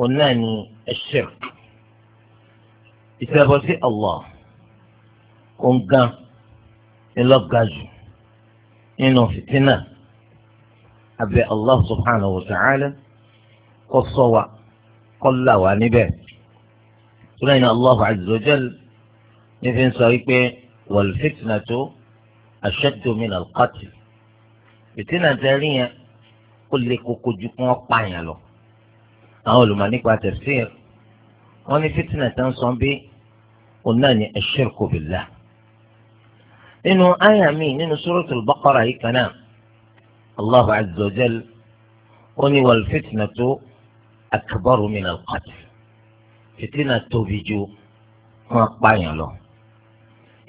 òun náà ni ẹ̀ṣirk ìṣẹbọ sí Allah òun gan ni lọ́ga jù nínú fìtínà abẹ́ Allah subhanahu wa ta'ala kó ṣọ́ wa kó là wá níbẹ̀ sọ́dọ̀ yìí ni Allah azza wa jal ní fi ń sọ wípé wal fitnatu ashaddu min al qatl fìtínà tẹ́rí yẹn ó lè koko ju kí wọ́n pààyàn lọ àwọn olùmọ̀ nípa tafsir wọ́n ní fìtínà tó ń sọ́n bí òun náà ní ash-shirku billah. nínú àyà mi nínú suratul Baqara yìí kan náà Allahu azza wa jal ó ní wal fitnatu akbaru minal qatl fìtínà tóbi ju wọn pààyàn lọ.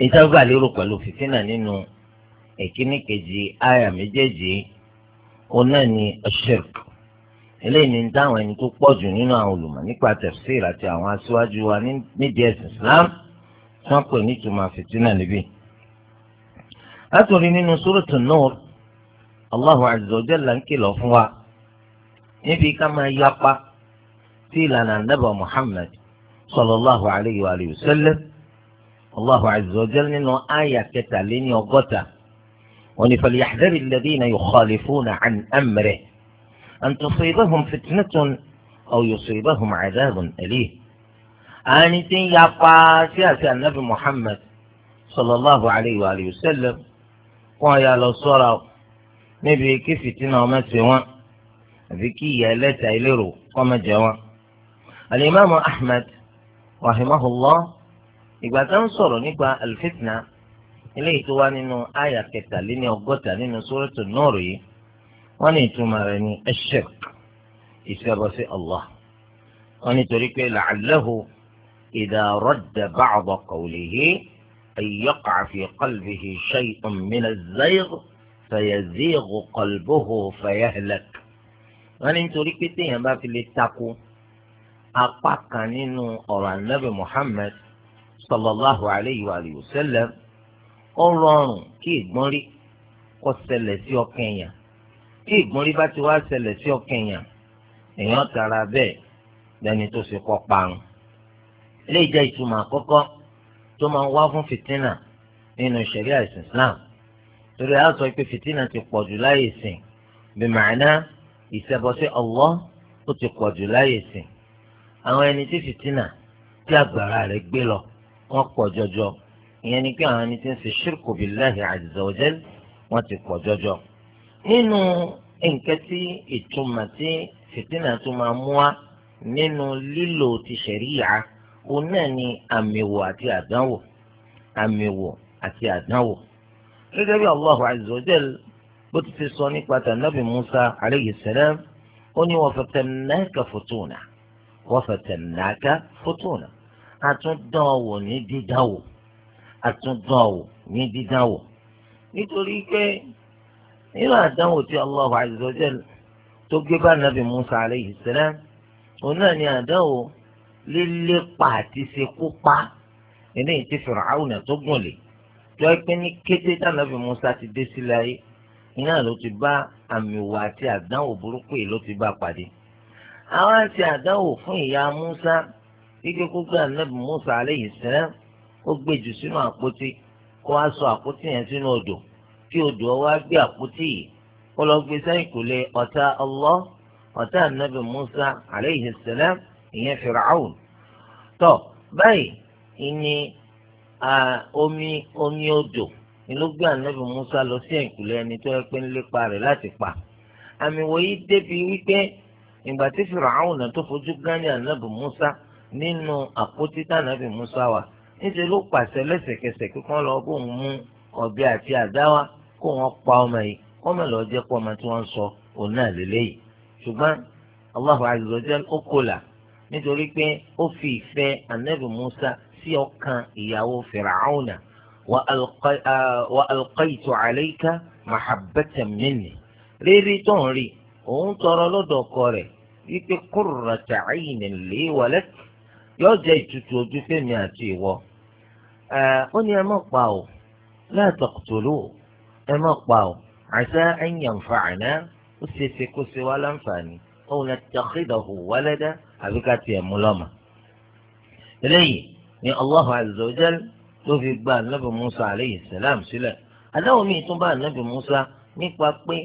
ìjọba lérò pẹ̀lú fìtínà nínú èkíní kejì àyà méjèèjì òun náà ní ash-shirku eléyìí ni ń dáhùn ẹni tó pọ̀ jù nínú àwọn olùmọ̀ nípa tafsir àti àwọn aṣáájú wa nídìí ẹ̀sìn Islam tí wọ́n pè ní ìtumọ̀ fìtínà níbí. látòrí nínú Suratu Nur Allahu Azza wa ń kìlọ̀ fún wa níbi ká máa yapa sí ìlànà ànábà Muhammad sallallahu alayhi wa sallam Allahu Azza wa nínú àyà kẹtàléní ọgọ́ta wa fal yahdhari أن تصيبهم فتنة أو يصيبهم عذاب أليم أن يقع سياسة النبي محمد صلى الله عليه وآله وسلم ويا لصورة نبي كيف تنام سوا ذكية لا تعلروا قم جوا الإمام أحمد رحمه الله إذا تنصر نبا الفتنة إليه تواني آية كتالين أو قتالين سورة النور wọ́n ní ìtumọ̀ rẹ̀ ní ẹ̀ṣẹ̀k ìṣẹ́bọ̀ sí allah wọ́n nítorí pé làálẹ́hu ìdá rọ́dà báàbọ̀ kọ̀wléhe ayọ́kà fi kọ́lbìhì ṣẹ́yì ọ̀mìnà zayir fẹ̀yẹ̀zíìkù kọ̀lbùhù fẹ̀yẹ̀hlẹ̀k. wọ́n ní nítorí pé téèyàn bá fi lè takò apá kan nínú ọ̀rọ̀ ànábì muhammed sallallahu alayhi wa sallam ó rọrùn kí ìgbọ́n rí kó sí ọkàn èèyàn tí ìgbónrí bá ti wá ṣẹlẹ̀ sí ọkàn èèyàn èèyàn tara bẹ́ẹ̀ lẹ́ni tó ṣe kọ́ parun. eléyìí jẹ́ ìtumọ̀ àkọ́kọ́ tó máa ń wá fún fìtínà nínú ṣẹ̀ríà ẹ̀sìn Islam torí a sọ pé fìtínà ti pọ̀ jù láyè sìn bí màánà ìṣẹ̀bọ̀sí Allah ó ti pọ̀ jù láyè sìn àwọn ẹni tí fìtínà tí agbára rẹ̀ gbé lọ wọ́n pọ̀ jọjọ ìyẹn ni pé àwọn ẹni tí ń ṣe ṣírkù billahi azza wa jal wọ́n ti pọ̀ jọjọ nínú nǹkan tí ìtumọ̀ tí fìtínà tó máa mú wa nínú lílo ti ṣẹ̀ríyà òun náà ni àmìwò àti àdánwò àmìwò àti àdánwò gẹ́gẹ́ bí Allahu azza wa jal bó ti ti sọ nípa tànàbì Musa alayhi salam ó ní wa fatannaka futuna wa fatannaka futuna àtúndánwò ní dídánwò àtúndánwò ní dídánwò nítorí pé nínú àdánwò tí Allahu azza wa jalla tó gbé bá nàbì Musa alayhi salam òun náà ni àdánwò lílépa àti ṣekúpa eléyìí tí Fir'auna tó gùn lè tó ẹ pé ní kété tí nàbì Musa ti dé sílẹ̀ ayé iná ló ti bá àmì ìwà àti àdánwò burúkú yìí ló ti bá pàdé àwọn àti àdánwò fún ìyá Musa ike kókó ànábì Musa alayhi salam ó gbé jù sínú àpótí kó wá sọ àpótí yẹn sínú odò kí odò wa gbé àpótí yìí kó lọ gbé sẹ́yìn kò lè ọ̀tá Allah ọ̀tá anabi Musa aleyhi salam ìyẹn Fir'aun tó báyìí ìní omi omi odò ni ló gbé anabi Musa lọ sí ẹ̀kúlẹ̀ ẹni tó yẹ pé ń lépa rẹ̀ láti pa àmì wòye débi wípé ìgbà tí Fir'aun náà tó fojú gánni anabi Musa nínú àpótí tànàbì Musa wà níṣẹ́ ló pàṣẹ lẹ́sẹ̀kẹsẹ̀ kíkan lọ bóun mú ọ̀bẹ àti àdá kó wọn pa ọmọ yìí wọn mọ̀ lọ́ọ́ jẹ́ pé ọmọ tí wọ́n ń sọ òun náà lélẹ́yìí ṣùgbọ́n Allahu azza wa jal ó kọlà nítorí pé ó fi ìfẹ́ anabi Musa sí ọkàn ìyàwó Fir'auna wa alqaytu alayka mahabbatan minni rírí tó rí òun tọrọ lọ́dọ̀ ọkọ rẹ̀ wípé qurrata aynin li wa yóò jẹ́ ìtutù ojú fèmí àti ìwọ. ó ní ẹ má pa ò la taqtulu ẹ má pa ọ́ àṣà ẹ̀yàn fàánà ó ṣe ṣe kó ṣe wá láǹfààní òun náà tàkìdàhù wálẹ́dá àbí ká tiẹ̀ mú lọ́mọ. eléyìí ni Allahu azza wa jal ló fi gba anabi Musa aleyhi salam sílẹ̀ adáwọ̀ mi tún bá anabi Musa nípa pé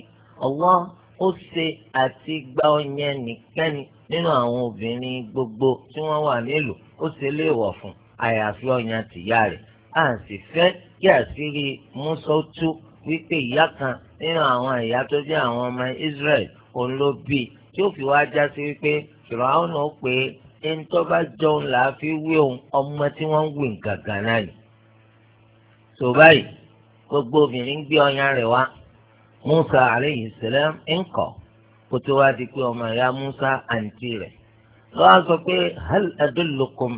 Allah ó ṣe àti gba ọyàn nìkẹ́ni nínú àwọn obìnrin gbogbo tí wọ́n wà nílùú ó ṣe léèwọ̀ fún àyàfi ọyàn tìyá rẹ̀ à sì fẹ́ kí àṣírí Musa tú wípé ìyá kan nínú àwọn ìyá tó jẹ́ àwọn ọmọ Israel òun ló bí tí ó fi wá já sí wípé fìràwọn náà pé ẹni tó bá jọun là á fi wé òun ọmọ tí wọ́n ń wì gàgàn náà ni. tó báyìí gbogbo obìnrin gbé ọyàn rẹ̀ wá Musa aleyhi salam ń kó tó wá di pé ọmọ ìyá Musa àǹtí rẹ̀ lọ́wọ́ sọ pé hal adullukum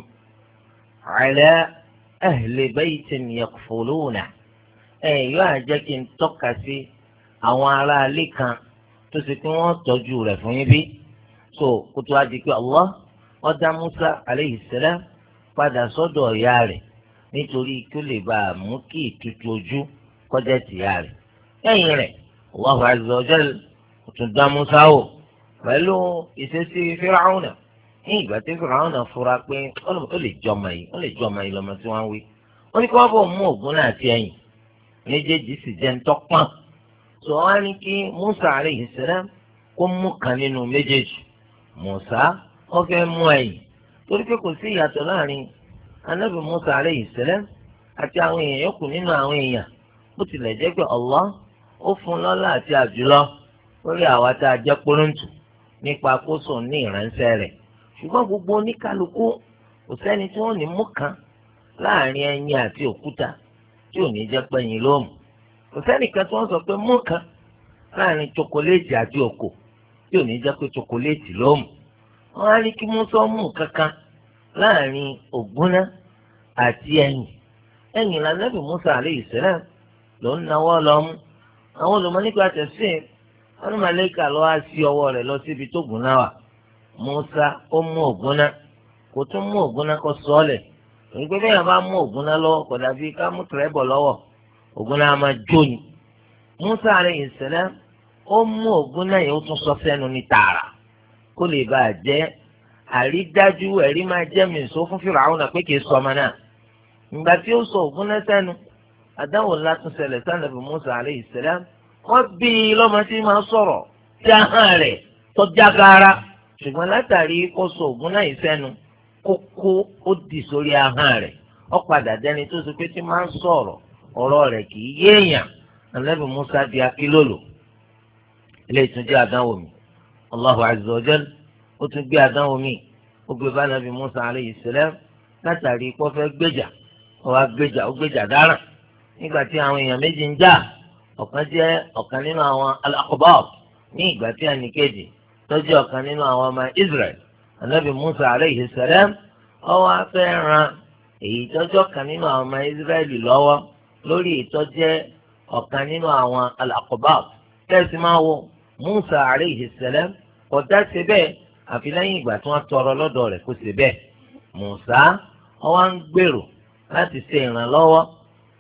ala ahli baytin yakfuluna ẹ̀yìn yóò àjẹ́ kí n tọ́ka sí àwọn aráalé kan tó ṣe pé wọ́n tọ́jú rẹ̀ fún yín bí so kó tó wá di pé Allah ó dá Musa alayhi salam padà sọ́dọ̀ ìyá rẹ̀ nítorí kó lè bá a mú kí ìtutù ojú kọjá tìyá rẹ̀ ẹ̀yìn rẹ̀ Allahu azza wa jal tún dá Musa o pẹ̀lú ìṣesí Fir'auna ní ìgbà tí Fir'auna fura pé ó lè jọmọ yìí ó lè jọmọ yìí lọ́mọ tí wọ́n ń wí ó ní kí wọ́n bọ̀ mú ògùn náà ti ẹ̀yìn méjèèjì sì jẹ́ ń tọ́pọ̀n tó wá ní kí Musa alayhi salam kó mú kan nínú méjèèjì Musa wọ́n fẹ́ mú ẹ̀yìn torí pé kò sí ìyàtọ̀ láàrin anábì Musa alayhi salam àti àwọn èèyàn yòókù nínú àwọn èèyàn bó tilẹ̀ jẹ́ pé Allah ó fún lọ́lá àti àjùlọ lórí àwa tá a jẹ́ pọ́nùtù nípa kóso ní ìránṣẹ́ rẹ̀ ṣùgbọ́n gbogbo oníkálukú kò sẹ́ni tí wọ́n ní mú kan láàrin ẹyin àti òkúta tí ò ní jẹ́ pẹ́yìn lóòmù kò sẹ́nìkan tí wọ́n sọ pé mú kan láàrin chokoléètì àti òkò tí ò ní jẹ́ pé chokoléètì lóòmù wọ́n á ní kí Musa mú kankan láàrin ògbóná àti ẹ̀yìn ẹ̀yìn Musa ló ń nawọ́ lọ́mú àwọn á sí ọwọ́ rẹ̀ lọ síbi tó Musa ó mú ògbóná kò tún mú ògbóná kó nígbà tí yàrá bá mú ògùn náà lọ́wọ́ kò dàbí ká mú tẹ̀rẹ́bọ̀ lọ́wọ́ ògùn náà máa jó ni Musa alayhi salam ó mú ògùn náà yẹn ó tún sọ sẹ́nu ní tààrà kó lè bá a jẹ́ àrídájú ẹ̀rí máa jẹ́ mìíràn fún pe ke kì í sọ ọmọ náà ìgbà tí ó sọ ògùn náà sẹ́nu àdáwò Musa alayhi salam wọ́n bí i lọ́mọ tí máa sọ̀rọ̀ tí rẹ̀ ṣùgbọ́n kókó ó di sórí ahọ́n rẹ̀ ó padà dẹni tó sọ pé tí máa ń sọ̀rọ̀ ọ̀rọ̀ rẹ̀ kì í yéèyàn ànábì Musa di akílòlò ilé ìtúnjẹ àdánwò mi Allahu azza wa jal ó tún gbé àdánwò mi ó gbé bá Musa alayhi salam látàrí pọ́fẹ́ gbèjà ó wá gbèjà ó gbèjà dáràn nígbà tí àwọn èèyàn méjì ń jà ọ̀kan jẹ́ ọ̀kan nínú àwọn al ní ìgbà tí ànìkejì tó jẹ́ ọ̀kan nínú àwọn ọmọ Israel anabi musa aleyhi salam ọwọ́ afẹ́ ran èyí tọ́jọ́ kan nínú àwọn ọmọ israẹli lọ́wọ́ lórí ìtọ́jẹ́ ọ̀kan nínú àwọn alakobab tẹ́sí máa wo musa aleyhi salam kò dá sí bẹ́ẹ̀ àfi lẹ́yìn ìgbà tí wọ́n tọrọ lọ́dọ̀ rẹ̀ kó sí bẹ́ẹ̀ musa ọwọ́ ń gbèrò láti ṣe ìrànlọ́wọ́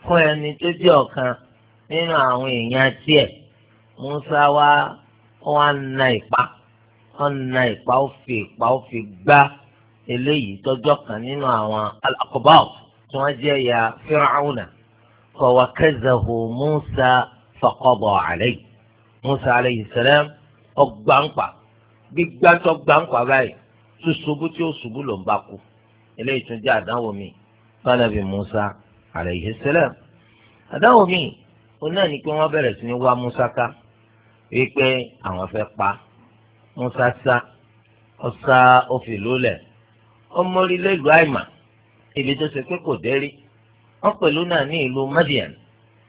fún ẹni tó jẹ́ ọ̀kan nínú àwọn èèyàn tiẹ̀ musa wa wọ́n na ìpa ọ̀nà ìpa ó fi ìpa ó fi gbá eléyìí tọjọ́ kan nínú àwọn al-aqbab tí wọ́n jẹ́ ya Fir'auna fawakazahu Musa faqada alayhi Musa alayhi salam ọgbàǹpà gbígbá tó gbàǹpà báyìí tó tí ó ṣubú ló ń bá kú eléyìí tún jẹ́ àdánwò mi fanabi Musa alayhi salam àdánwò mi òun náà ni pé wọ́n bẹ̀rẹ̀ sí ní wá Musa ká wípé àwọn fẹ́ pa á musasa ọ̀sá òfìlú lẹ̀ ọmọlélẹ́ ìlú àìmà ibi tó ṣe pé kò dẹ́rí wọ́n pẹ̀lú náà ní ìlú madian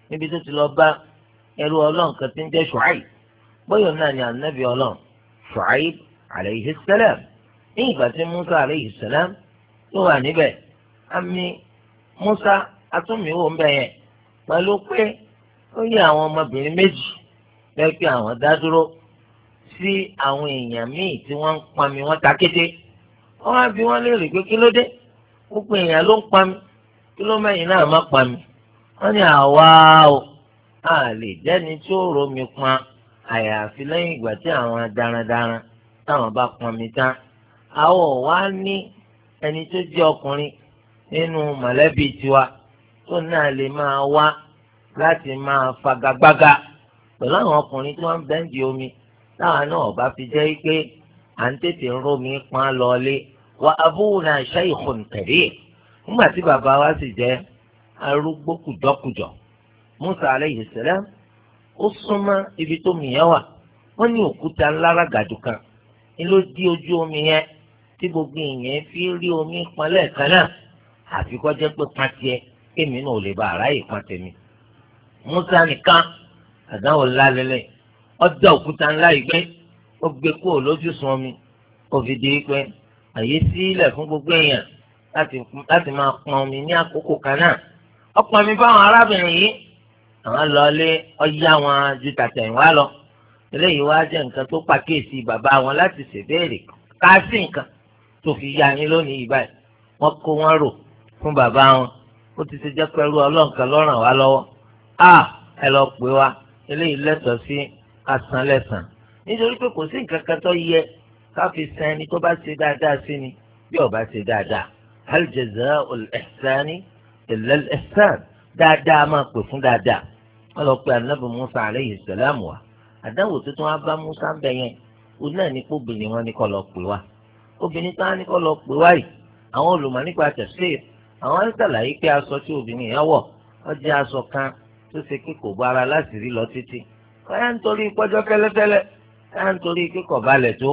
níbi tó ti lọ bá ẹrú ọlọ́run kan tí ń jẹ́ ṣùáì bóyá náà ni ànábì ọlọ́run ṣùáì alayhi salam ní ìgbà tí musa alayhi salam tó wà níbẹ̀ àmì musa atúmíwò ń bẹ̀ yẹn pẹ̀lú pé ó yẹ àwọn ọmọbìnrin méjì lẹ́kẹ́ àwọn dá dúró sí àwọn èèyàn míì tí wọ́n ń pami wọ́n ta kété wọ́n á bi wọ́n léèrè pé kí ló dé gbogbo èèyàn ló ń pami kí ló mẹ́yìn náà má pami wọ́n ní àwa o a lè jẹ́ni tí ó romi pọn àyàfi lẹ́yìn ìgbà tí àwọn darandaran táwọn bá pami tán àwọn ò ní ẹni tó jẹ́ ọkùnrin nínú mọ̀lẹ́bí tiwa tó náà lè máa wá láti máa fagagbága pẹ̀lú àwọn ọkùnrin tí wọ́n ń bẹ́ǹdì omi táwa náà bá fi jẹ́ pé à ń tètè rómi pọn lọlé wa abúna shaykhun kabir nígbà tí bàbá wa sì jẹ́ arúgbó kùjọkùjọ Musa alayhi salam ó súnmọ́ ibi tó mìíràn wà wọ́n ní òkúta ńlá ràgàdù kan ni ló di ojú omi yẹn tí gbogbo èèyàn fi rí omi pọn lẹ́ẹ̀kan náà àfi kọ́ jẹ́ pé pọn tiẹ̀ kémi náà ò lè ba àráyè pọn tèmi Musa nìkan àdáwò ńlá lélẹ́yìn ọdọ òkúta ńlá yìí pé ó gbé kó lójú sun omi kò fi di pé àyè sílẹ̀ fún gbogbo èèyàn láti máa pọn omi ní àkókò kan náà ọpọn mi fáwọn arábìnrin yìí àwọn lọlé ọyá wọn ju tàtẹ̀yìnwá lọ eléyìí wá jẹ́ nǹkan tó pàkíyèsí bàbá wọn láti ṣèbéèrè káàsì nǹkan tó fi ya yín lónìí yìí báyìí kó wọn rò fún bàbá wọn ó ti ṣe jẹ́ pẹ̀lú ọlọ́ǹkan lọ́ràn wá lọ́wọ́ a ẹ lọ pè wá eléyìí lẹ́tọ̀ọ́ sí asán lẹ́sàn nítorí pé kò sí nǹkan kan tó yẹ káfi san ẹni tó bá ṣe dáadáa sí ni bí ó bá ṣe dáadáa hal jazaa'ul ihsani illa al ihsan dáadáa máa pè fún dáadáa wọ́n lọ pe anabi musa aleyhi salam wa àdáwò tuntun wa bá musa ń bẹ yẹn òun náà ní kó obìnrin wọn ní kó lọ pè wá obìnrin tó wá ní kó lọ pè wá yìí àwọn olùmọ̀ nípa tẹ̀síì àwọn ṣàlàyé pé aṣọ tí obìnrin yẹn wọ̀ ó jẹ́ aṣọ kan tó ṣe pé kò bá ara láti rí lọ títí báyà nítorí pẹlẹpẹlẹ! tẹ́lẹ́tẹ́lẹ́ báyà nítorí kíkọ̀ balẹ̀ tó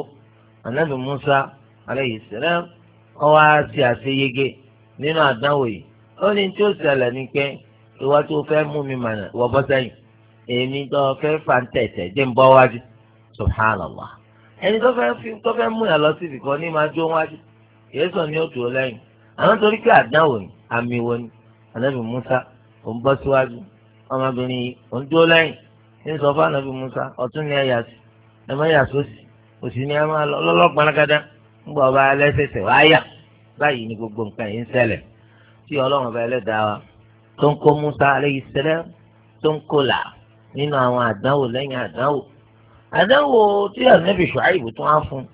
anabi musa aleyhi salam ọwọ́ àti àṣeyege nínú àdánwò yìí ó ní tí ó ní pé tó fẹ́ mú mi mànà wọ bọ́ sẹ́yìn èmi tó fẹ́ fà ń tẹ̀tẹ̀ dé ń bọ́ lọ sí ibìkan ní jó wájú yéésù ni ó dúró lẹ́yìn torí ni anabi musa bọ́ síwájú ọmọbìnrin yìí dúró lẹ́yìn ń sọ fún musa ọ̀tún ni ẹ yà sí ẹ má yà sósì òsì ni ẹ má lọ lọ́lọ́pàá lágádá ń ọba ẹlẹ́sẹ̀sẹ̀ wá báyìí ni gbogbo nǹkan yìí ń ṣẹlẹ̀ tí ọlọ́run ọba ẹlẹ́dàá wa tó ń kó musa alayhi salam tó ń kó là nínú àwọn àdánwò lẹ́yìn àdánwò àdánwò tí anabi Ṣuaibu tó wá fún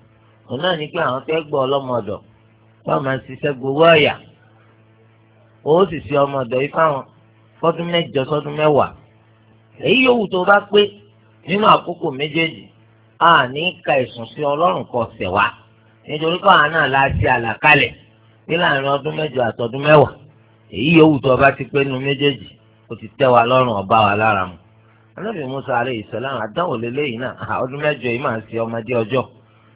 òun náà ní pé àwọn fẹ́ gbọ́ ọlọ́mọdọ̀ wọ́n máa ń ṣiṣẹ́ gbowó ọ̀yà ó sì ṣe ọmọdọ̀ ifá wọn fọ́dún mẹ́jọ sọ́dún èyí yòówù tó bá pé nínú àkókò méjèèjì a ní ka ẹ̀sùn sí ọlọ́run kọ sẹ̀ wá nítorí pé àwọn náà láti àlàkalẹ̀ ní láàrin ọdún mẹ́jọ àtọdún mẹ́wàá èyí yòówù tó bá ti pé nínú méjèèjì ó ti tẹ́ wa ọba wa lára mu anábì musa alayhi salam àdáwò lélẹ́yìn náà ọdún mẹ́jọ ọmọdé ọjọ́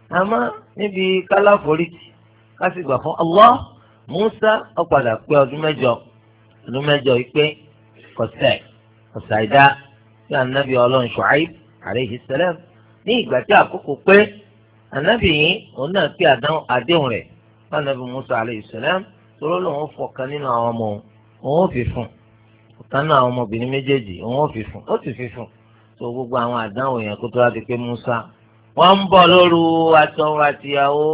àmọ́ níbi kásìgbà fún musa pé ọdún mẹ́jọ ọdún mẹ́jọ yìí pé sí anabi ọlọ́run Shu'aib alayhi salam ní ìgbà tí àkókò pé anabi yìí òun náà pé àdéhùn rẹ̀ fún anabi Musa alayhi salam tóró lòun fọkàn nínú àwọn ọmọ òun ò fi fún ọ̀kan náà àwọn ọmọbìnrin méjèèjì òun ò fi fún ó sì fi fún tó gbogbo àwọn àdánwò yẹn kó tó láti pé Musa wọ́n ń bọ̀ lóru àtọ̀hún àtìyàwó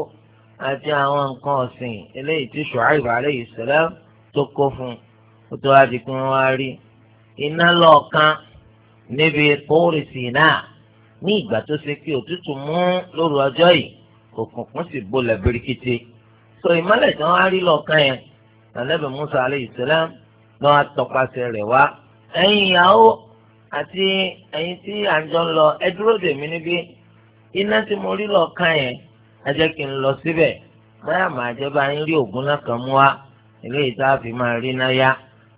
àti àwọn nǹkan ọ̀sìn eléyìí tí Shu'aib alayhi salam tó kó fún ó tó láti pé wọ́n wá rí iná lọ́ọ̀kan níbi tóórì sínà ní ìgbà tó ṣe pé òtútù mú lóru ọjọ́ yìí òkùnkùn sì bolẹ̀ birikiti so ìmọ́lẹ̀ tí wọ́n á rí lọ́ọ̀kan yẹn nàlẹ́bẹ̀ Musa aleyhi salam lọ́ wá tọpasẹ̀ rẹ̀ wá ẹ̀yin ìyàwó àti ẹ̀yin tí à ń jọ ń lọ ẹ dúró dè mí níbí iná tí mo rí lọ́ọ̀kan yẹn ẹ jẹ́ kí n lọ síbẹ̀ báyà máa jẹ́ bá ń rí ògùn náà kan mú wa eléyìí tá a fi máa rí náà yá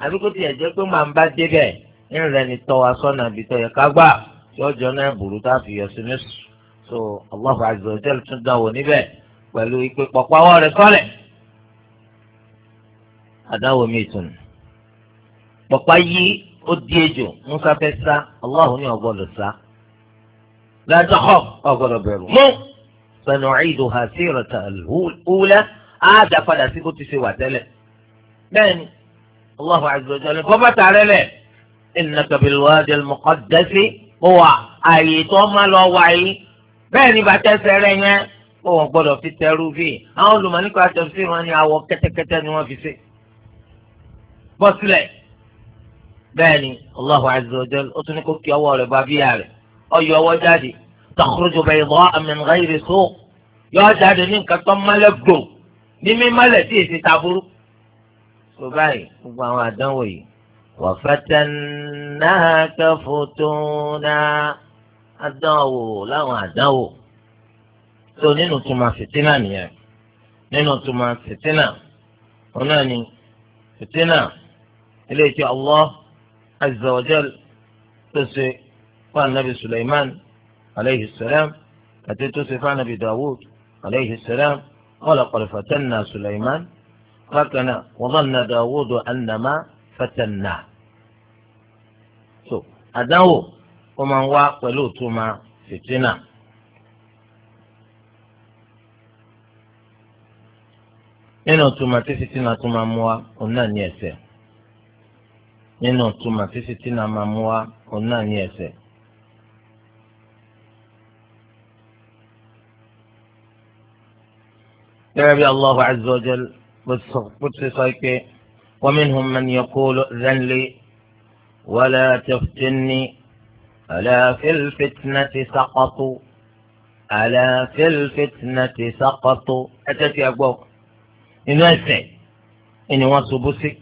àbí tiẹ̀ jẹ́ pé màá ń bá débẹ̀ ń rẹ ni tọ́ wa sọ́nà ibi tọ́ yẹ ká gbà tí náà burú tá a fi yọ sí so Allah azza wa jalla tún dán níbẹ̀ pẹ̀lú ìpè sọ́lẹ̀ mi tún yí musa fẹ́ sá Allah ni ò gbọ́dọ̀ sá la takhaf ò gbọ́dọ̀ bẹ̀rù mú ha sirata al-ula a dafa ti Allah azza innaka bil wadi al muqaddas wà àyè tó má lọ wáyé bẹ́ẹ̀ ni bàtẹ́ sẹ́rẹ̀ yẹn kó wọn gbọ́dọ̀ fi tẹ́rù fi àwọn olùmọ̀nìkọ́ àtẹ̀sí wọn ni àwọ̀ kẹ́tẹ́kẹ́tẹ́ ni wọ́n fi ṣe bọ́ sílẹ̀ bẹ́ẹ̀ ni Allahu azza wa jal ó tún ní kó kí ọwọ́ rẹ̀ bá bíyà rẹ̀ ọyọ ọwọ́ jáde takhruju bayda'a min ghayri su' yọ jáde ní nǹkan tó mọ́lẹ̀ gbò ní mímọ́lẹ̀ tí èsì taburú. sọ báyìí gbogbo àwọn àdánwò yìí wafatannahaka futuna adánwò láwọn àdánwò tó nínú túmọ̀ fìtínà nìyẹn nínú túmọ̀ fìtínà òun náà ni fìtínà eléyìí tí Allah azza wa jal tó ṣe fún anabi Sulaiman aleyhi salam àti tó ṣe fún anabi Dawud aleyhi salam wọn lọ kọlifatan na Sulaiman bákan náà Dawud annama fatanna so àdánwò ó máa ń wá pẹ̀lú ìtumọ̀ fìtínà. nínú ìtumọ̀ tí fìtínà tún máa mú wa òun náà ní ẹ̀ṣẹ̀ nínú ìtumọ̀ tí fìtínà máa mú wa òun náà ní ẹ̀ṣẹ̀. gẹ́gẹ́ bí Allahu azza bó ti sọ pé. ومنهم من يقول ائذن لي ولا تفتني ألا في الفتنة سقطوا ألا في الفتنة سقطوا أتت يا أبوك إن أسعي إن وصبسي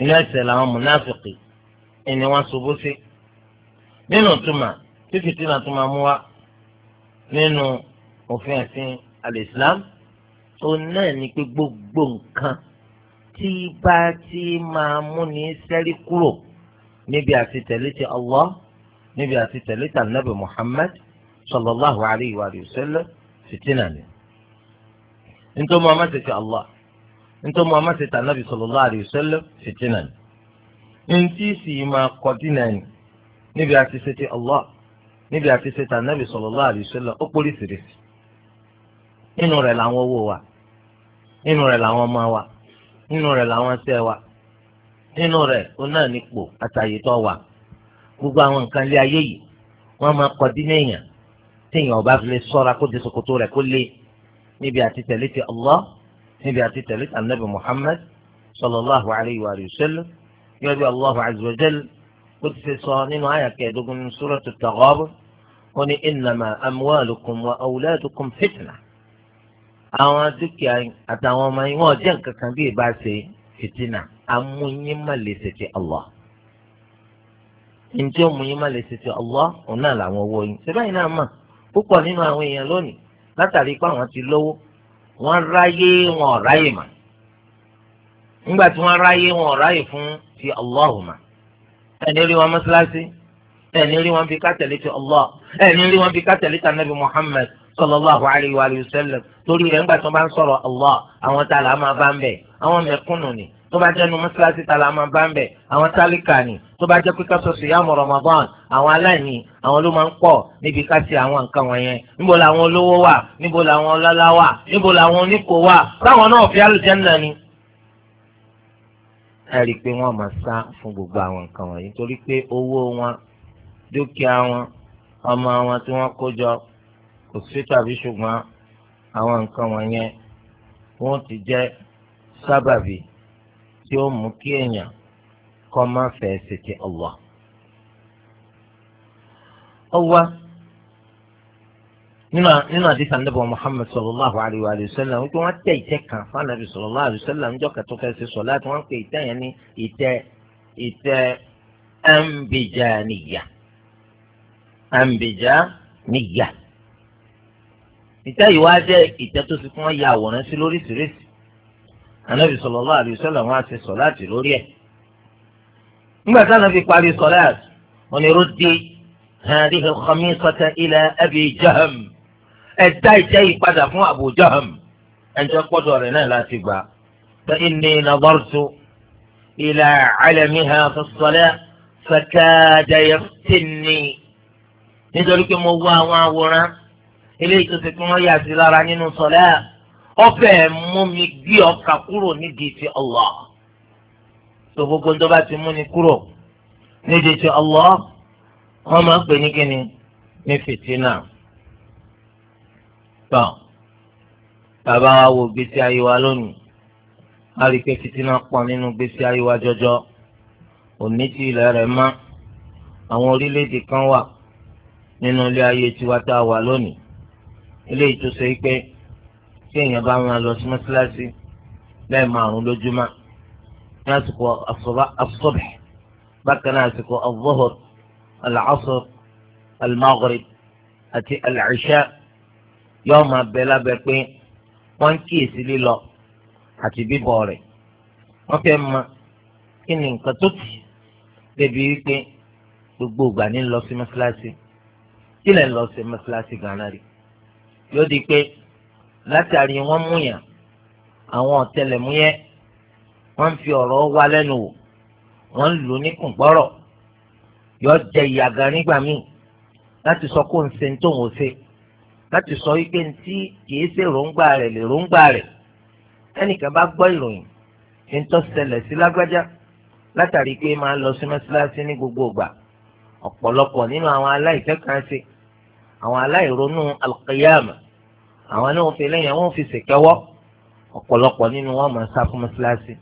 إن أسعي لهم منافقي إن وصبسي nínú tuma tí fìtínà tuma mú wa nínú الإسلام ẹ̀sìn alìsílám òun tí bá ti máa múni sẹ́rí kúrò níbi àti tẹ̀lé ti Allah níbi àti tẹ̀lé ti anabi Muhammad sallallahu alayhi wa sallam fitina ni. nítorí wọn máa ṣe ti Allah nítorí wọn máa ṣe ti anabi sallallahu alayhi wa sallam fitina ni. ntí sì máa kọ́ dínà ni níbi àti ṣe ti Allah níbi àti ṣe anabi sallallahu alayhi wa sallam ó pólísìrìsì. nínú rẹ̀ làwọn owó wa nínú rẹ̀ làwọn ọmọ wa nínú rẹ̀ làwọn ṣe wa nínú rẹ̀ ó náà nípò àtàyè tó wà gbogbo àwọn nǹkan lé ayé yìí wọ́n máa kọ dín èèyàn téèyàn ọba fi lè sọ́ra kó di ṣòkòtò rẹ̀ kó lé níbi àti tẹ̀lé ti Allah níbi àti tẹ̀lé ti anabi Muhammad sallallahu alayhi wa sallam yóò Allahu azza wa ti ṣe sọ nínú àyà kẹẹ̀ẹ́dógún suratu Taghabun ó ní innama amwalukum wa awladukum fitna. àwọn dúkìá àtàwọn ọmọ yín wọn jẹ́ nǹkan kan dị ìbá ṣe fìtínà amúyín má lè ṣètì Allah njẹ́ òmùyín lè ṣètì Allah òun náà làwọn owó yín ṣé báyìí náà mà púpọ̀ nínú àwọn èèyàn lónìí látàrí pé àwọn ti lówó ráyé wọn ọ̀ráyè mà nígbà tí ráyé wọn ọ̀ráyè fún ti mà ẹni rí wọn mọ́ṣáláṣí ẹni rí wọn ká ti Allah sallallahu alayhi wa sallam torí rẹ̀ ńgbà tí wọ́n bá ń sọ̀rọ̀ allah àwọn tá a là máa bá ń bẹ̀ àwọn mẹ̀kúnnù ni tó bá jẹ́ nu mọ́sálásí tá a là máa bá ń bẹ̀ àwọn tálíkà ni tó bá jẹ́ pípa sọ̀sọ̀ yá mọ̀ ramadan àwọn aláìní àwọn ló máa ń pọ̀ níbi ká ṣe àwọn nǹkan wọ̀nyẹn níbo làwọn olówó wà níbo pé wọ́n máa sá fún gbogbo àwọn nǹkan wọ̀nyí torí pé owó wọn dúkìá wọn ọmọ wọn tí wọ́n kó jọ kò sí tàbí ṣùgbọ́n àwọn nǹkan wọ̀nyẹn wọ́n ti jẹ́ sábàbí tí ó mú kí èèyàn kọ́ má fẹ́ ṣe ti Allah. Allah nínú àdìsá níbọ̀ Muhammad sallallahu alayhi wa sallam wípé wọ́n tẹ ìtẹ́ kan fanabi sallallahu alayhi wa sallam níjọ́ kẹtọ́ fẹ́ ṣe sọ láti wọ́n pe ìtẹ́ yẹn ní ìtẹ́ ìtẹ́ ambijaniya ambijaniya ìtẹ́ yìí wá jẹ́ ìtẹ́ tó fi kún wọn ya àwòrán sí lóríṣiríṣi anabi sallallahu alaihi wasallam wọn á ti sọ láti lórí ẹ̀ nígbà tí anabi parí sọ láti wọn ni rudi hadhihi al-khamisata ila abi jaham ẹ̀dá ìtẹ́ yìí padà fún abu jaham ẹ̀jẹ̀ pọ́dọ̀ rẹ̀ náà láti gbà fa inni nadartu ila alamiha fi as-salah fakada yaftinni nítorí pé mo wá àwọn àwòrán eléyìí tó ti kí wọ́n yà sí lára nínú sọ̀lẹ́ ọ̀fẹ́ mú mi gbé ọkà kúrò nídìí ti Allah tó gbogbo tó bá ti mú ni kúrò nídìí ti Allah wọ́n máa ń pè ní kíni ní fìtínà tán bàbá wa wo gbèsè ayé wa lónìí a rí i fìtínà pọ̀ nínú gbèsè ayé wa jọjọ òní tí ilẹ̀ rẹ̀ mọ́ àwọn orílẹ̀-èdè kan wà nínú ilé ayé tiwa tá a wà lónìí eléyìí tó ṣe pé tí èèyàn bá máa lọ sí mọ́sálásí lẹ́ẹ̀ márùn-ún lójúmọ́ ní àsìkò asọ́bẹ̀ bákan náà àsìkò azọ́hùr alàásùr almaghrib àti alàìṣá yóò máa bẹ lábẹ́ pé wọ́n ń kíyèsí lílọ àti bíbọ̀ rẹ̀ wọ́n fẹ́ mọ kí ni nǹkan tó tì débi wípé gbogbo ìgbà ní lọ sí mọ́sálásí kí lẹ́ lọ sí mọ́sálásí gan rí yóò di pé látàrí wọ́n mú yàn àwọn ọ̀tẹlẹ̀múyẹ́ wọ́n ń fi ọ̀rọ̀ wá lẹ́nu wò wọ́n ń lò ní kùngbọ́rọ̀ yóò jẹ ìyàgàn nígbà míì láti sọ kó ń ṣe ní tòun ò ṣe láti sọ wípé ní tí kìí ṣe ròǹgbà rẹ̀ lè ròǹgbà rẹ̀ ẹnìkan bá gbọ́ ìròyìn ní tó ṣẹlẹ̀ sí lágbájá látàrí pé máa lọ sí mọ́ṣáláṣí ní gbogbo ìgbà ọ̀pọ̀lọpọ̀ nínú àwọn aláìfẹ́ kan ṣe àwọn aláìronú alqiyama àwọn náà fi lẹ́yìn àwọn fi ṣèkẹ́wọ́ ọ̀pọ̀lọpọ̀ nínú wọn máa sá fún mọ́síláṣí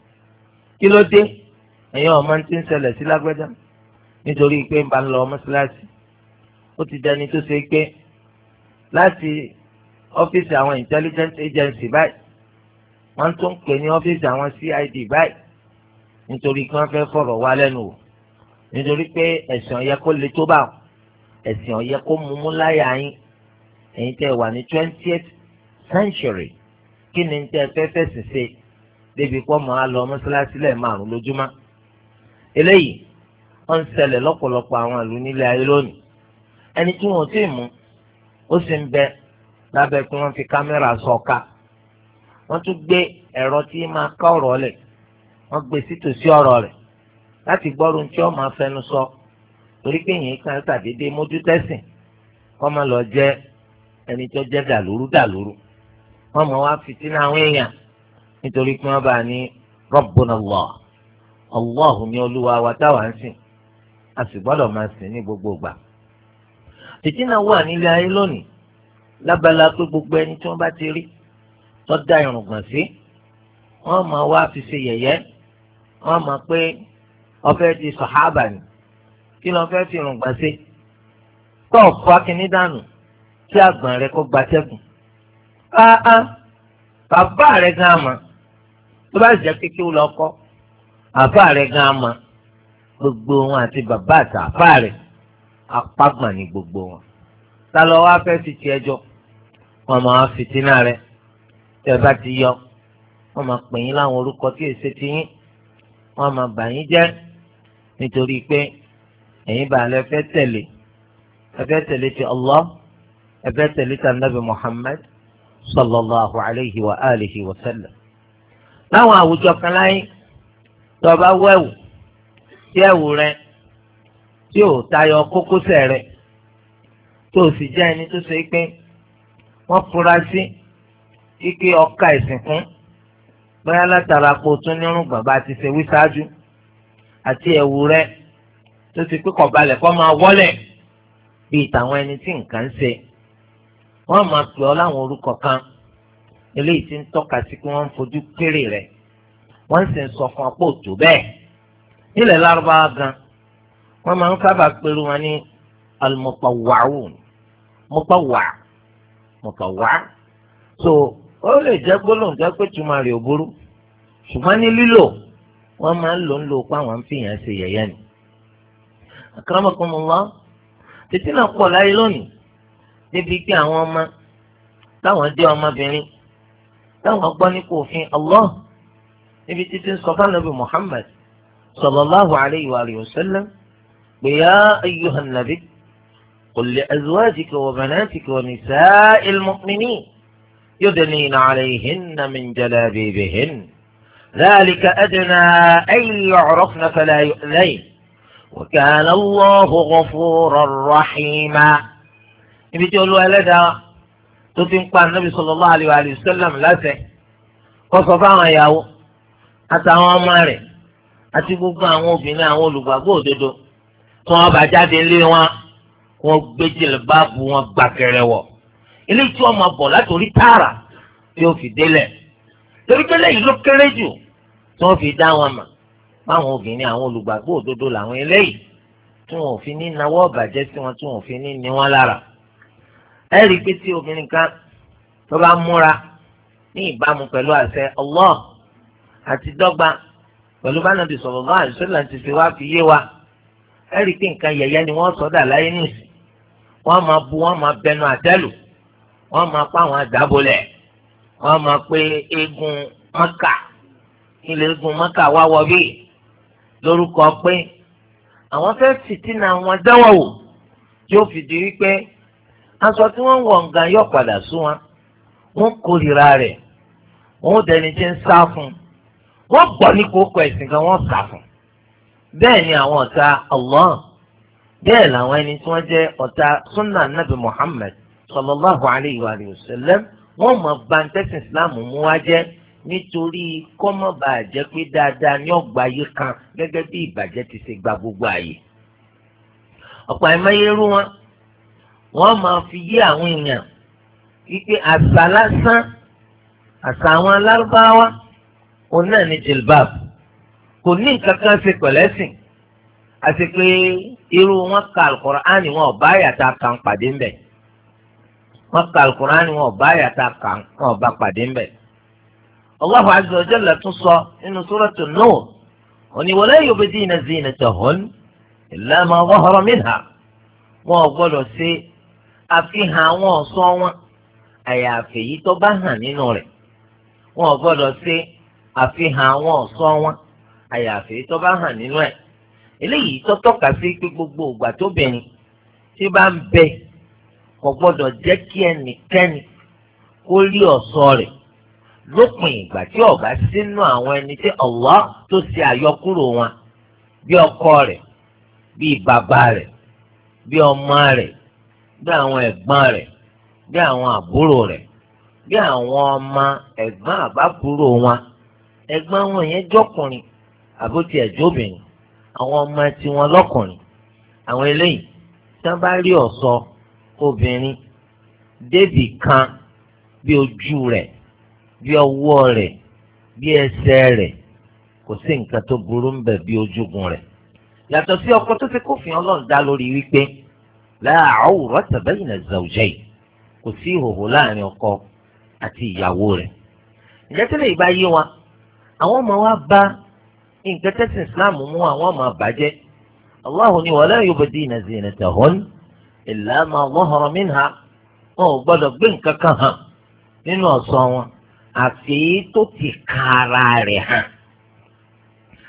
kí ló dé ẹ̀yin ọmọ ti ń ṣẹlẹ̀ sí lágbẹ́dá nítorí pé ń bá ń lọ mọ́síláṣí ó ti dẹni tó ṣe pé láti ọ́fíìsì àwọn intelligence agency báyìí wọ́n tún pè ní ọ́fíìsì àwọn CID báyìí nítorí kí wọ́n fẹ́ fọ̀rọ̀ wá lẹ́nu wò nítorí pé ẹ̀sùn yẹ kó le tó bá ẹ̀sìn ọ̀yẹ́ kó mú mú láyà yín ẹ̀yin tẹ́ wà ní twentieth century kí ni tẹ́ fẹ́ fẹ̀sìn ṣe débi pọ́ mọ́ á lọ mọ́ṣáláṣí lẹ́ẹ̀ márùn lójúmọ́ eléyìí wọ́n ń ṣẹlẹ̀ lọ́pọ̀lọpọ̀ àwọn ìlú nílé ayé lónìí ẹni tí wọ́n ti mú ó sì ń bẹ lábẹ́ pé wọ́n fi kámẹ́rà sọ̀ka wọ́n tún gbé ẹ̀rọ tí máa ká ọ̀rọ̀ lẹ̀ wọ́n gbé sítòsí ọ̀rọ̀ rẹ̀ láti gbọ́rùn tí ó máa fẹnu sọ. So torí pé èèyàn kan ṣàdédé mójú tẹ́sìn kọ́ máa lọ jẹ́ ẹni tó jẹ́ dàlúrú dàlúrú wọ́n mọ̀ wá fìtínà àwọn èèyàn nítorí pé wọ́n bá ní Rabbuna Allah Allahu ni olúwa wa táwa ń sìn a sì gbọ́dọ̀ máa sìn ní gbogbo ìgbà. fìtínà wà nílé ayé lónìí lábala pé gbogbo ẹni tí wọ́n bá ti rí tó dá irùngbọ̀n sí wọ́n máa wá fi ṣe yẹ̀yẹ́ wọ́n máa pé ó kí ló ń fẹ́ fi ìrùngbà ṣe tó ọ̀fọ́ akínní dànù tí àgbọ̀n rẹ kó gbatẹ́kùn. áá bàbá rẹ gan ama tó bá jẹ́ kékeré lọ́kọ́ bàbá rẹ gan ama gbogbo wọn àti bàbá àti àbá rẹ apágbọ̀n ni gbogbo wọn. ta ló wá fẹ́ fi tiẹ̀ jọ wọn máa fìtínà rẹ tẹ́ bá ti yọ wọn máa pè yín láwọn orúkọ tí èsì ti yín wọn máa bà yín jẹ́ nítorí pé ẹ̀yin bá lẹ fẹ́ tẹ̀lé ẹ fẹ́ tẹ̀lé ti Allah ẹ fẹ́ tẹ̀lé ti anabi Muhammad sallallahu alayhi wa alihi wa sallam. láwọn àwùjọ kan láyé tó bá wẹ̀wù tí ẹ̀wù rẹ tí ò tayọ kókósẹ̀ rẹ tó sì jẹ́ ẹni tó ṣe pé wọ́n fura sí kíkí ọkà ìsìnkú bóyá látara kó tún nírùngbọ̀n bá ti ṣe wí ṣáájú àti ẹ̀wù rẹ tó ti pé kọ̀balẹ̀ kọ́ máa wọ́lẹ̀ bíi tàwọn ẹni tí nǹkan ń ṣe wọ́n máa pè ọ́ láwọn orúkọ kan eléyìí ti ń tọ́ka sí pé wọ́n ń fojú kéré rẹ̀ wọ́n sì ń sọ fún apò tó bẹ́ẹ̀ nílẹ̀ lárúbáwá gan wọ́n máa ń sábà pẹ̀lú wọn ní alimọ̀pàwáwò mọ̀pàwá mọ̀pàwá so ó lè jẹ́ gbólóhùn jẹ́ pé túmọ̀ rẹ̀ ò burú ṣùgbọ́n ní lílò wọ́n máa ń lò ń lò pé àwọn ń fìyàn ṣe yẹ̀yẹ́ ni akramakumullah títí náà pọ̀ láyé lónìí níbi pé àwọn ọmọ táwọn jẹ́ ọmọbìnrin táwọn gbọ́ nípa òfin Allah níbi títí ń sọ fánàbì Muhammad sallallahu alayhi wa alihi wa sallam pé ya ayyuhan nabi qul li azwajika wa banatika wa nisa'il mu'minin yudnina alayhinna min jalabibihin dhalika adna an yu'rafna fala yu'layn. وكان الله غفورا رحيما ibi tí olúwa ẹlẹ́dàá tó ti ń pa nàbì sallallahu alayhi wa sallam láṣẹ kó sọ fáwọn ìyàwó àtàwọn ọmọ rẹ̀ àti gbogbo àwọn obìnrin àwọn olùgbàgbọ́ òdodo tí wọ́n bá jáde lé wọn wọ́n gbé jìlbáàbù wọn gbàgẹ̀rẹ̀ wọ̀ eléyìí tí wọ́n máa bọ̀ látòrí tààrà tí ó fi délẹ̀ torí pé lẹ́yìn ló kéré jù tí wọ́n fi dá wọn mọ̀ báwọn obìnrin àwọn olùgbàgbọ́ òdodo làwọn eléyìí tí wọn ò fi ní nawọ́ ọ̀bàjẹ́ sí wọn tí wọn ò fi ní ní wọn lára. ẹ rí i pé tí obìnrin kan tó bá múra ní ìbámu pẹ̀lú àṣẹ Allah àti dọ́gba pẹ̀lú bá nàbì sallallahu alaihi wasallam ti fi wá fi yé wa ẹ rí i pé nǹkan yẹ̀yẹ́ ni wọ́n sọ́dà láyé nìsí wọ́n máa bu wọ́n máa bẹnu àtẹ́lù wọ́n máa pa àwọn àdábolẹ̀ wọ́n máa pé eégún mọ́kà ilé eégún mọ́kà wá wọ bíi lórúkọ pé àwọn fẹ́ fìtínà àwọn dáwọ̀ wò yóò fìdí wípé aṣọ tí wọ́n ń wọ̀ nǹkan yóò padà sún wọn wọ́n kórìíra rẹ̀ wọ́n dẹni tí ń sá fún wọ́n gbọ́ ní kókó ẹ̀sìn kan wọ́n sá fún bẹ́ẹ̀ ni àwọn ọ̀tá Allah bẹ́ẹ̀ làwọn ẹni tí wọ́n jẹ́ ọ̀tá sunna nabi Muhammad sallallahu alayhi wa sallam wọ́n mọ̀ bá islam mú wá jẹ́ nítorí kọ́mọ̀bà jẹ́ pé dáadáa ní ọgbà ayé kan gẹ́gẹ́ bí ìbàjẹ́ ti ṣe gba gbogbo ààyè. ọ̀pọ̀ àìmọyerú wọn wọ́n máa fi yé àwọn èèyàn wípé àṣà lásán àṣà àwọn alárúbáwá òun náà ní jilbab kò ní nǹkan kan ṣe pẹ̀lẹ́sìn àti pé irú wọn ka alukur'ani wọn ọba àyàtà kan pàdé ńbẹ wọn ka alukur'ani wọn ọba àyàtà kan pàdé ńbẹ. Allahu azza wa jalla tún sọ nínú súrọ́tù Nuh òní wala yubdina zinatahun illa ma zahara minha wọn ò gbọ́dọ̀ ṣe àfihàn àwọn ọ̀ṣọ́ wọn àyàfi èyí tó bá hàn nínú rẹ̀ wọn ò gbọ́dọ̀ ṣe àfihàn àwọn ọ̀ṣọ́ wọn àyàfi èyí tó bá hàn nínú ẹ̀ eléyìí tó tọ́ka sí pé gbogbo ìgbà tóbìnrin tí bá ń bẹ kò gbọ́dọ̀ jẹ́ kí ẹnikẹ́ni kó rí ọ̀ṣọ́ rẹ̀ lópin ìgbà tí ọba sínú àwọn ẹni tí Allah tó ṣe àyọkúrò wọn bí ọkọ rẹ̀ bí bàbá rẹ̀ bí ọmọ rẹ̀ bí àwọn ẹ̀gbọ́n rẹ̀ bí àwọn àbúrò rẹ̀ bí àwọn ọmọ ẹ̀gbọ́n àbábúrò wọn ẹ̀gbọ́n wọn yẹn jọkùnrin àbótí ẹjọbìnrin àwọn ọmọ tiwọn lọ́kùnrin àwọn eléyìí tí wọ́n bá rí ọ̀ṣọ́ obìnrin débì kan bí ojú rẹ̀ bí ọwọ́ rẹ̀ bí ẹsẹ̀ rẹ̀ kò sí nǹkan tó burú ń bí ojúgun rẹ̀ yàtọ̀ ọkọ tó ti kófin ọlọ́run dá lórí wípé láàáwù rọ́tàbẹ́yìn ẹ̀zọ̀jẹ́ yìí kò sí ìhòòhò láàrin ọkọ àti ìyàwó rẹ̀ ǹjẹ́ tí lè bá yé wa àwọn ọmọ wa bá nǹkan Islam mú àwọn ọmọ Allahu ni wala ma wọn ò gbọ́dọ̀ gbé nǹkan kan hàn nínú ọ̀sán wọn àfi tó ti kan ara rẹ̀ hàn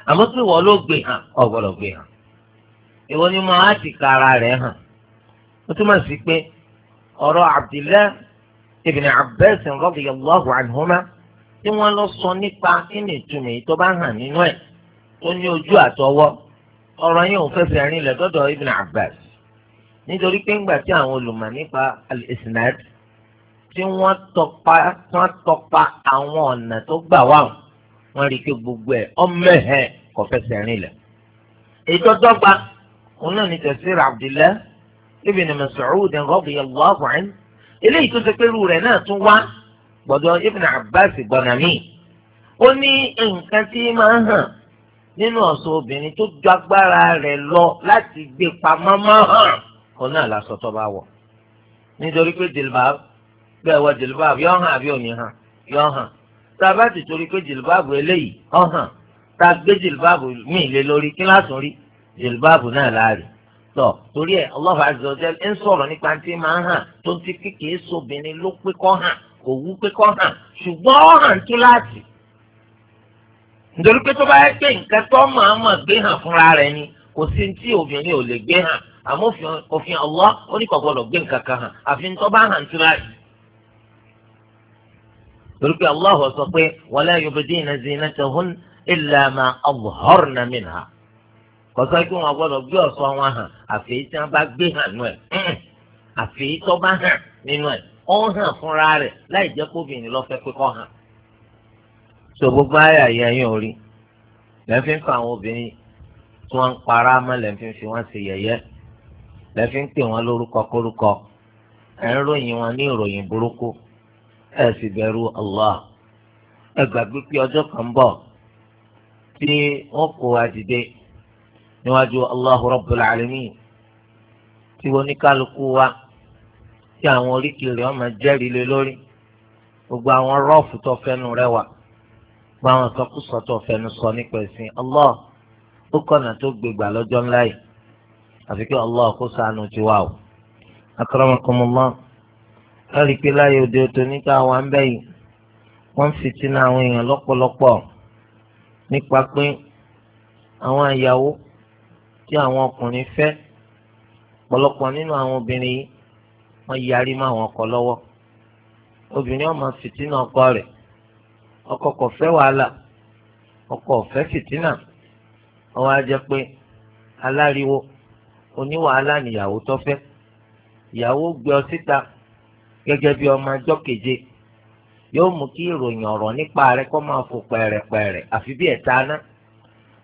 àmọ́ pé wọ́n ló gbé hàn ọ̀gbọ́dọ̀ gbé hàn ìwọ ni mo á ti kan ara rẹ̀ hàn ó túmọ̀ sí pé ọ̀rọ̀ Abdullah ibn Abbas radiyallahu anhuma tí wọ́n lọ sọ nípa kíni ìtumọ̀ èyí tó bá hàn nínú ẹ̀ tó ní ojú àtọwọ́ ọ̀rọ̀ yẹn ò fẹsẹ̀ rìn lẹ̀ ibn Abbas nítorí pé ńgbà tí àwọn olùmọ̀ nípa al-isnad tí wọ́n tọpa tí wọ́n tọpa àwọn ọ̀nà tó gbà wà wọ́n rí i pé gbogbo ẹ̀ ọmọọ̀hẹ́ kò fẹsẹ̀ rìn lẹ̀. ètò dọ́gba òun náà ní tẹ̀síra Abdullah ibn Mas'ud radiyallahu anhu eléyìí tó ṣe pé irú rẹ̀ náà tún wá gbọ́dọ̀ ibn Abbas gbọ́nà míì. ó ní nǹkan tí máa hàn nínú ọ̀sọ̀ obìnrin tó ju agbára rẹ̀ lọ láti gbé pamọ́ mọ́ hàn òun náà lásọ bá wọ̀ nítorí pé jìlbáàbù bẹ́ẹ̀ wọ jìlìbáàbù yọ hàn àbí òní hàn yọ hàn tá a bá ti torí pé jìlìbáàbù eléyìí ọ hàn tá a gbé jìlìbáàbù míì lé lórí kí láti rí jìlìbáàbù náà láàrí tọ torí ẹ Allahu azza wa jalla ń sọ̀rọ̀ nípa tí máa hàn tó ti kékeré sobìnrin ló pé kọ́ hàn kò wú pé kọ́ hàn ṣùgbọ́n ọ hàn tú nítorí pé tó bá yẹ pé nǹkan tó máa mọ̀ gbé hàn fúnra rẹ̀ ni kò sí tí obìnrin ò lè gbé hàn àmọ́ òfin Allah ó gbọ́dọ̀ gbé nǹkan kan hàn àfi ń tó bá hàn tú torí pé Allah sọ pé wala yubdina zinatahun illa ma azharna minha kọsọ kí wọn gbọ́dọ̀ gbé ọ̀ṣọ́ wọn hàn àfi tí wọn bá gbé hàn nù ẹ àfi tó bá hàn nínú ẹ ó hàn fúnra rẹ̀ láì jẹ́ kóbìnrin lọ fẹ́ pé kó hàn. sọ gbogbo ayé àyè ẹ̀yìn orí lẹ́fí ń fa àwọn obìnrin tí wọ́n ń para mọ́ lẹ́fí ń fi wọ́n ṣe yẹ̀yẹ́ lẹ́fí ń pè wọ́n lórúkọ kórúkọ ẹ̀ ń ròyìn wọn ní ìròyìn burúkú ẹ sì bẹ̀rù Allah ẹ gbàgbé pé ọjọ́ kan bọ̀ tí wọ́n kó wa dìde níwájú Allahu Rabbul Alamin tí oníkálukú wa tí àwọn oríkèrè ọmọ jẹ́rìí lé lórí gbogbo àwọn rọ́ọ̀fù tó fẹ́nu rẹ̀ wà gbogbo àwọn sọkúsọ tó sọ nípa ẹ̀sìn láti pé láyé òde òtò níta wà ń bẹ̀ yìí wọ́n fìtínà àwọn èèyàn lọ́pọ̀lọpọ̀ nípa pé àwọn àyàwó tí àwọn ọkùnrin fẹ́ pọ̀lọpọ̀ nínú àwọn obìnrin yìí wọ́n yarí mọ́ àwọn ọkọ lọ́wọ́ obìnrin ọmọ fìtínà ọkọ rẹ̀ ọkọ kò fẹ́ wàhálà ọkọ ò fẹ́ fìtínà ọwọ́ á jẹ́ pé aláriwo oníwàhálà nìyàwó tó ìyàwó gbé ọ síta. Si gẹ́gẹ́ bí ọmọ ọjọ́ keje yóò mú kí ìròyìn ọ̀rọ̀ nípa rẹ kó máa fò pẹ̀rẹ̀pẹ̀rẹ̀ àfi bí ẹ̀ta ná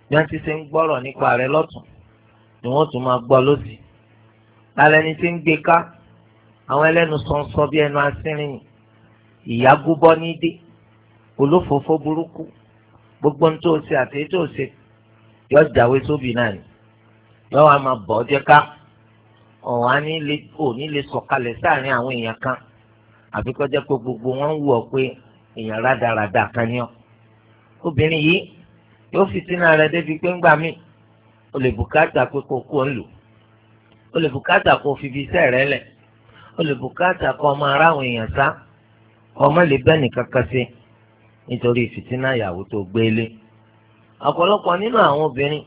bí wọ́n ti ṣe ń gbọ́rọ̀ nípa rẹ lọ́tún ni wọ́n tún máa gbọ́ lọ́sì lálẹ́ ni ti ń gbé ká àwọn ẹlẹ́nu sọ̀nsọ bí ẹnu asínrin ìyá gúbọ́ ní dé olófòófó burúkú gbogbo ní tó o ṣe àti tó o ṣe yọ jáwé sóbì náà ni yọ wàá máa bọ̀ ọ́ jẹ́ ká. ọ̀wá nílé ò nílé sọ̀kalẹ̀ sáàrin àwọn èèyàn kan àfi jẹ́ pé gbogbo wọn ń wù ọ pé èèyàn rádaràda kan ni ọ. obìnrin yìí yóò fi sínú ara débi pé mí o lè bùkátà pé ń lò o lè bùkátà kó fi fi kó ọmọ ara àwọn èèyàn sá ọmọ lè bẹ́ẹ̀ nìkan kan sí nítorí ìyàwó tó gbélé ọ̀pọ̀lọpọ̀ nínú àwọn obìnrin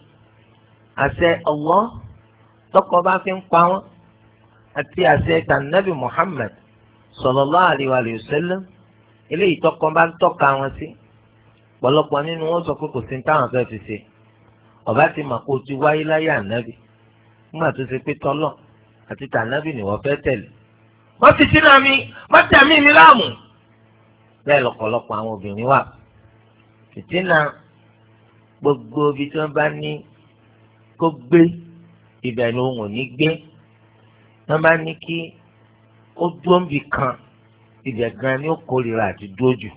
àṣẹ ọwọ́ tọkọ bá fi ń pa wọn àti àṣẹ tànàbì Muhammad sallallahu alaihi wa sallam eléyìí tọkọ bá ń tọ́ka wọn sí pọ̀lọpọ̀ nínú wọn sọ pé kò sí táwọn fẹ́ẹ́ fi ṣe ọba ti mà kó o ti wáyé láyé ànábì nígbà tó ṣe pé tọlọ àti tànábì ni wọ́n fẹ́ẹ́ tẹ̀lé wọ́n ti sínú àmì wọ́n ti àmì mi láàmú bẹ́ẹ̀ lọ́pọ̀lọpọ̀ àwọn obìnrin wà fìtínà gbogbo ibi tí wọ́n bá ní kó gbé ibẹ̀ ni òun ò ní gbé wọ́n bá ní kí ó dúró níbi kan ibẹ̀ gan ni ó kórìíra àti dúró jù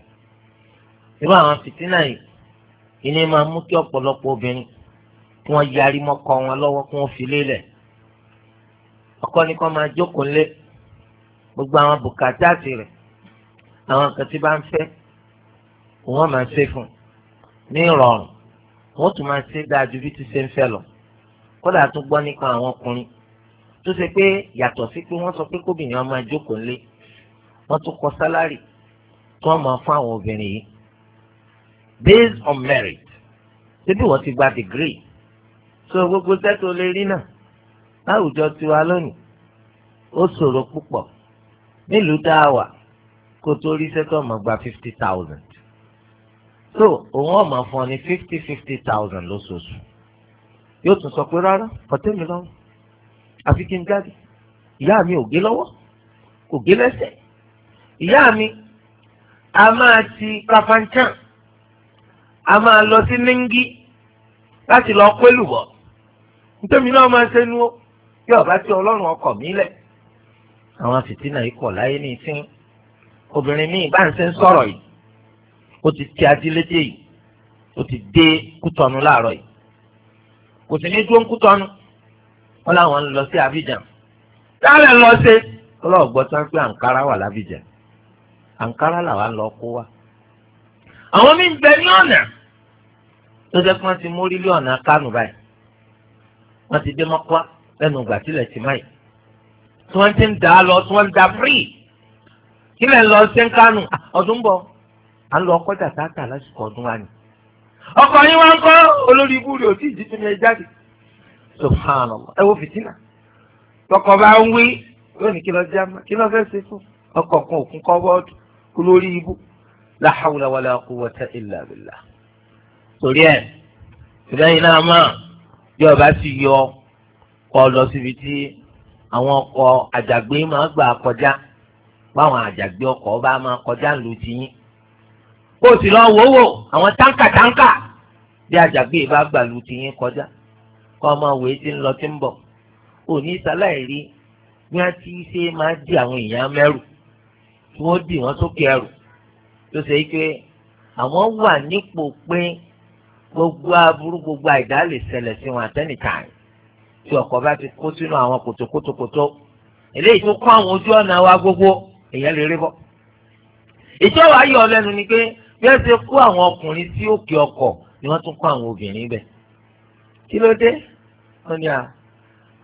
irú àwọn fìtínà yìí ìní máa mú kí ọ̀pọ̀lọpọ̀ obìnrin kí wọ́n yarí mọ́kọ wọn lọ́wọ́ kí wọ́n fi lélẹ̀ ọkọ ni kó máa jókòó lé gbogbo àwọn bùkátàsì rẹ̀ àwọn nǹkan tí bá ń fẹ́ wọ́n máa ṣe fún un ní ìrọ̀rùn wọ́n tún máa ṣe dáa bí ti ṣe ń fẹ́ lọ kódà tún gbọ́ nípa àwọn ọkùnrin tó ṣe pé yàtọ̀ sí pé wọ́n sọ pé kóbìnrin ọmọ ẹjókòó ńlé wọ́n tún kọ sálárì tí wọ́n máa fún àwọn obìnrin yìí based on merit síbí wọ́n ti gba degree so gbogbo sẹ́tò lè rí náà láwùjọ tiwa lónìí ó ṣòro púpọ̀ nílùú tá a kó tó rí sẹ́tò ọmọ gba fifty thousand so òun ọmọ fún ọ ní fifty fifty thousand lóṣooṣù. yóò tún sọ pé rárá ọ̀tẹ́ lọ́wọ́ àfi kí n jáde ìyá mi ò gé lọ́wọ́ kò gé mi a máa ti kafanchan a máa lọ sí ningi láti lọ pẹ́lú bọ̀ nítorí náà máa ń sẹ́nu ó bí ọ̀bá tí ọlọ́run ọkọ̀ mi lẹ̀ àwọn fìtínà yìí láyé ní ìsín obìnrin míì bá ń ṣe ń ti ti yìí ó ti kò sì ní dúró ń kú tọ́nu wọn làwọn ń lọ sí Abidjan táwọn lọ sí ọlọ́ọ̀gbọ́n tó ń pẹ́ Ankara wà lábìjan Ankara làwa lọ kó wa àwọn mí ń bẹ ní ọ̀nà tó jẹ́ pé wọ́n ti mórí lé ọ̀nà Kánò báyìí wọ́n ti dé mọ́kọ́ lẹ́nu ìgbà tílẹ̀ tì máyì tí wọ́n ti ń dà á lọ tí wọ́n ń da fírì kílẹ̀ lọ sí Kánò ọdún bọ̀ à ń lọ kọjá tààtà lásìkò ọdún wa nìyí ọkọ yín wá ń kọ́ olórí ibú rẹ̀ òtí ìdí tún yẹ jáde subhanallah ẹ wo fìtínà tọkọ bá ń wí lónìí kí lọ já ma kí lọ fẹ́ ṣe fún ọkọ kan òkun kọ́ bọ́ọ̀dù kú lórí ibú la hawla wala quwwata illa billah torí ẹ̀ ìdáyìn náà máa bí ọba ti yọ kọ lọ síbi tí àwọn ọkọ̀ àjàgbé máa gbà kọjá báwọn àjàgbé ọkọ̀ bá máa kọjá lù kó o sì lọ wò wò àwọn táǹkàtáǹkà bí àjàgbé bá gbàlù ti yín kọjá kọ́ ọmọ wèé ti ń lọ ti ń bọ̀ òní sáláì rí bí wọ́n ti ṣe máa di àwọn èèyàn mẹ́rù tí wọ́n dì wọ́n sókè ẹrù tó ṣe pé àwọn wà nípò pé gbogbo aburú gbogbo àìdá lè ṣẹlẹ̀ sí wọn àtẹnìkan tí ọkọ̀ bá ti kó sínú àwọn kòtòkòtòkòtò eléyìí tó kọ́ àwọn ojú ọ̀nà wa gbogbo èèyàn lè rí bọ́. ìjọba ayọ̀ lẹ́nu ni pé bí ẹ ṣe kó àwọn ọkùnrin sí òkè ọkọ̀ ni wọ́n tún kó àwọn obìnrin bẹ̀. kí ló dé wọ́n ní à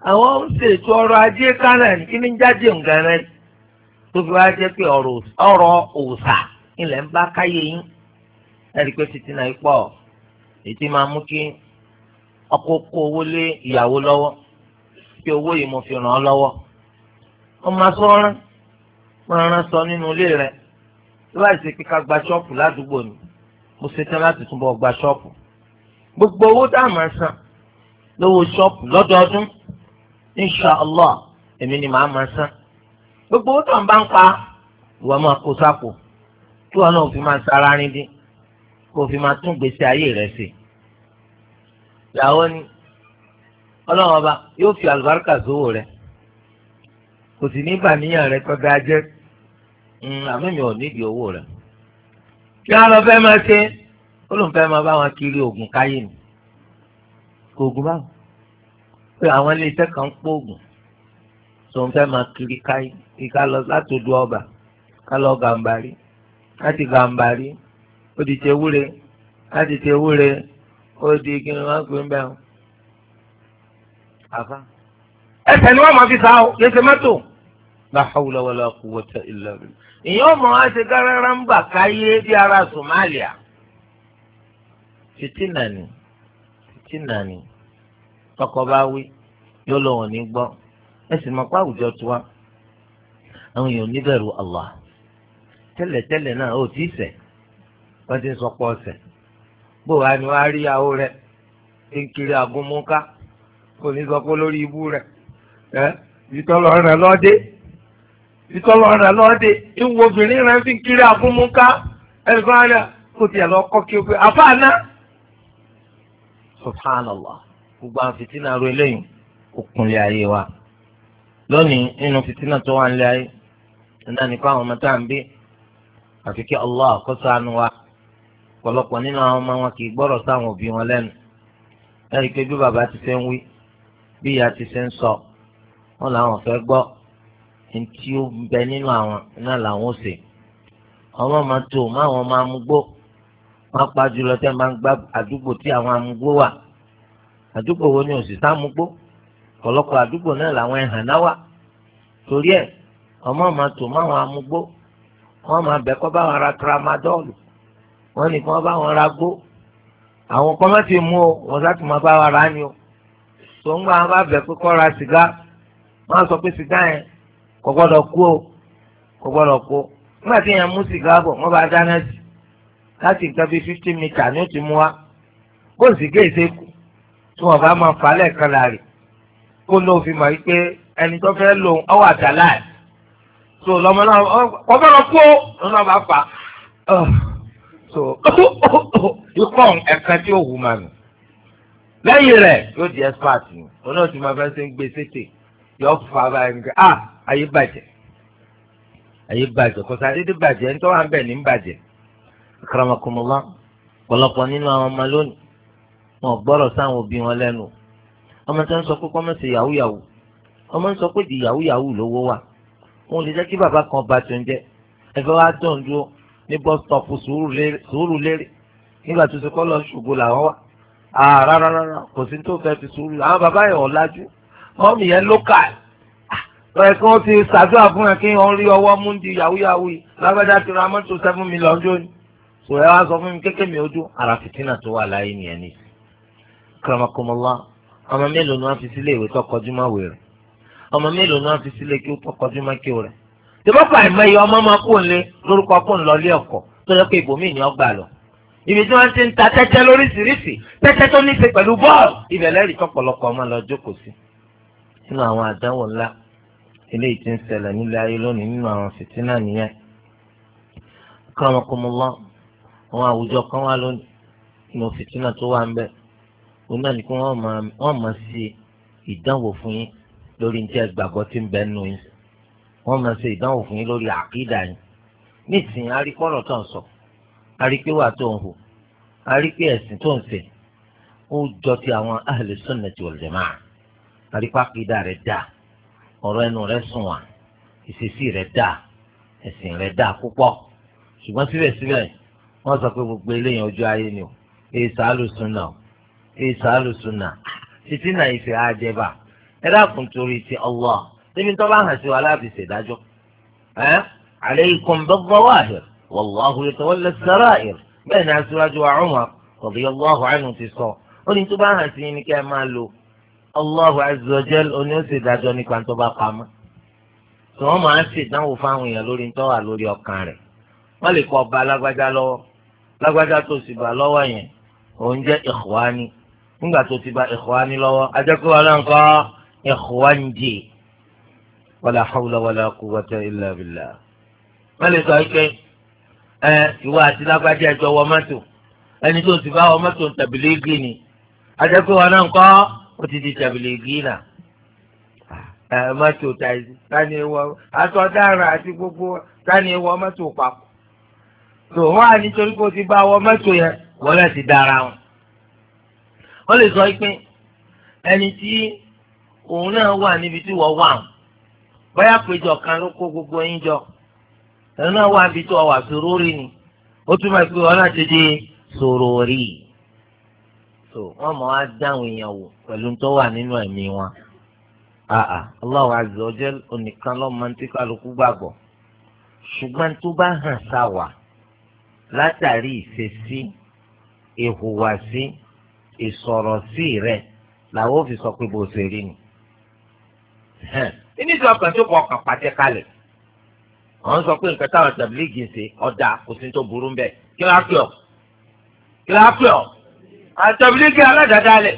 àwọn ń ṣètò ọrọ̀ ajé kánà ní kí ní jáde nǹkan rẹ̀ tó fi wá jẹ́ pé ọrọ̀ òòṣà ilẹ̀ ń bá káyé yín ẹ̀rí pé títí náà pọ̀ ètí máa mú kí ọkọ kó owó lé ìyàwó lọ́wọ́ kí owó yìí mo fi ràn án lọ́wọ́ ọmọ máa rán sọ nínú tó bá ṣe pé ká gba ṣọ́ọ̀pù ládùúgbò ni mo ṣe tán láti túnbọ̀ gba ṣọ́ọ̀pù gbogbo owó tá a máa san lówó ṣọ́ọ̀pù lọ́dọọdún insha allah èmi ni màá máa san gbogbo owó tó ń bá ń pa ìwà máa kó sápò kí wọn náà fi máa sara rin dín kó fi máa tún gbèsè ayé rẹ̀ sí ìyàwó ni ọlọ́run ọba yóò fi àlùbáríkà sówó rẹ̀ kò sì ní bàníyàn rẹ̀ tọ́jú ajẹ́ Mm, àmọ́ mi ò nídìí owó rẹ̀ kí wọ́n lọ fẹ́ máa ṣe ó lóun fẹ́ máa bá wọn kiri oògùn káyé ni kò oògùn báwo pé àwọn ilé iṣẹ́ kan ń pọ̀ oògùn tòun fẹ́ máa kiri káyé ìka lọ láti odò ọba ká lọ gàǹbarí láti gàǹbarí ó di ti ewúre láti ti ewúre ó di kí ni wọ́n pè ń bẹ́ẹ̀ àfa. ẹsẹ̀ ni wọ́n máa fi sá o yẹsẹ̀ mọ́tò. la hawla wala quwwata illa billah. ìyẹn ọmọ wa ṣe gárárá ń bà káyé ara Somalia fìtínà ni fìtínà ni tọkọ bá wí yóò lọ wọn ní gbọ́ ẹ sì mọ̀ àwùjọ tiwa àwọn èèyàn Allah tẹ́lẹ̀tẹ́lẹ̀ náà ó ti sẹ wọ́n ti ń sọ wa ni rí ń kiri ìtọ́lọ́ ọrịa lọ́dẹ ìwọ obìnrin rẹ nkiri kiri àfúnmúká ẹnìkan rẹ kò tiẹ̀ lọ kọ́ kí o pé àfáàná. subhanallah gbogbo àwọn fìtínà ro eléyìí kò kúnlẹ̀ ayé wa lónìí nínú fìtínà tó wà ń lé ayé nígbà nípa àwọn ọmọ tá à ń bí àfi kí wa nínú àwọn ọmọ wọn kì í sáwọn òbí wọn lẹ́nu ẹ̀rí pé bí bàbá ntí ó bẹ nínú àwọn náà làwọn ṣe àwọn máa tó má àwọn máa mú gbó wọn pa jùlọ tẹ máa ń gbá àdúgbò tí àwọn amúgbó wà àdúgbò wo ni òsì sámúgbó ọ̀pọ̀lọpọ̀ àdúgbò náà làwọn ẹ̀hàn náà wà torí ẹ̀ ọmọ máa tó má àwọn amúgbó wọn máa bẹ kọ́ bá wọn ra tramadol wọn ní kí wọ́n bá wọn ra gbó àwọn kan má ti mú o wọn sá ti máa bá wọn rà ni o tó ń gbà wọn bá bẹ pé kọ́ ra sìgá wọn sọ pé sìgá yẹn kò kú o kò gbọ́dọ̀ kú nígbà tí èèyàn mú sìgá bọ̀ wọ́n bá dáná sí láti nǹkan bíi fifty mita ni ó ti mú wa kó sìgá èsè kù tí wọ́n bá máa fà á láàrin kó lóò fi mọ̀ wípé ẹni tó fẹ́ lò ó wà dá so lọ́mọ náà kò gbọ́dọ̀ kú o lọ́mọ náà bá fà á so ikọ̀ ẹ̀ka tí ó wù mà nù lẹ́yìn rẹ̀ yóò di expert ni òun náà ti máa fẹ́ ṣe ń gbé sétè yọ fà báyìí nǹkan ah ayé bàjẹ́ ayé bàjẹ́ kọ́sá dédé bàjẹ́ ńtọ́ wà ń bẹ̀ ní ń bàjẹ́ akaramakumula pọ̀lọpọ̀ nínú àwọn ọmọ lónìí wọn gbọ́rọ̀ sáwọn òbí wọn lẹ́nu ọmọ tó ń sọ pé kọ́mọ sí yahoo yahoo ọmọ ń sọ pé di yahoo yahoo lówó wà wọn ò lè jẹ́ kí bàbá kan ba tó ń jẹ́ ẹ̀fẹ́ wa tó ń dúró ní bọ́sítọ̀pù sùúrù lérè nígbà tó ti kọ́ lọ ṣògo làwọn wà rárá kò sí tó fẹ́ fi sùúrù àwọn bàbá yẹn ọ̀làjú mọ́mì yẹn lókàlì rẹ̀ kí wọ́n ti ṣàdúrà fún yẹn kí wọ́n rí ọwọ́ mú di yahoo yahoo lágbájá ti ra mọ́tò seven million jọ ni sọ ẹ wá sọ fún mi kékeré mi ojú ara fìtínà tó wà láyé nìyẹn ni kàràmàkọmọlá ọmọ mélòó ni wọ́n fi sílé ìwé tọkọjú máa wẹ̀ rẹ̀ ọmọ mélòó ni wọ́n fi sílé kí ó tọkọjú máa kí ó rẹ̀ tìbọ́pà ìmọ̀ye ọmọ máa kó lé lórúkọ kó ń lọ tó yẹ kó ibòmíì ni ọgbà lọ ibi tí wọ́n ti ń ta tẹ́tẹ́ lóríṣiríṣi tẹ́tẹ́ tó ní í ṣe pẹ̀lú bọ́ọ̀lù ibẹ̀ lẹ́rìí tọ́pọ̀lọpọ̀ ọmọ lọ jókòó sí nínú àwọn àdánwò ńlá eléyìí ti ń ṣẹlẹ̀ nílé ayé lónìí nínú àwọn fìtínà nìyẹn. akramakumullah àwọn àwùjọ kan wà lónìí nínú fìtínà tó wà ń bẹ̀ òun náà ni kí wọ́n máa ṣe ìdánwò fún yín lórí ní tí ẹ gbàgbọ́ tí ń bẹ nù yín wọ́n máa ṣe ìdánwò fún yín lórí àkídà yín nísìnyí arípọ̀rọ̀ tó ń sọ arípé wà tó ń hù arípé ẹ̀sìn tó ń ṣe ó jọ ti àwọn ahlu sunnati wal jamaa rẹ̀ dáa ọ̀rọ̀ ẹnu rẹ̀ sùn wà ìṣesí rẹ̀ dáa ẹ̀sìn rẹ̀ dáa púpọ̀ ṣùgbọ́n síbẹ̀síbẹ̀ wọ́n sọ pé gbogbo eléyìí ojú ayé ni o èyí sàálù sunà o èyí sàálù sunà títí náà ìfẹ́ àjẹbà ẹ dákun torí ti ọlọ́ bá hàn sí wa láti ṣèdájọ́ ẹ́ bẹ́ẹ̀ ni aṣíwájú wa Allahu azza wa jal oní ó sì dájọ́ nípa tó bá pamọ́ tí wọ́n máa ń ṣèdánwò fáwọn èèyàn lórí tó wà lórí ọkàn rẹ̀ wọ́n lè kọ́ ba lágbájá lọ́wọ́ lágbájá tó sì bá lọ́wọ́ yẹn òun jẹ́ ikhwani nígbà tó ti bá ikhwani lọ́wọ́ ajẹ́kọ́ wa náà ń kọ́ hawla wala quwwata illa billah wọ́n lè sọ ike ẹ ìwọ àti lágbájá ẹjọ́ wọ mọ́tò ẹni tó ti bá wọ mọ́tò tàbílẹ́gì ni ajẹ́kọ́ wa ó ti di tàbílẹ̀ gíínà mọ́tò tàìsí tani ewọ́ aṣọ dára àti gbogbo tani ewọ́ mọ́tò papọ̀ tó wọ́n á nítorí kó ti bá wọ mọ́tò ya wọ́n ti dára wọn. wọ́n lè sọ pé ẹni tí òun náà wà níbi tí wọ́n wà bóyá péjọ kan ló kó gbogbo yín jọ ẹni náà wà níbi tí wọ́n wà ni ó túmọ̀ sí pé wọ́n náà ti di so wọ́n mọ̀ á dáhùn èèyàn wò pẹ̀lú tó wà nínú ẹ̀mí wọn. àà Allahu azza wa jal onìkan lọ́mọ tí kálukú gbàgbọ́ ṣùgbọ́n tó bá hàn sáwà látàrí ìṣesí ìhùwàsí ìsọ̀rọ̀sí rẹ̀ làwọn ò fi sọ pé bó ṣe rí ni. nínú ìtura kan tó kọ ọkàn pàtẹ kalẹ̀ wọ́n sọ pé nǹkan táwọn tàbílì gèsè ọ̀dà kò sí tó burú ń bẹ̀ kí lápẹ̀ ọ̀ kí lápẹ̀ ọ̀ àtọ̀bílíkì aládàdálẹ̀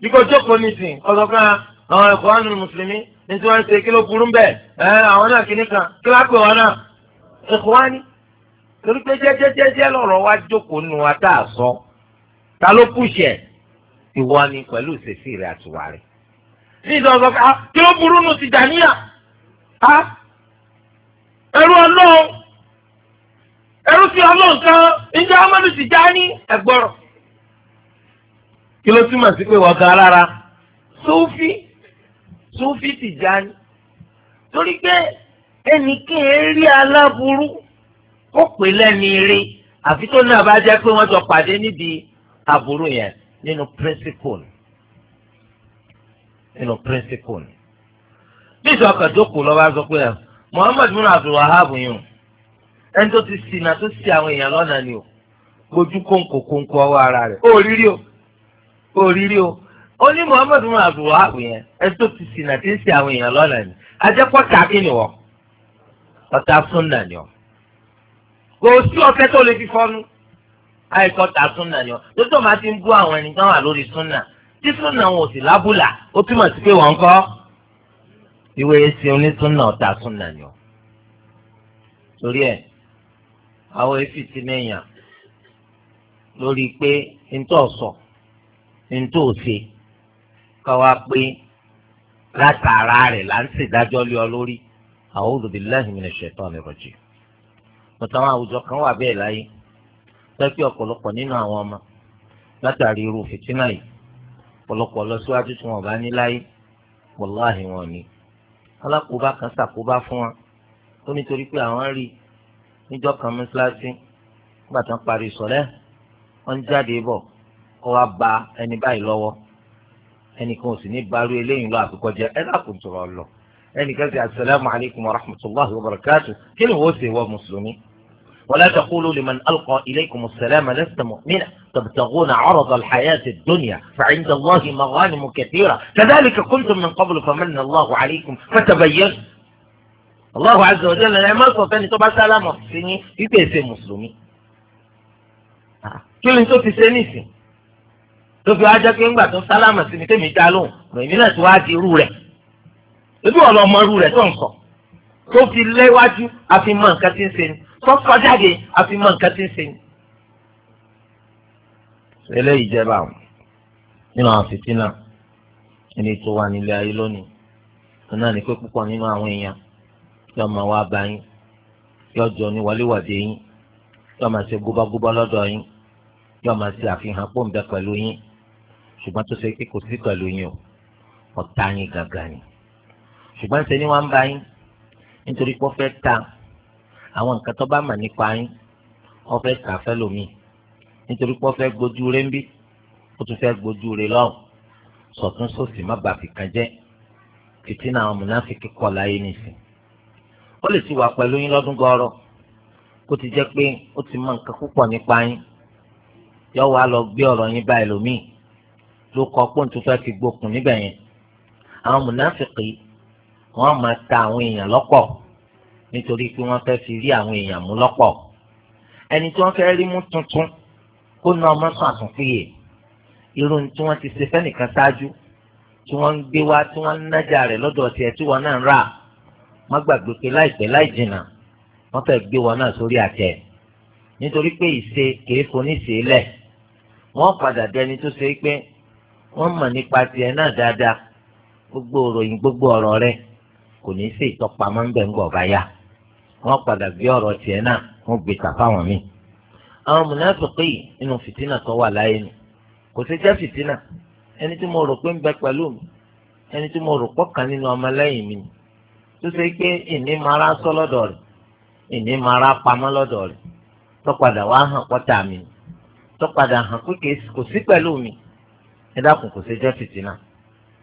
bíkọ́ jókòó nìsín ọ̀sọ̀kan àwọn ẹ̀kọ́ ànú mùsùlùmí ní tí wọ́n ń ṣe kí ló burú bẹ́ẹ̀ ẹ̀ àwọn náà kìíní kan kí wọ́n á pè wọ́n náà ẹ̀kọ́ wá ní torí pé jẹ́jẹ́jẹ́jẹ́ lọ́rọ̀ wá jókòó nù wá tá a sọ ta ló kùsẹ̀ ìwọ ni pẹ̀lú ìṣesí rẹ̀ àtiwá rẹ̀ ní ìdọ̀sọ̀ ah, kí ló burú nù ti dàníyà ẹ̀rú ọlọ́run ẹrú sí ọlọ́run kan ǹjẹ́ amadu ti já ní ẹ̀gbọ́rọ̀ kí ló túmọ̀ sí pé wọ́n ga rárá sófì sófì ti já ní torí pé ẹnìkan rí aláburú ó pè lẹ́ni rí àfi tó náà bá jẹ́ pé wọ́n jọ pàdé níbi aburú yẹn nínú pírísípọ̀lù nínú pírísípọ̀lù bí ìṣọ̀kan jókòó lọ́wọ́ á sọ pé Muhammad múnà Abdul yìí ẹni tó ti ṣìnà tó ṣì àwọn èèyàn lọ́nà ni o gbójú kóńkó kóńkó ọwọ́ ara rẹ̀ ó rírí o ó rírí o ó ní Muhammad bin Abdulwahab yẹn ẹni tó ti ṣìnà tí ń ṣì àwọn èèyàn lọ́nà ni ajẹ́pọ̀tà kí ni wọ́ ọ̀tá súnà ni ọ́ kò sí ọ̀fẹ́ tó lè fi fọ́nú àìkọ́tà súnà ni ọ́ lójó máa ti ń bú àwọn ẹni tán wà súnà tí súnà wọn ò sì lábùlà ó túmọ̀ sí pé wọ́n kọ́ ìwé ẹsẹ̀ onísúnà ọ̀tá súnà ni ọ́ torí ẹ̀ àwọn efi ti nìyàn lórí pé ntọ́ sọ ntọ́ ṣe káwa pé látara rẹ̀ là ń ṣèdájọ́ lé ọ lórí a'udhu billahi minash shaitani rajim mọ̀tàwọn àwùjọ kan wà bẹ́ẹ̀ láyé pẹ́pẹ́ ọ̀pọ̀lọpọ̀ nínú àwọn ọmọ látàrí irú fìtínà yìí ọ̀pọ̀lọpọ̀ lọ síwájú tí wọ́n bá ní láyé wàláhì wọn ni alákòóbá kan ṣàkóbá fún wa ó nítorí pé àwọn rí i níjọ́ kan mọ́ṣáláṣí nígbà tó ń parí sọ̀lẹ́ wọ́n ń jáde bọ̀ ó wá ba ẹni báyìí lọ́wọ́ ẹnì kan ò sì ní balu eléyìí lọ àfikọ́ jẹ ẹ lákùn tó lọ ẹnì kan sì asalaamu alaykum wa rahmatulahi wa barakatu kí ni wọ́n ṣe wọ mùsùlùmí. wọ́n ولا تقولوا لمن ألقى إليكم السلام لست مؤمنا تبتغون عرض الحياة الدنيا فعند الله مغانم كثيرة كذلك كنتم من قبل فمن الله عليكم فتبينوا Allahu azza wa jalla ẹ má sọ fẹ́ni tó bá sálámà sí yín wípé èsè mùsùlùmí. kí ni tó ti ṣe nìsín tó fi wá jẹ́ pé ńgbà tó sálámà sí mi tèmi dá lóhùn lòyìn náà ti wá di irú rẹ̀ ebi wọn lọ mọ irú rẹ̀ tó ń sọ tó fi léwájú àfi mọ nǹkan tí ń ṣe ni tó kọjáde àfi mọ nǹkan tí ń ṣe ni. eléyìí jẹ́ báwọn nínú àwọn fìtínà ẹni tó wà nílé ayé lónìí náà ni pé púpọ̀ nínú àwọn èèyàn yóò máa wá bá yín yóò jọ ní wọléwọ̀de yín yóò máa ṣe gúbọ́gúbọ́ lọ́dọ̀ yín yóò máa ṣe àfihàn pòǹbẹ pẹ̀lú yín ṣùgbọ́n tó ṣe pé kò sí pẹ̀lú yín o ọ̀tá yín gangan ni ṣùgbọ́n ṣe ni wọ́n ń bá yín nítorí pé ó fẹ́ ta àwọn nǹkan tó bá mà nípa yín ó fẹ́ tà fẹ́ lómi nítorí pé ó fẹ́ gbójú rẹ̀ ń bí ó tún fẹ́ gbójú rẹ̀ lọ́hùn sọ̀tún sòsì má bàa fìkan jẹ́ títí náà àwọn mùnáfíkì kọ̀ láyé nìsín ó lè ti wà pẹ̀lú yín lọ́dún gọ́ọ́rọ́ kó ti jẹ́ pé ó ti mọ nǹkan púpọ̀ nípa yín yọ wá lọ gbé ọ̀rọ̀ yín bá ẹlòmíì ló kọ pọ́ǹtù fẹ́ fi gbókun níbẹ̀ yẹn àwọn mùnáfìkì wọ́n máa ta àwọn èèyàn lọ́pọ̀ nítorí pé wọ́n fẹ́ fi rí àwọn èèyàn mú lọ́pọ̀ ẹni tí wọ́n fẹ́ rí mú tuntun kó ná ọmọ sùn àtúnfìyè irú tí wọ́n ti ṣe fẹ́nìkan ṣáájú tí wọ́n ń gbé wá tí wọ́n ń nájà rẹ̀ lọ́dọ̀ tiẹ̀ tí wọ́n náà ń rà má gbàgbé pé láìpẹ́ láì jìnnà wọ́n fẹ́ gbé wọn náà sórí àtẹ nítorí pé ìṣe kìí foníṣe lẹ̀ wọ́n padà dé ẹni tó ṣe pé wọ́n mọ̀ nípa tiẹ̀ náà dáadáa gbogbo òròyìn gbogbo ọ̀rọ̀ rẹ̀ kò ní í ṣe ìtọ́pamọ́ ń bẹ̀ ń gbọ̀ báyà wọ́n padà gbé ọ̀rọ̀ tiẹ̀ náà wọ́n gbé tà fáwọn míì. àwọn mùnáfíkì yìí nínú fìtínà tó wà láyé ni kò sí jẹ́ fìtínà ẹni tí mo rò pé ń bẹ pẹ̀lú mi ẹni tí mo rò pọ̀ kan nínú ọmọlẹ́yìn mi ni tó ṣe pé ìní mara sọ lọdọ rẹ̀ ìní mara pamọ́ lọ́dọ̀ rẹ̀ tọ́padà wá hàn mi hàn pé kò sí pẹ̀lú mi ẹ dákun kò ṣe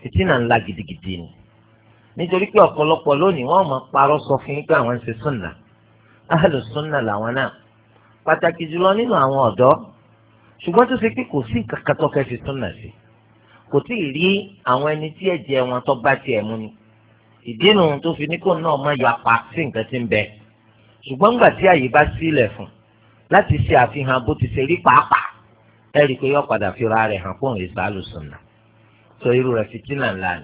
fìtínà gidigidi ni nítorí pé ọ̀pọ̀lọpọ̀ lónìí wọ́n máa parọ́ sọ fún yín pé àwọn ń ṣe súnà áhàlù súnà làwọn náà pàtàkì jùlọ nínú àwọn ọ̀dọ́ ṣùgbọ́n tó ṣe pé kò sí nǹkan kan tó fẹ́ fi súnà sí kò tí ì rí àwọn ìdí nu tó fi ní kó náà má yapa sí nǹkan ti ń bẹ ṣùgbọ́n tí àyè bá sílẹ̀ fún láti ṣe àfihàn bó ti ṣe rí pàápàá ẹ rí i pé yọ padà fira rẹ̀ hàn fún ìsàlù sùnà sọ irú rẹ̀ si ńlá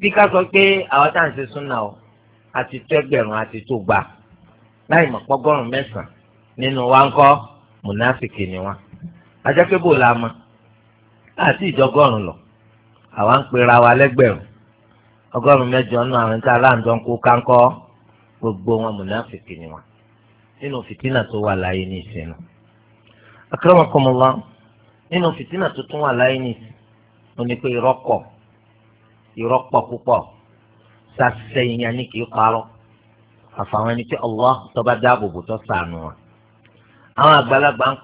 bí ká sọ pé àwọn tá à ń ṣe o tó ẹgbẹ̀rún tó gbà láì mọ̀ pọ́gọ́rùn mẹ́sàn-án nínú wa ń kọ́ mùnáfìkì ni wọ́n ajá pé bò ọgọ́rùn-ún mẹ́jọ nínú àwọn tá a ń gbogbo wọn mùnáfìkì ni wọn nínú fìtínà tó wà láyé ní ìsinmi. akramakumullah nínú fìtínà tó tún wà láyé ní ìsinmi wọn ni pé ìrọ́pọ̀ ìrọ́pọ̀ púpọ̀ sàṣẹyìn ni kì í parọ́ àfàwọn ẹni tí Allah tọ́ba dáàbò bò tọ́ sànù wọn. àwọn àgbàlagbà ń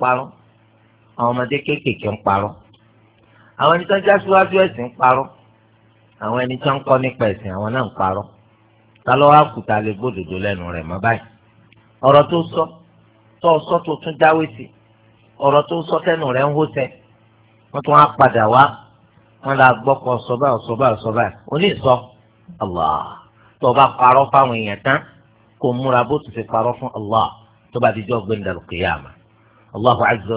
parọ́ àwọn ẹni tó ń kọ́ nípa ẹ̀sìn àwọn náà ń parọ́ ta ló wá kùtà lè gbódòdó lẹ́nu rẹ̀ mọ́ báyìí ọ̀rọ̀ tó sọ tó sọ tó tún jáwé sí ọ̀rọ̀ tó sọ tẹ́nu rẹ̀ ń hó tẹ wọ́n tún wá padà wá wọ́n la gbọ́ kọ́ sọ báyìí sọ báyìí sọ báyìí oní Allah tó bá parọ́ fáwọn èèyàn tán kò múra bó ti fi parọ́ fún Allah tó bá di jọ́ gbẹ̀ndàlù kìyàmà Allahu azza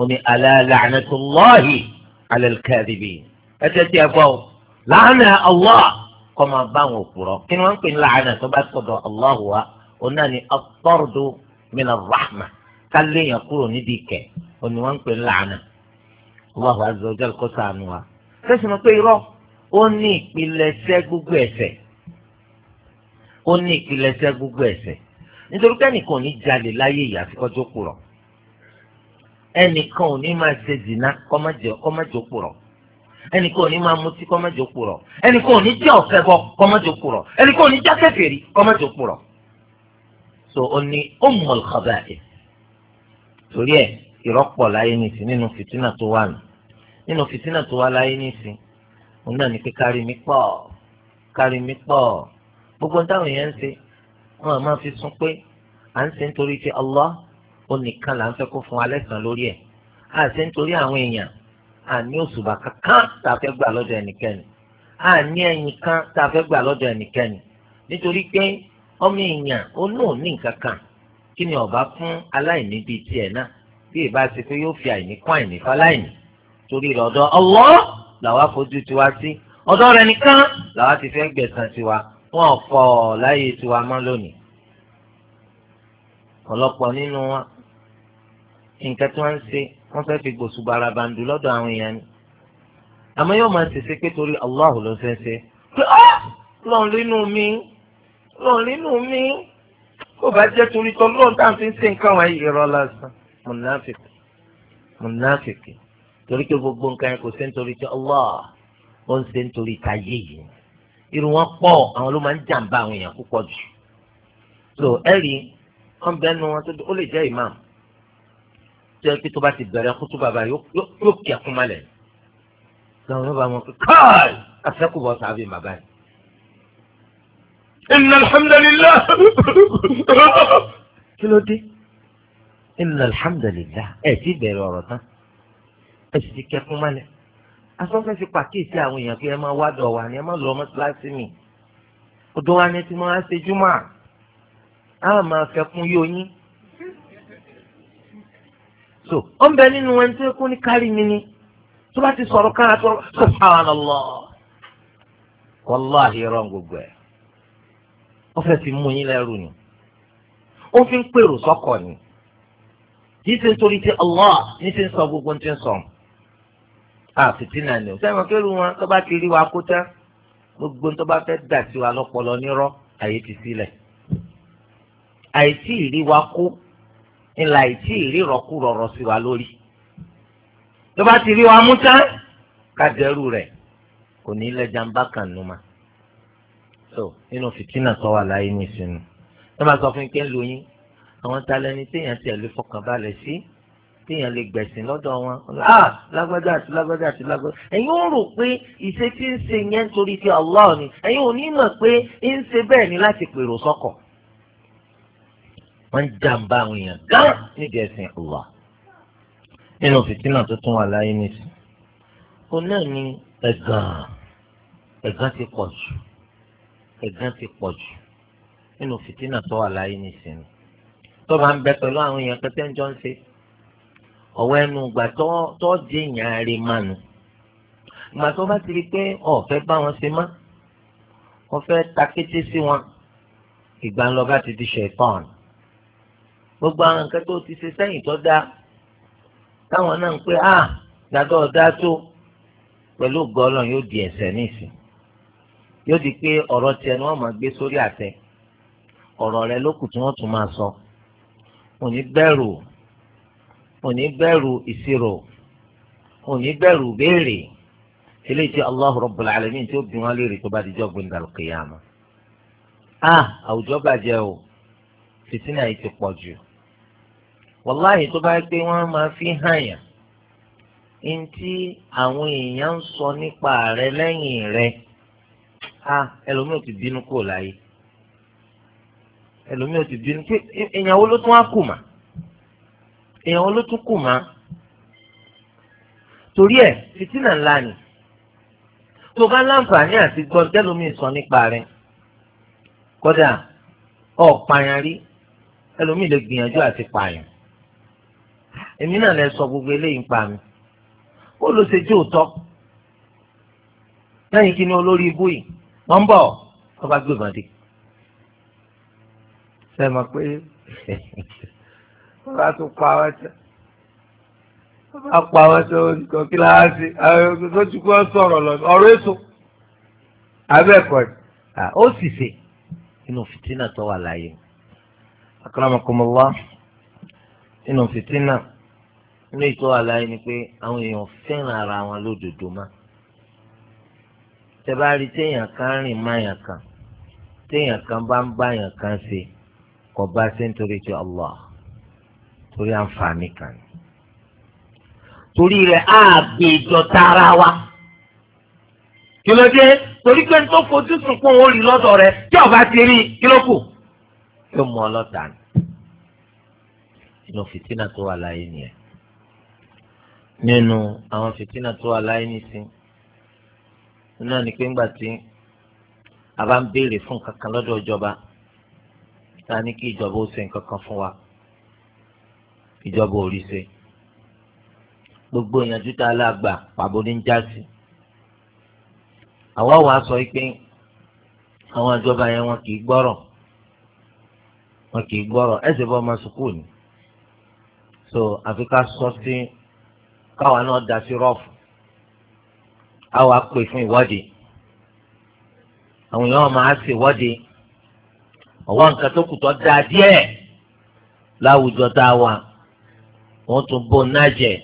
ó ní ala la'natullahi ala làánà allah kọ́ máa bá àwọn òpùrọ̀ kí ni wọ́n ń pè ní làánà tó bá sọ̀dọ̀ allah wa ó náà ní ọ̀pọ̀rọ̀dọ̀ mìíràn rahma ká léèyàn kúrò nídìí kẹ̀ ó ní wọ́n ń pè ní làánà allah azza wa jalla kó ṣàánú wa. sẹ́sìn mọ́ pé irọ́ ó ní ìpilẹ̀ṣẹ̀ gbogbo ẹ̀ṣẹ̀ ó ní ìpilẹ̀ṣẹ̀ gbogbo ẹ̀ṣẹ̀ nítorí kẹ́nìkan ò ní jalè láyé ìyàfi kọjọ́ kúrọ̀ ẹnìkan ò ní máa ṣe zina kọ́mọ́jọ́ kúrọ̀ ẹnì kan ò ní máa mutí kọ́mọ́jò kúrọ̀ ẹnì kan ò ní jẹ́ ọ̀fẹ́bọ kọ́mọ́jò kúrọ̀ ẹnì kan ò ní jẹ́ kèfèrí kọ́mọ́jò kúrọ̀ so ó ní ummul khaba'ith torí ẹ̀ ìrọ́pọ̀ láyé nìsín nínú fìtínà tó wà nù nínú fìtínà tó wà láyé nìsín òun náà ní pé kárí mi pọ̀ kárí mi pọ̀ gbogbo táwọn èèyàn ń ṣe wọn àmọ́ fi sún pé à ń ṣe nítorí ti Allah ó nìkan là ń fẹ́ kó fún alẹ́ sàn lórí ẹ̀ à ń ṣe nítorí àwọn èèyàn àní òṣùbà kankan tá a fẹ́ gbà lọ́dọ̀ ẹnikẹ́ni àní ẹyin kan tá a fẹ́ gbà lọ́dọ̀ ẹnikẹ́ni nítorí pé ọmọ èèyàn ó nù ní nǹkan kan kí ni ọba fún aláìní bíi tiẹ̀ náà bí ìbá ṣe pé yóò fi àìní kún àìní fáláìní torí lọ́dọ̀ Allah làwa fojú tiwa sí ọ̀dọ̀ rẹ̀ nìkan làwa ti fẹ́ gbẹ̀san tiwa fún ọ̀fọ̀ láyé tiwa mọ́ lónìí ọ̀pọ̀lọpọ̀ nínú wa nǹkan tí wọ́n ń ṣe wọ́n fẹ́ fi gbòòsù barabandu lọ́dọ̀ àwọn èèyàn ni àmọ́ yóò máa ṣèṣe pé torí Allah ló fẹ́ ṣe pé ah! ọ́ lọ́n rínú mi lọ́n rínú mi kó bá jẹ́ torí tọ́ lọ́n tá à ń fi ṣe nǹkan wáyé irọ́ lásán mùnáfìkì mùnáfìkì torí pé gbogbo nǹkan yẹn kò ṣe nítorí tí Allah ó ń ṣe nítorí táyé yìí irun wọn pọ̀ àwọn ló máa ń jàǹbá àwọn èèyàn púpọ̀ jù so ẹ̀rí wọn bẹ́ẹ̀ wọn tó ó lè jẹ́ ìmáàmù tó yẹ kí tó bá ti bẹ̀rẹ̀ kútu bàbá yóò kí ẹkún malẹ̀ lọ́wọ́ yóò bá wọn kí káàì afẹ́kù bọ́ sábẹ́ bàbá yìí. inna alhamdulillah kí ló dé inna alhamdulillah ẹ̀ ti bẹ̀rẹ̀ ọ̀rọ̀ tán ẹ̀ sì ti kẹ́kún malẹ̀ asọ́fẹ́ fi pàkíyèsí àwọn èèyàn pé ẹ máa wá dọ̀ wá ni ẹ máa lọ ọmọ kíláàsì mi ọdún wa ni ẹ ti máa ṣe júmọ́ a máa fẹ́ kún yóò yín so ó ń bẹ nínú ẹni tó kún ní kárí mi ni tó bá ti sọ̀rọ̀ kára tó subhanallah wàláhi rán gbogbo ẹ̀ ó fẹ́ fi mú yín lẹ́rù ni ó fi ń pèrò sọ́kọ̀ ni yìí ti ń torí ti Allah ní ti ń sọ gbogbo ní ti ń sọ àfìtínà ni o sẹ́wọ̀n kẹ́rù wọn tó bá ti rí wa kó tán gbogbo tó bá fẹ́ dà sí wa lọ́pọlọ nírọ́ àyè ti sílẹ̀ àìsí ìrí wa kó ńlá ìtì ìrírọ̀kú rọ̀rọ̀ sí wa lórí tó bá ti rí wa mú tán kájẹrú rẹ̀ kò ní lẹ́jà ń bá kàn nù ma so nínú fìtínà tó wà láyé ní ìsinmi tó bá sọ fún ike ń lo yín àwọn talẹ́ni téèyàn tiẹ̀ lè fọkànbalẹ̀ sí téèyàn lè gbẹ̀sìn lọ́dọ̀ wọn ah lágbájá àti lágbájá àti lágbájá ẹ̀yin ò rò pé ìṣe tí ń ṣe yẹn torí ti Allah ni ẹ̀yin ò ní mọ̀ pé ń ṣe bẹ́ẹ̀ ni láti pèrò sọ́kọ̀ wọ́n ń jàǹbá àwọn èèyàn gán nídìí ẹ̀sìn Allah nínú fìtínà tó tún wà láyé nìsín òun náà ni ẹ̀gàn ẹ̀gàn ti pọ̀ jù ẹ̀gàn ti pọ̀ jù nínú fìtínà tó wà láyé nìsín tó bá ń bẹ pẹ̀lú àwọn èèyàn pé tẹ́ńjọ́ ń ṣe ọ̀wọ́ ẹnu ìgbà tó di èèyàn rè mánu ìgbà tó bá ti rí pé ọ̀fẹ́ bá wọn ṣe má ọ̀fẹ́ takété sí wọn ìgbà ńlọ bá ti di ṣẹ̀tọ́ọ̀nù gbogbo àwọn nǹkan tó ti ṣe sẹ́yìn tó dáa táwọn náà ń pè á ah, dàdọ́ ọ̀dá tó pẹ̀lú gọ́ọ̀lọ́n yóò di ẹ̀sẹ̀ nísìn yóò di pé ọ̀rọ̀ tiẹ̀ ni wọ́n máa gbé sórí àtẹ ọ̀rọ̀ rẹ lókù tí wọ́n tún máa sọ òní bẹ̀rù òní bẹ̀rù ìṣirò òní bẹ̀rù béèrè eléyìí tí Allahu Rabbul Alamin tí ó bí wọn léèrè tó bá di a ah, àwùjọ bàjẹ́ o fìtínà ti pọ̀ wàláhì tó bá gbé wọn máa fi hàn yàn ntí àwọn èèyàn ń sọ nípa rẹ lẹ́yìn rẹ a ẹlòmíì ò ti bínú kò láyé ẹlòmíì ò ti bínú pé èèyàn wo ló tún á kù mà èèyàn wo ló tún kù mà torí ẹ fìtínà ńlá ni tó bá láǹfààní àti gbọ́n tẹ́lómi sọ nípa rẹ kódà ọ̀ rí ẹlòmíì lè gbìyànjú àti pààyàn èmi náà lè sọ gbogbo eléyìí ń pa mi ó ló ṣe tí ò tọ́ lẹ́yìn kí ni olórí ibú yìí wọ́n ń bọ̀ wọ́n bá gbé ìbàdí. ṣe mọ̀ pé wọ́n bá tún pa wọ́n tẹ́ wọ́n bá pa wọ́n tẹ́ wọ́n ti kọ́ kí lára sí àwọn ọ̀gá tó kọ́ sọ̀rọ̀ lọ ọ̀rọ̀ èso abẹ́ẹ̀kọ́ ó sì ṣe inú fìtínà tó wà láàyè akọ́nàmọ́kọ́mọ́wá inú fìtínà. nínú ìtọ́ àlàyé ni pé àwọn èèyàn fẹ́ràn ara wọn lódodo má tẹ́ bá rí téèyàn kan rìn máyàn kan téèyàn kan bá ń báyàn kan ṣe kò bá ṣe nítorí ti Allah torí àǹfààní kan torí rẹ̀ ààbè ìjọta tara wa kí ló dé torí pé tó fojú sùn kó wọn rí lọ́dọ̀ rẹ̀ ọba ti rí kí ló kù yóò mú ni inú fìtínà tó wà láyé nìyẹn. nínú àwọn fìtínà tó wà láyé nìsín náà ni pé ńgbà tí a bá ń béèrè fún kankan lọ́dọ̀ ìjọba ta ni kí ìjọba ó ṣe nǹkan fún wa ìjọba ò rí ṣe gbogbo ìyànjú tá a lá gbà pàbó ní jáde àwa wàá sọ pé àwọn ìjọba yẹn wọn kì gbọ́rọ̀ wọn kì gbọ́rọ̀ ẹ̀sìn bọ́ ọmọ sùkúù ni so àfi ká sọ sí káwa náà da sí rọ́ọ̀fù àwa pè fún ìwọ́de àwọn èèyàn máa ṣèwọ́de ọ̀wọ́ nǹkan tó kù tó dáa díẹ̀ láwùjọ tá a wà wọ́n tún bó nájẹ̀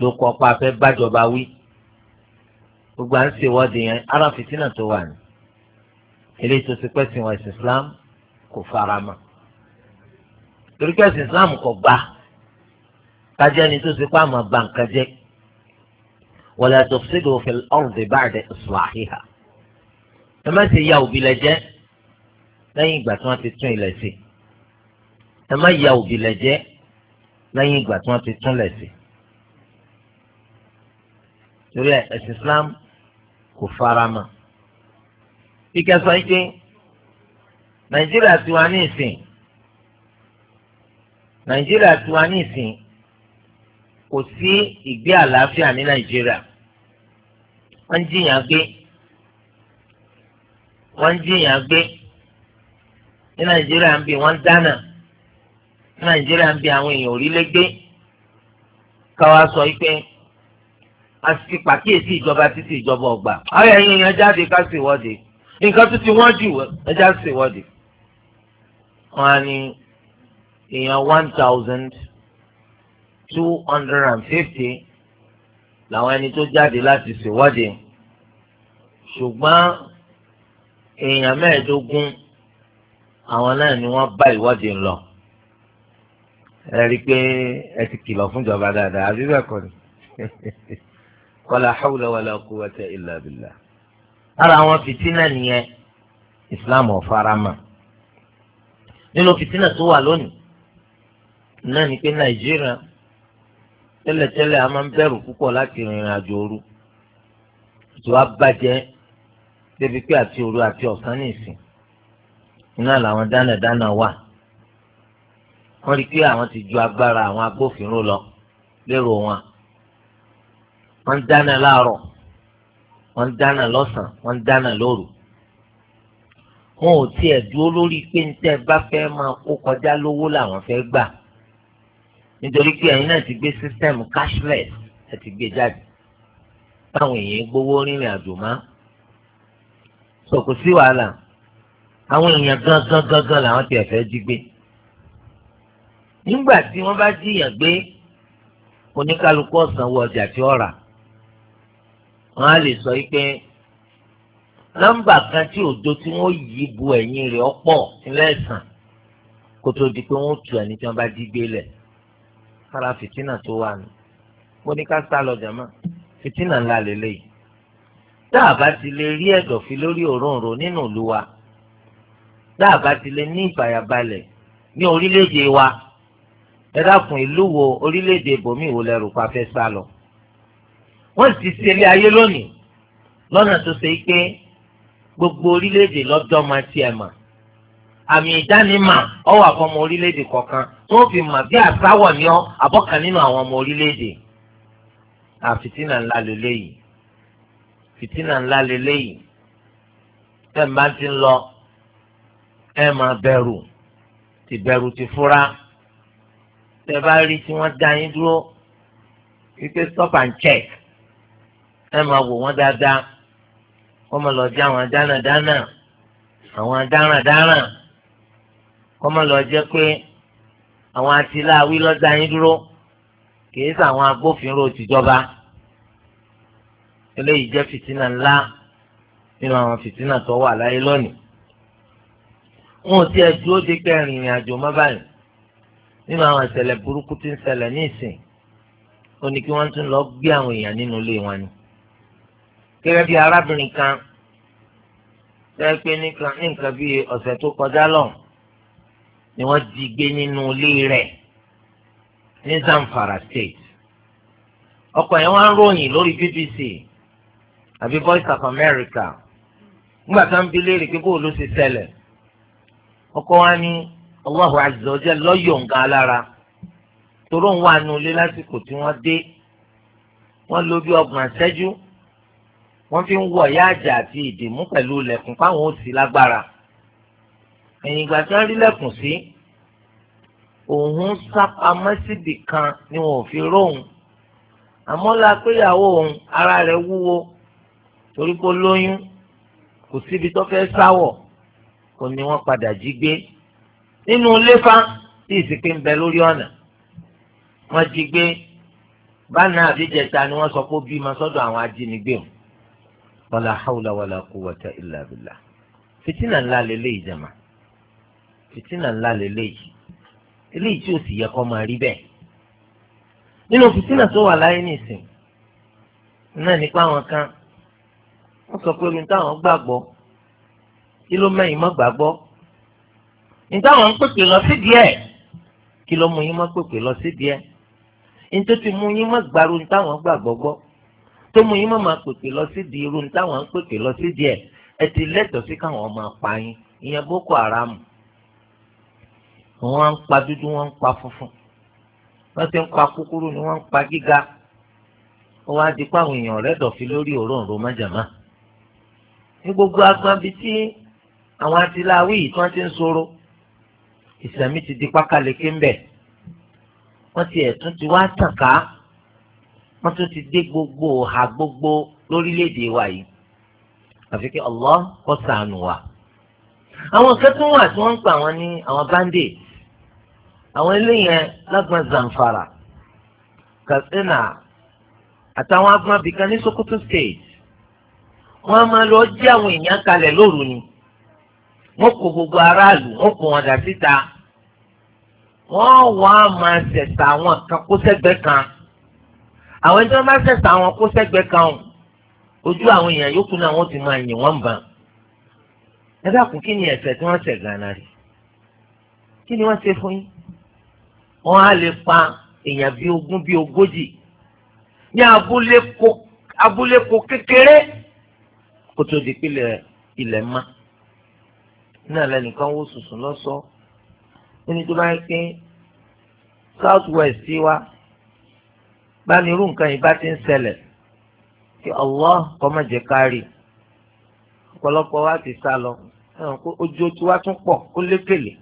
ló kọ́ pa fẹ́ bájọba wí gbogbo à ń ṣèwọ́de yẹn ara fìtínà tó wà ní eléyìí tó ti pẹ́ sìn wọ́n ẹ̀sìn Islam kò fara mọ́ torí pé ẹ̀sìn Islam kò gbà kájẹ́ni tó ti pa àmọ́ ba nǹkan jẹ́ wala tufsidu fil ardi ba'da islahiha ẹ má ṣe ya òbílẹ̀ jẹ́ lẹ́yìn ìgbà tí wọ́n ti tún ilẹ̀ sí ẹ má ya òbílẹ̀ jẹ́ lẹ́yìn ìgbà tí wọ́n ti tún ilẹ̀ sí torí ẹ̀sìn Islam kò fara mọ́ kíkẹ́ sọ Nàìjíríà tiwa ní ìsìn Nàìjíríà tiwa ní ìsìn kò sí ìgbé àlàáfíà ní nàìjíríà wọ́n ń jiyàn gbé wọ́n ń jiyàn gbé ní nàìjíríà ń bi wọ́n ń dáná ní nàìjíríà ń bi àwọn èèyàn orílẹ̀ gbé káwa sọ pé a ti pàkíyèsí ìjọba títí ìjọba ọgbà àwọn ẹ̀yin èèyàn jáde ká ṣèwọ́de nǹkan tó ti wọ́n jù ẹja ṣèwọ́de wọ́n á ní èèyàn one thousand two hundred and fifty làwọn ẹni tó jáde láti ṣèwádìí ṣùgbọ́n èèyàn mẹ́ẹ̀ẹ́dógún àwọn náà ni wọ́n bá ìwádìí lọ ẹ rí i pé ẹ ti kìlọ̀ fúnjọba dáadáa àbí bẹ́ẹ̀ kọ́ ni wala hawla wala quwwata illa billah ara àwọn fìtínà nìyẹn islam ọ̀farama nínú fìtínà tó wà lónìí náà ni pé nàìjíríà tẹ́lẹ̀tẹ́lẹ̀ a máa ń bẹ̀rù púpọ̀ láti rìnrìn àjò òru tó a bàjẹ́ débi pé àti òru àti ọ̀sán nìsín iná làwọn dánadáná wà wọ́n rí i pé àwọn ti ju agbára àwọn agbófinró lọ lérò wọn wọ́n ń dáná láàárọ̀ wọ́n ń dáná lọ́sàn wọ́n ń dáná lóru wọn ò tiẹ̀ dúró lórí pé ń tẹ́ bá fẹ́ máa kó kọjá lówó làwọn fẹ́ gbà nítorí pé ẹ̀yin náà ti gbé system cashless ẹ ti gbé jáde táwọn èèyàn gbowó rìnrìn àjò má sọ kò sí wàhálà àwọn èèyàn gangan gangan làwọn ti ẹ̀fẹ́ jí gbé nígbà tí wọ́n bá jiyàn gbé oníkálukú ọ̀sánwó ọjà tí ó rà wọ́n á lè sọ pé nọ́mbà kan tí òjò tí wọ́n yí bu ẹ̀yìn rẹ̀ ọ̀pọ̀ ńlẹ́sàn kó tó di pé wọ́n tu ẹni tí wọ́n bá jí gbé lẹ̀ ara fìtínà tó wà ní mo ní ká sá lọ jàmá fìtínà ńlá lélẹ́yìí tá a bá ti lè rí ẹ̀dọ̀ fi lórí òróǹro nínú ìlú wa tá a bá ti lè ní ìfàyàbalẹ̀ ní orílẹ̀-èdè wa ẹ dákun ìlú wo orílẹ̀-èdè bòmí wo lẹ́rù pa fẹ́ sá lọ. wọ́n ti ṣe ilé ayé lónìí lọ́nà tó ṣe pé gbogbo orílẹ̀-èdè lọ́dọ́ máa tiẹ̀ mà àmì ìdánimọ̀ ọwọ́ àfọmọ orílẹ̀-èdè kọ̀ọ̀kan tó fi mà bí àsáwọ̀ ni ọ́ àbọ̀kan nínú àwọn ọmọ orílẹ̀-èdè. àfitínà ńlá lélẹ́yìí fìtínà ńlá lélẹ́yìí tẹ́ ń bá ti ń lọ ẹ máa bẹ̀rù ti bẹ̀rù ti fura tẹ́ bá rí tí wọ́n dá yín dúró wípé stop and check ẹ máa wò wọ́n dáadáa wọ́n máa lọ jẹ́ àwọn dánadáná àwọn dáradára kọ́mọ lọ jẹ́ pé àwọn atiláwí lọ́dà yín dúró kìí sàwọn agbófinró tìjọba eléyìí jẹ́ fìtínà ńlá nínú àwọn fìtínà tó wà láyé lónìí wọn ò tiẹ̀ dúró de kẹrin ìrìn àjò mọ́ báyìí nínú àwọn ìṣẹ̀lẹ̀ burúkú tí ń ṣẹlẹ̀ ní ìsìn ó ní kí wọ́n tún lọ gbé àwọn èèyàn nínú ilé wọn ni gẹ́gẹ́ bí arábìnrin kan tẹ́ pé ní nǹkan bíi ọ̀sẹ̀ tó kọjá lọ́hùn ni wọ́n jí gbé nínú ilé rẹ̀ ní Zamfara state ọkọ yẹn wọ́n ròyìn lórí BBC àbí Voice of America nígbà tá ń bi léèrè pé bóòlù ṣe ṣẹlẹ̀ ọkọ wa ní Allahu azza wa jalla lọ́yọ̀ nǹkan alára toró ń wà nù ilé lásìkò tí wọ́n dé wọ́n lo bí ọgbọ̀n àṣẹ́jú wọ́n fi ń wọ̀ ìyá àti ìdìmú pẹ̀lú ilẹ̀kùn fáwọn òsì lágbára ẹ̀yìn ìgbà tí wọ́n rí lẹ́kùn sí òun sápamọ́ síbì kan ni wọn ò fi róhùn àmọ́ la péyàwó òun ara rẹ̀ wúwo torí kó lóyún kò síbi tó fẹ́ sáwọ̀ kò ní wọ́n padà jí gbé nínú léfa tí ìsìnkú ń bẹ lórí ọ̀nà wọ́n jí gbé báńà àbíjẹta ni wọ́n sọ pé ó bímọ sọ́dọ̀ àwọn ajínigbé o wàlà hàwùlà wàlà kúwwata ńlá lélẹ́yìí jẹ̀mọ́ fìtínà ńlá lélẹ́yìí eléyìí tí ò sì yẹ kó máa rí bẹ́ẹ̀ nínú fìtínà tó wà láyé nìsín náà nípa àwọn kan wọ́n sọ pé ohun táwọn gbàgbọ́ kí ló mẹ́yìn mọ́ gbàgbọ́ ní táwọn ń pèpè lọ sí díẹ̀ kí ló mú yín mọ́ pèpè lọ sí díẹ̀ ní tó ti mú yín mọ́ gbàrú ní táwọn gbàgbọ́ gbọ́ tó mú yín mọ́ máa pèpè lọ sí di irú táwọn ń pèpè lọ sí díẹ̀ ẹ ti lẹ́tọ̀ọ́ sí káwọn máa pa yín ìyẹn Boko Haram wọ́n ń pa dúdú wọ́n ń pa funfun wọ́n ti ń pa kúkúrú ni wọ́n ń pa gíga wọ́n á di pa àwọn èèyàn rẹ̀ dọ̀fin lórí òróǹro májàmá ní gbogbo agbọn bíi tí àwọn atiláwí yìí tí wọ́n ti ń sọ̀rọ̀ ìsẹ̀mí ti di pákáleke ń bẹ̀ wọ́n ti ẹ̀tún ti wá tàn ká wọ́n tún ti dé gbogbo ọ̀hà gbogbo lórílẹ̀ wa yìí àfi kí Allah kó ṣàánú wa. àwọn kẹ́tùn wà tí wọ́n ń pa àwọn ní àwọn band àwọn eléyẹn lágbọn Zamfara Katsina àtàwọn agbọn abìkan ní Sokoto state wọn a máa lọ jí àwọn èèyàn kalẹ̀ lóru ni wọn kó gbogbo aráàlú wọn kó wọn dà síta wọn wà á máa ṣẹ̀ṣà àwọn kan kan àwọn ẹni tí wọn bá ṣẹ̀ṣà àwọn kó sẹ́gbẹ́ kan ojú àwọn èèyàn yòókù náà wọn ti máa yìn wọn bàn ẹ dákun kí ni ẹ̀ṣẹ̀ tí wọn ṣẹ̀ gánà rí kí ni wọn ṣe fún yín wọ́n á lè pa èèyàn bíi ogún bíi ogójì ní abúléko abúléko kékeré kó tó di pílẹ̀ ilẹ̀ má náà lẹ́nìkan wó sùsùn lọ́sọ̀ọ́ nínú tó bá ń pín south west sí wa bá ní irú nǹkan yìí bá ti ń ṣẹlẹ̀ kí Allah kó má jẹ́ ká rí ọ̀pọ̀lọpọ̀ wa ti sá lọ ojú ojú wa tún pọ̀ ó lékele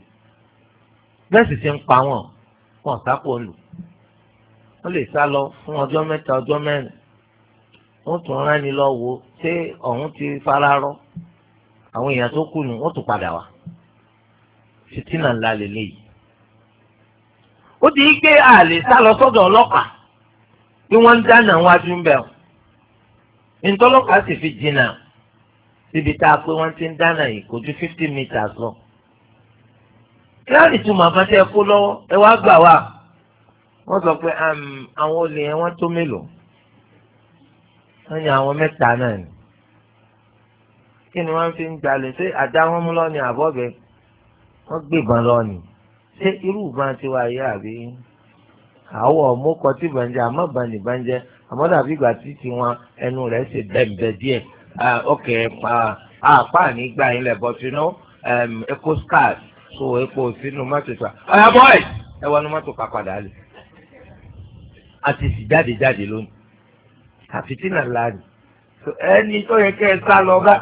bẹ́ẹ̀ sì ti ń pa wọ́n wọn sápò lù wọ́n lè sá lọ fún ọjọ́ mẹ́ta ọjọ́ mẹ́rin wọ́n tún rán ni lọ wò ó ṣé ọ̀hún ti fara rọ àwọn èèyàn tó kù nù wọ́n tún padà wá fìtínà ńlá lélẹ́yìí ó ti yí pé àlè sá lọ sọ́dọ̀ ọlọ́pàá bí wọ́n ń dáná wájú ń bẹ̀ ọ́ ntọ́lọ́pàá sì fi jìnnà síbi tá a pé wọ́n ti ń dáná yìí kò ju fifty meters lọ kíláàrì túmọ̀ àfàtẹ́ kó lọ́wọ́ ẹ wá gbà wá wọ́n sọ pé àwọn olè yẹn wọ́n tó mélòó wọ́n ní àwọn mẹ́ta náà ni kí ni wọ́n fi ń jalè ṣé àdá wọn mú lọ́ni àbọ̀bẹ wọ́n gbébọn lọ́ni ṣé irú ìbọn ti wá yé àbí àwọ̀ mọ́kọ tí bànjẹ́ àmọ́ bànì bànjẹ́ àmọ́ dàbí ìgbà tí tiwọn ẹnu rẹ̀ ṣe bẹ̀m̀bẹ̀ díẹ̀ ọkẹ́ ah, apá ah, ànígbà yín lẹ̀ bọ́tínú ẹ̀kọ́ scarce so epo sínú mọ́tò sá ọ̀yà bọ́ọ̀ì ẹ wọnú mọ́tò ká padà lè àti sì jáde jáde lónìí àfitínà láàyè ẹni tó yẹ kẹ́ ẹ sá lọ bá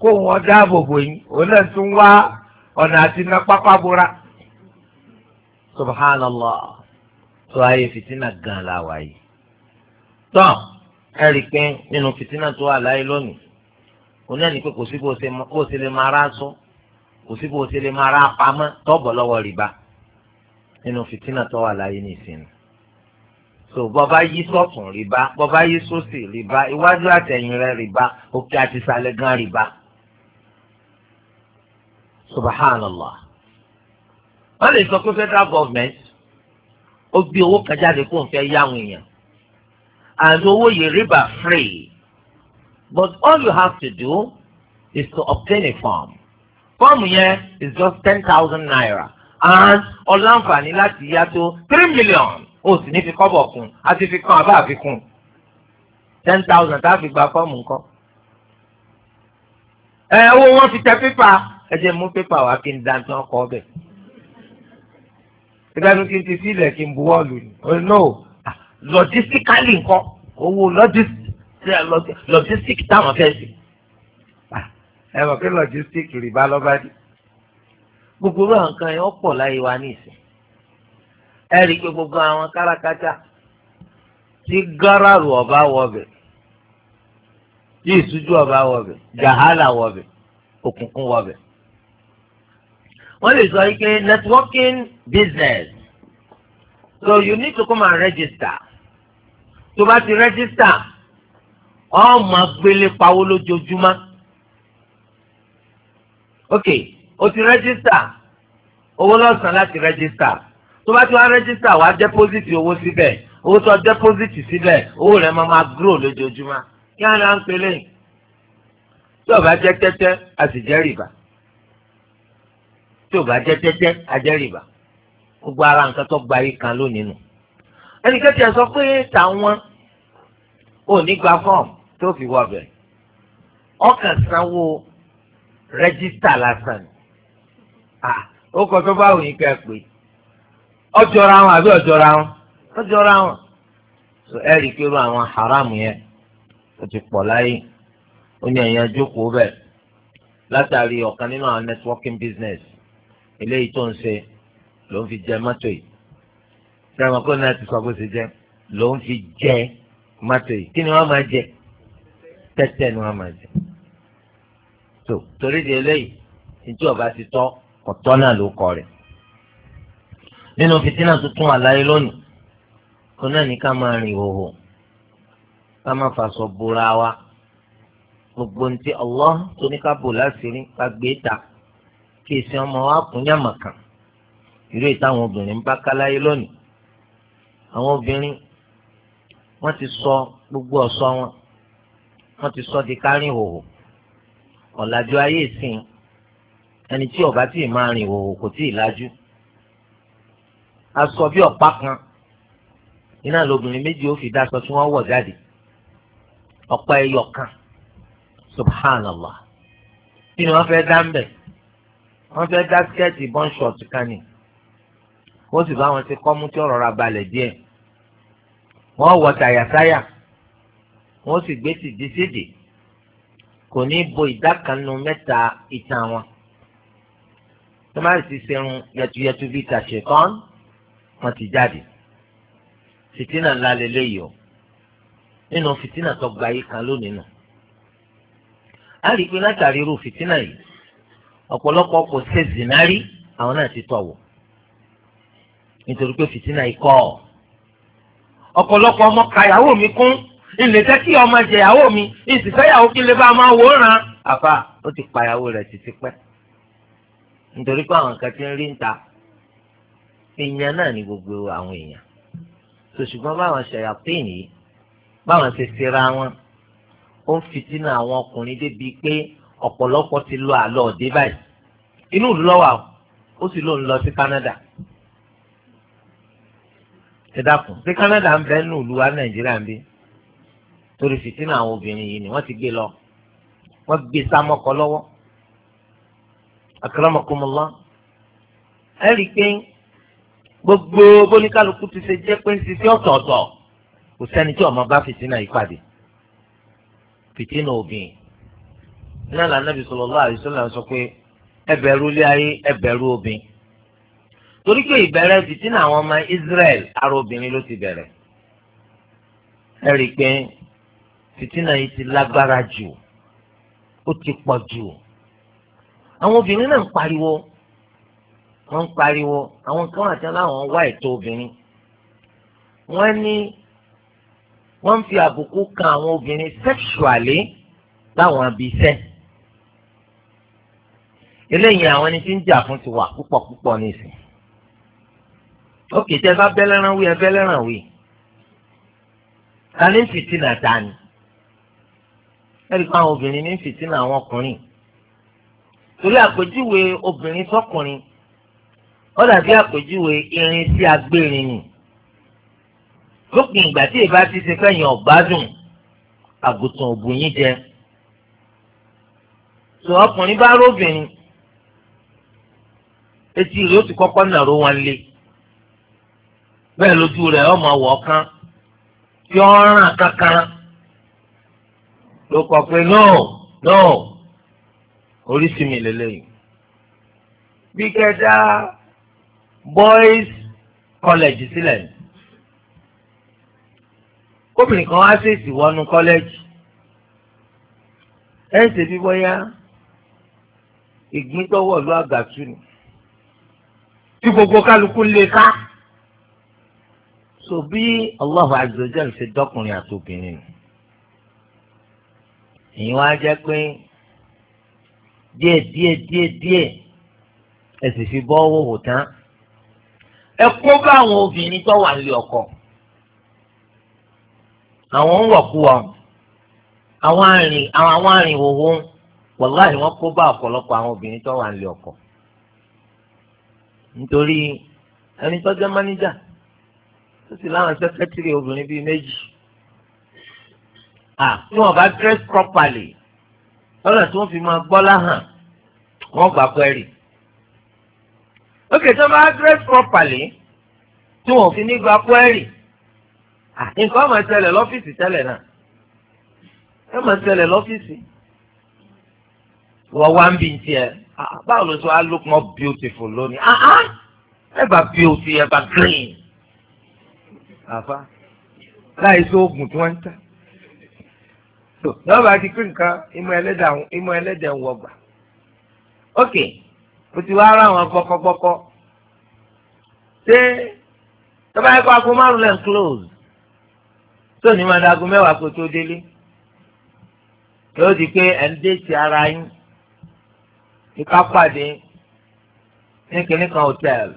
kó wọn dáàbò bò yín òun náà tún wá ọ̀nà àti iná pápá bora subhanallah tó ayé fìtínà gan la wà yìí tán ẹ rí i pé nínú fìtínà tó wà láyé lónìí òun náà ní pé kò sí bó ṣe lè máa rá sọ. So kò sí bó ṣe lè máa ra pamọ́ tọ́bọ̀ lọ́wọ́ rìbá nínú fìtínà tó wà láyé nìsín so bọba yí sọ́tún rìbá bọba yí sósì rìbá iwájú àtẹ̀yìn rẹ̀ rìbá òkè àti sàlẹ̀ gan rìbá subhanallah wọ́n lè sọ pé federal government ó gbé owó kan jáde kó n fẹ́ yá èèyàn and owó yìí rìbá free but all you have to do is to obtain a form fọ́ọ̀mù yẹn is just ten thousand naira and ọ̀làǹfààní láti yá tó three million ó sì ní fi kọ́bọ̀ kún àti fi kún àbá àfikún ten thousand tá a fi gba fọ́ọ̀mù ńkọ́. ẹ owó wọn fi tẹ pépà ẹ jẹ́ mú pépà wá kí n dantí wọn kọ ọbẹ ìdánù kí n ti sílẹ̀ kí n buwọ́ lù ní. o no ah, logistically ńkọ́ owó logistic táwọn fẹ́ sí ẹ mọ̀ pé logistics rìbá lọ́ba dì gbogbo irú àwọn kan yẹn ó pọ̀ láyé wa ní ìsìn ẹ rí i pé gbogbo àwọn kárakáta tí gáràrù ọba wọbẹ̀ tí ìṣújú ọba wọbẹ̀ jàhálà wọbẹ̀ òkùnkùn wọbẹ̀ wọ́n lè sọ pé networking business so you need to come and register tó bá ti register ọ̀ máa gbélé pawó lójoojúmọ́ ok o ti rẹ́gísítà owó lọ́sàn-án láti rẹ́gísítà tó bá ti wá rẹ́gísítà wàá dẹ́pọ́sìtì owó síbẹ̀ owó tó dẹ́pọ́sìtì síbẹ̀ owó rẹ̀ máa máa gúrò lójoojúmọ́ kí á náà ń pelé tí ò bá jẹ́ tẹ́tẹ́ a sì jẹ́ rìbá tí ò bá jẹ́ tẹ́tẹ́ a jẹ́ rìbá gbogbo ara nǹkan tó gba yìí kan lónìí nù ẹnìkan tí a sọ pé tàwọn ò ní gba fọ́ọ̀mù tó fi wọ ọbẹ̀ ọkàn sanwó rẹ́gísítà lásán ni ó kọ tó bá òyìn kẹ́ pé ọjọ́ra wọn àbí ọjọ́ra wọn ọjọ́ra wọn ẹ rí i pé irú àwọn haram yẹn ó ti pọ̀ láyé ó ní ẹ̀yàn jókòó bẹ́ẹ̀ látàrí ọ̀kan nínú àwọn networking business eléyìí tó ń ṣe ló ń fi jẹ mọ́tò yìí sẹ́wọ̀n kó náà ti sọ bó ṣe jẹ́ ló ń fi jẹ mọ́tò yìí kí ni wọ́n máa jẹ tẹ́tẹ́ ni wọ́n máa jẹ tó torí di eléyìí ìtí ọba ti tọ́ ọ̀tọ́ náà ló kọ rẹ̀ nínú fìtínà tuntun àlàyé lónìí kó náà ní ká máa rìn ìhòhò ká máa fàṣọ bora wa gbogbo ní ti Allah tó ní ká bò láṣìírí ká gbé ta kí èsì ọmọ wa kún yàmà kan irú ìtàwọn obìnrin ń bá káláyé lónìí àwọn obìnrin wọ́n ti sọ gbogbo ọ̀ṣọ́ wọn wọ́n ti sọ di kárin ìhòhò ọ̀làjú ayé ìsìn ẹni tí ọba tí ì máa rìn ìhòòhò kò tí ì lajú aṣọ bí ọ̀pá kan iná lóbìnrin méjì ó fi dáṣọ tí wọ́n wọ̀ jáde ọ̀pá ẹyọ kan subhanallah kí ni wọ́n fẹ́ dá ń bẹ̀ wọ́n fẹ́ dá skẹ́ẹ̀tì bọ́ńṣọ̀tì kan ni wọ́n sì bá wọn ṣe kọ́mú tí ọ̀rọ̀ ra balẹ̀ díẹ̀ wọ́n wọ tàyàtáyà wọ́n sì gbé tìdí sídìí kò ní bo ìdá kan nu mẹ́ta ìtàn wọn tó má sì serun yẹtuyẹtu bíi tàṣetán wọn ti jáde fìtínà ńlá lélẹ́yìí o nínú fìtínà tó gba yìí kan lónìí nù a rí i pé látàrí irú fìtínà yìí ọ̀pọ̀lọpọ̀ kò ṣe zìnárì àwọn náà ti tọ̀wọ̀ nítorí pé fìtínà yìí kọ́ ọ̀pọ̀lọpọ̀ ọmọ kàyàwó mi kún ilé jẹ́ kí ọmọ jẹ ìyàwó mi ìsìfẹ́yàwó kí lè bá máa wò ó ràn. ó ti pa ìyàwó rẹ̀ títí pẹ́ nítorí pé àwọn kan ti ń rí ń ta náà ni gbogbo àwọn èèyàn tó ṣùgbọ́n báwọn ṣàyàpín yìí báwọn ṣe ṣera wọn ó ń fìtínà àwọn ọkùnrin débi pé ọ̀pọ̀lọpọ̀ ti lọ àlọ́ òde báyìí inú ìlú ó sì lóun lọ sí Canada dákun sí Canada ń torí fìtínà àwọn obìnrin yìí ni wọ́n ti gbé lọ wọ́n gbé sámọ́kọ lọ́wọ́ akramakumullah ẹ rí i pé gbogbo bóníkàlùkù ti ṣe jẹ́ pé ń ṣiṣẹ́ ọ̀tọ̀ọ̀tọ̀ kò sẹ́ni tí ọmọ bá fìtínà yìí pàdé fìtínà obìnrin náà lànàbì sallallahu alaihi wasallam sọ pé ẹ bẹ̀rù ilé ayé ẹ obìnrin torí pé ìbẹ̀rẹ̀ fìtínà àwọn ọmọ Israel ara obìnrin ló ti bẹ̀rẹ̀ ẹ pé fìtínà yìí ti lágbára jù ó ti pọ̀ jù àwọn obìnrin náà ń pariwo wọ́n ń pariwo àwọn kan àti aláwọn wá ètò obìnrin wọ́n ní wọ́n ń fi àbùkù kan àwọn obìnrin sexually láwọn abiṣẹ́ eléyìí àwọn ẹni tí ń jà fún ti wà púpọ̀ púpọ̀ nísìn ókè tẹ́ bá bẹ́lẹ́rán wí ẹ bẹ́lẹ́rán wí ta ní fìtínà ta ẹ̀rí pa àwọn obìnrin ní fìtínà àwọn ọkùnrin torí àpèjúwe obìnrin sọkùnrin ó dàbí àpèjúwe irin sí agbérin ni lópin ìgbà tí ìbá ti ṣe fẹ́yìn ọ̀gbádùn àgùntàn òbòyìn jẹ tó ọkùnrin bá róbìnrin etí rẹ̀ ó ti kọ́kọ́ nàró wọn lé bẹ́ẹ̀ lójú rẹ̀ ọmọ wọ̀ tí ó ń ràn kankan ló kọ pé no no oríṣi mi lélẹ́yìn bí kẹta boys college sílẹ̀ ni obìnrin kan wá sí ìsìwọ́nú kọ́lẹ́jì ẹ̀ ń ṣe bí bóyá ìgbíntọ́wọ̀ àgàtú ni tí gbogbo kálukú lè ká so bí Allah azza wa jalla ṣe dọ́kùnrin àti obìnrin nù èyí wá jẹ́ pé díẹ díẹ díẹ díẹ ẹ fi bọ́ owó tán ẹ kó bá àwọn obìnrin tó wà nílé ọkọ àwọn ń wọ̀kú wa àwọn arìn àwọn àwọn arìn wòwò wàláhì kó bá ọ̀pọ̀lọpọ̀ àwọn obìnrin tó wà nílé ọkọ nítorí ẹni tí wọ́n bá dress properly lọ́nà tí wọ́n fi máa gbọ́lá hàn wọ́n gbà pẹ́rì. ókè tí wọ́n bá dress properly tí wọ́n fi ní gbà pẹ́rì nǹkan máa ṣẹlẹ̀ lọ́fíìsì tẹ́lẹ̀ náà ẹ máa ṣẹlẹ̀ lọ́fíìsì wọ́n wá ń bí tiẹ̀ báwo ló sọ I look more beautiful lónìí ẹ bá beauty ẹ bá green àfa láì sóògùn tí wọ́n ń ta so náà bá ti pín nǹkan imú ẹlẹ́dẹ̀ imú ẹlẹ́dẹ̀ ń wọgbà ok o ti wá ara àwọn gbọkọgbọkọ ṣé tọ́ba ẹ̀kọ́ aago márùn lẹ́n close tó ní máa dago mẹ́wàá kó tó délé yóò di pé ẹ̀ ń dé ti ara yín ìka pàdé ní kinní kan hòtẹ́ẹ̀lì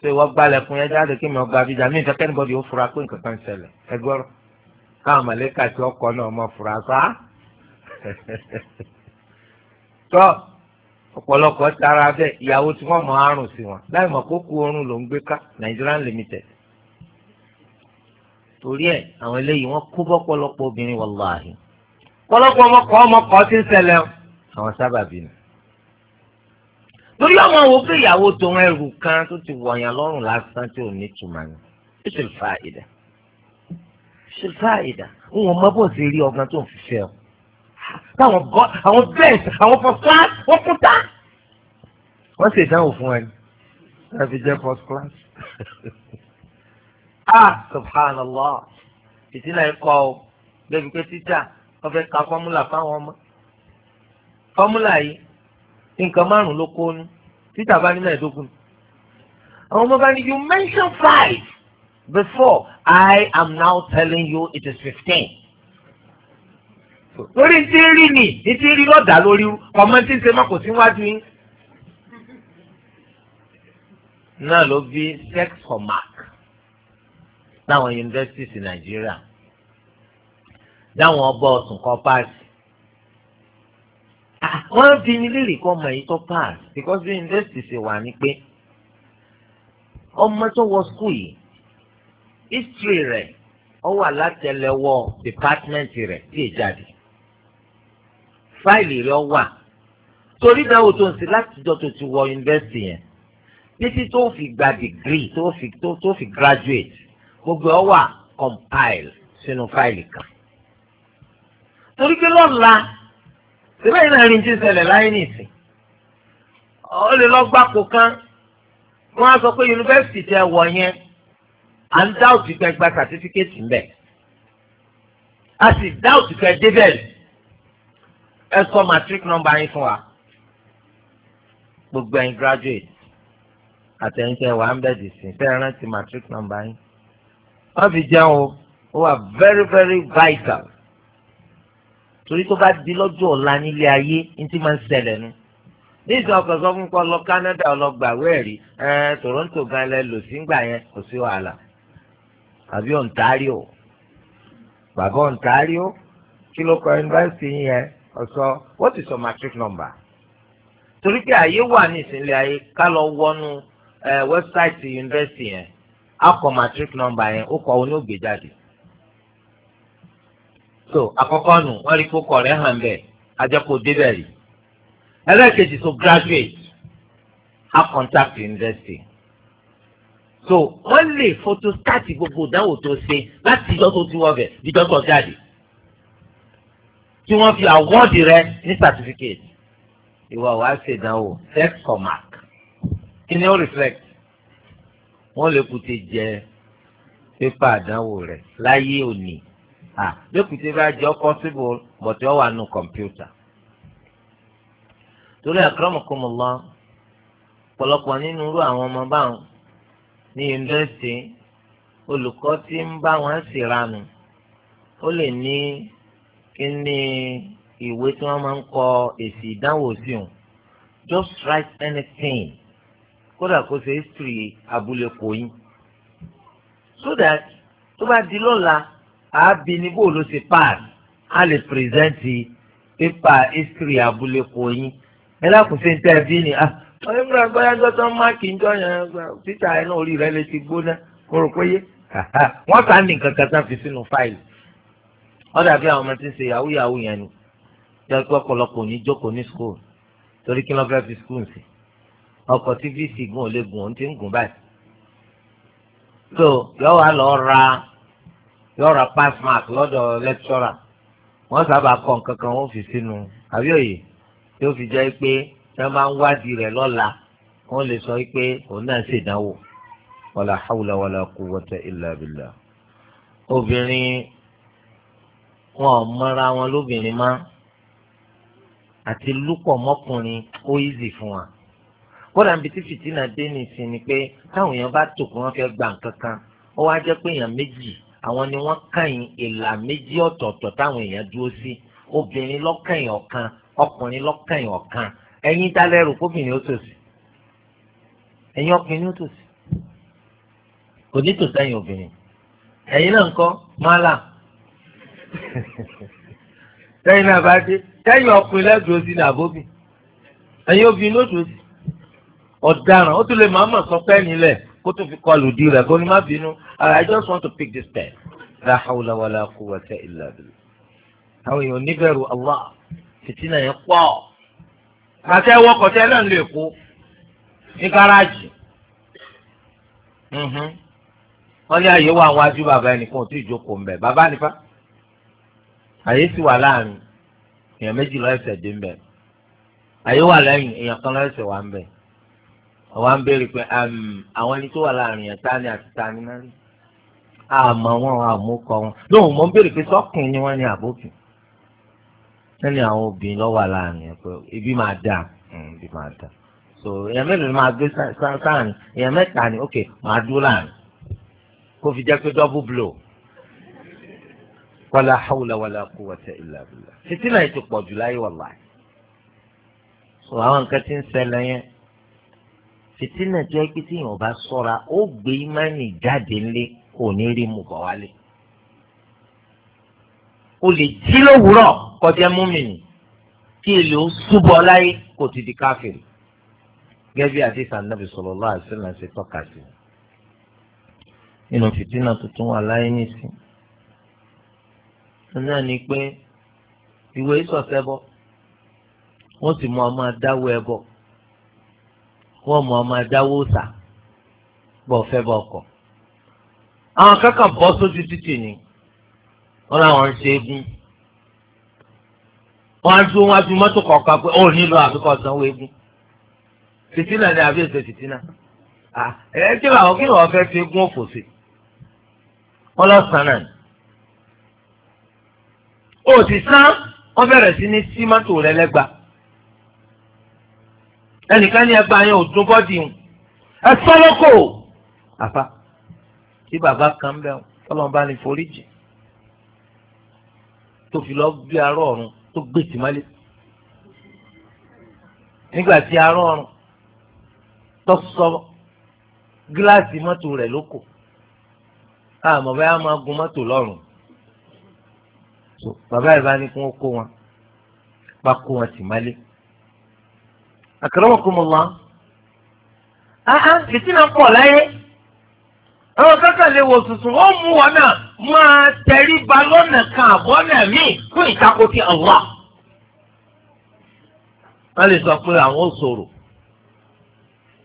ṣé ìwọ gbalẹ̀ kún yẹn jáde kí mi ò gba bíjà mí ìfẹ́ kẹ́nìbọ̀dì ó fura pé nǹkan kan ṣẹlẹ̀ ẹgbọ́rọ̀ káwọn mọ̀lẹ́kà tí ọkọ̀ náà mọ̀ fura sá. tọ́ ọ̀pọ̀lọpọ̀ tara bẹ́ẹ̀ ìyàwó tí wọ́n mọ̀ àrùn sí wọn láì mọ̀ kó kú oorun ló ń gbé ká Nigerian limited. torí ẹ̀ àwọn eléyìí wọ́n kó bọ́pọ̀lọpọ̀ obìnrin wàláhì pọ̀lọpọ̀ ọmọkọ ọmọkọ ti ń ṣẹlẹ̀ àwọn sábàbí ni torí àwọn wo pé ìyàwó tòun ẹrù kan tó ti wọ̀nyàn lọ́rùn lásán tí ò ní tùmọ̀ ni ṣe fáìdà wọn mọ bó ṣe rí ọgbọ́n tó ń fi fẹ́ ọ táwọn bọ àwọn bẹ́ẹ̀sì àwọn first class wọ́n kú tá. wọ́n ṣe ìdánwò fún ẹni ẹ fi jẹ́ first class. ah subhanallah ìdílé ẹ kọ́ ọ lẹ́bi pé títà wọ́n fẹ́ ka fọ́múlà fáwọn ọmọ fọ́múlà yìí nǹkan márùn-ún ló kó nu títà bá ní mẹ́ẹ̀ẹ́dógún. àwọn ọmọ bá ní you mention five before I am now telling you it is fifteen. lórí tí ń rí ni ní tí ń rí lọ́dà lórí ọmọ tí ń ṣe má kò sí wájú yín. náà ló bí sex for mark láwọn universities in Nigeria láwọn ọgbà ọ̀sùn kan páàsì ah, wọ́n fi ní lérè kọ́ ọmọ yìí tó pass because the university ṣe wà ní pé ọmọ tó wọ school yìí history rẹ̀ ó wà látẹlẹwọ́ department rẹ̀ tí èjáde fáìlì rẹ̀ ó wà torí dáwọ́ tó ń ṣe látijọ́ tó ti wọ yunifásitì yẹn títí tó fi gba degree tó fi tó fi graduate gbogbo ó wà compile sínú fáìlì kan torí pé lọ́la síbẹ̀ yìí náà rí ti ṣẹlẹ̀ láyé nìsín ó lè lọ gbàpò kan wọ́n á sọ pé yunifásitì tẹ wọ̀ yẹn à ń dá òtún pẹ́ gba sàtífíkẹ́tì ńbẹ̀ a sì dá òtún pẹ́ débẹ̀ ẹ sọ matric number yín fún wa gbogbo ẹ̀yin graduate àtẹ̀yìntẹ̀ wà ń bẹ̀ dìsìn fẹ́ rántí matric number yín wọ́n fi jẹun o ó wà very very vital torí tó bá di lọ́jọ́ ọ̀la nílé ayé ní ti máa ń ṣẹlẹ̀ nu nígbà ọkọ̀ sọ fún kọ́ lọ Canada ọlọ́gbàwé ẹ̀rí ẹ̀ Toronto gan lẹ lò sí ngbà yẹn kò sí wàhálà àbí Ontario bàbá Ontario kí ló kọ yunifásitì yẹn ọ̀sọ́ what is your matric number torí pé àyè wà ní ìsìnlẹ̀ ayé ká lọ wọnú wẹ́bsáìtì yunifásitì yẹn á kọ matric number yẹn ó kọ oní ògbé jáde so àkọ́kọ́ nù wọ́n rí kó kọ̀ rẹ̀ hàn bẹ́ẹ̀ ajẹ́kọ̀ọ́ débẹ̀ rí ẹlẹ́ẹ̀kejì so graduate á contact yunifásitì so wọ́n lè fotostati gbogbo ìdánwò tó ṣe láti ìjọ tó ti wọ́n bẹ̀ ìjọ tó jáde tí wọ́n fi àwọ́ọ̀dì rẹ ní certificate ìwà wàá ṣèdánwò test for mark kí ni ó reflect wọ́n lè kùtè jẹ pépà àdánwò rẹ láyé òní lẹ́kùtè bá jọ possible but ó wà nù kọ̀mpútà torí àkàràmọ̀kọ́mọ̀lá ọ̀pọ̀lọpọ̀ nínú irú àwọn ọmọ báwọn ní yunifásitì olùkọ́ tí ń bá wọn ṣèrànù ó lè ní kí ni ìwé tí wọ́n máa ń kọ èsì ìdánwò sí òun just write anything kódà kó ṣe history abúlé kò yín so that tó bá di lọ́la àábí ni bó ló ṣe pass á lè present pépà history abúlé kò yín ẹ lákùnfẹ́ ń tẹ́ ẹ ah ọ̀rẹ́ fúnra gbọ́dájọ́ tó ń máàkì ń jọ yẹn títà ẹ̀ náà orí rẹ̀ lè ti gbóná kó rò pé yé wọ́n sá ní nǹkan kan tán fi sínú fáìlì wọ́n dàbí àwọn ọmọ tí ń ṣe yahoo yahoo yẹn ni jẹ́ pé ọ̀pọ̀lọpọ̀ ní jókòó ní school torí kí ló fẹ́ fi school sí ọkọ̀ tí bc gùn ò lè gùn òun ti ń gùn báyìí so yọ wá lọ ra yọ ra pass mark lọ́dọ̀ lecturer wọ́n sábà kọ nǹkan kan wọ́n fi sínú àbí òye tí ó fi jẹ́ pé tí wọ́n bá ń wádìí rẹ̀ lọ́la wọ́n lè sọ pé òun náà ṣèdánwò wàlà hàwùlà wàlà quwwata illa billah. obìnrin wọn ò mọra wọn lóbìnrin má àti lúpọ̀ mọ́kùnrin ó yízì fún wa kódà níbi tí fìtínà dé nìsín ni pé táwọn èèyàn bá tò kí wọ́n fẹ́ gbà nǹkan ó wá jẹ́ pé èèyàn méjì àwọn ni wọ́n kàyìn ìlà méjì ọ̀tọ̀ọ̀tọ̀ táwọn èèyàn dúró sí obìnrin lọ́kàyìn ọ̀kan ọkùnrin lọ́kàyìn ọ̀kan ẹ̀yin ta lẹ́rù kóbìnrin ó tòṣì ẹ̀yin ọkùnrin ó tòṣì kò ní tòṣì ẹ̀yin obìnrin ẹ̀yin náà ń kọ́ mọ́là sẹ́yìn náà bá dé sẹ́yìn ọkùnrin lẹ́dùn sí ní àbóbì ẹ̀yin obìnrin ló dùn sí ọ̀daràn ó tún lè máa mọ̀ sọ pé nílẹ̀ kó tún fi kọlù di rẹ̀ kó ní má bínú I just want to pick this pen la hawla wala quwwata illa billah àwọn èèyàn níbẹ̀rù Allah fìtínà yẹn pọ̀ àti ẹwọ kọtẹ náà lè kó ní gáràjì mm-hmm. wọ́n ní àyè wà àwọn ajú bàbá ẹnìkan tí ìjókòó ń bẹ̀ bàbá nípa àyè sì wà láàrin èèyàn méjì lọ ẹsẹ̀ dé ń bẹ̀ àyè wà lẹ́yìn èèyàn kan lọ ẹsẹ̀ wà ń bẹ̀ àwa ń béèrè pé um, àwọn ẹni tó wà láàrin yẹn tani àti tani náà rí àmọ́ wọn àmúkọ wọn lóun mọ̀ ń béèrè pé sọ́kùn ni wọ́n ní àbókùn sẹ́ni àwọn obìnrin lọ́wọ́ láàrin ẹ̀ pé ibi máa dà ibi máa dà so èèyàn mélòó ni máa gbé sáàrin èèyàn mẹ́ta ni ok máa dúró láàrin kó fi jẹ́ pé double blow wàlá hawla wàlá quwwata illa billah títí náà ti pọ̀ jù láyé wàlá so àwọn nǹkan ti ń ṣẹlẹ̀ yẹn títí náà jẹ́ pé tí èèyàn bá sọ́ra ó gbé imáni jáde ńlé kò ní rí mu bọ̀ wálé kò lè jí lówùúrọ̀ kọjá múmìnì kí èlò súbọ̀ láyé kò ti di káfíìrì gẹ́gẹ́ bí àdìsá nàbì sallallahu alaihi wasallam ṣe tọ́ka sí nínú fìtínà tuntun wà láyé nìsín náà ni pé ìwé ìsọ̀tẹ́ bọ́ wọ́n sì mọ ọmọ adáwó ẹbọ wọ́n mọ ọmọ adáwó sà bọ́ fẹ́ bọ́ ọkọ̀ àwọn akẹ́kọ̀ọ́ bọ́ sójú títì ni wọn làwọn ń ṣe eégún wọn á dúró wọn á fi mọ́tò kọ̀ọ̀kan pé ó nílò àfikọ́ sanwó eégún fìtínà ni àbí èso fìtínà ẹ kí làwọn kí làwọn fẹ́ fi eégún òfòsè wọn lọ sàn náà ó sì sàn wọn bẹ̀rẹ̀ sí ní sí mọ́tò rẹ lẹ́gbàá ẹnìkan ní ẹgbàá yẹn ò dún bọ́dì ń ẹ sọ́lọ́kọ̀ àfa tí bàbá kan bẹ́ẹ̀ ọlọ́run ní foríjì tó fi lọ bí arọ ọrùn tó gbé tìmọ́lé nígbà tí arọ ọrùn tó sọ gíláàsì mọ́tò rẹ̀ lóko àmọ́ báyà máa gun mọ́tò lọ́rùn bàbá ìbá ni kún ó kó wọn bá kó wọn tìmọ́lé àkàrà wọn kò mọ̀ wọn áá fìtínà pọ̀ láyé àwọn kákàlẹ̀ wò tuntun ó mú wọn náà máa tẹríba lọ́nà kan àbọ́nà míì fún ìtako ti Allah. wọ́n lè sọ pé àwọn ò sòrò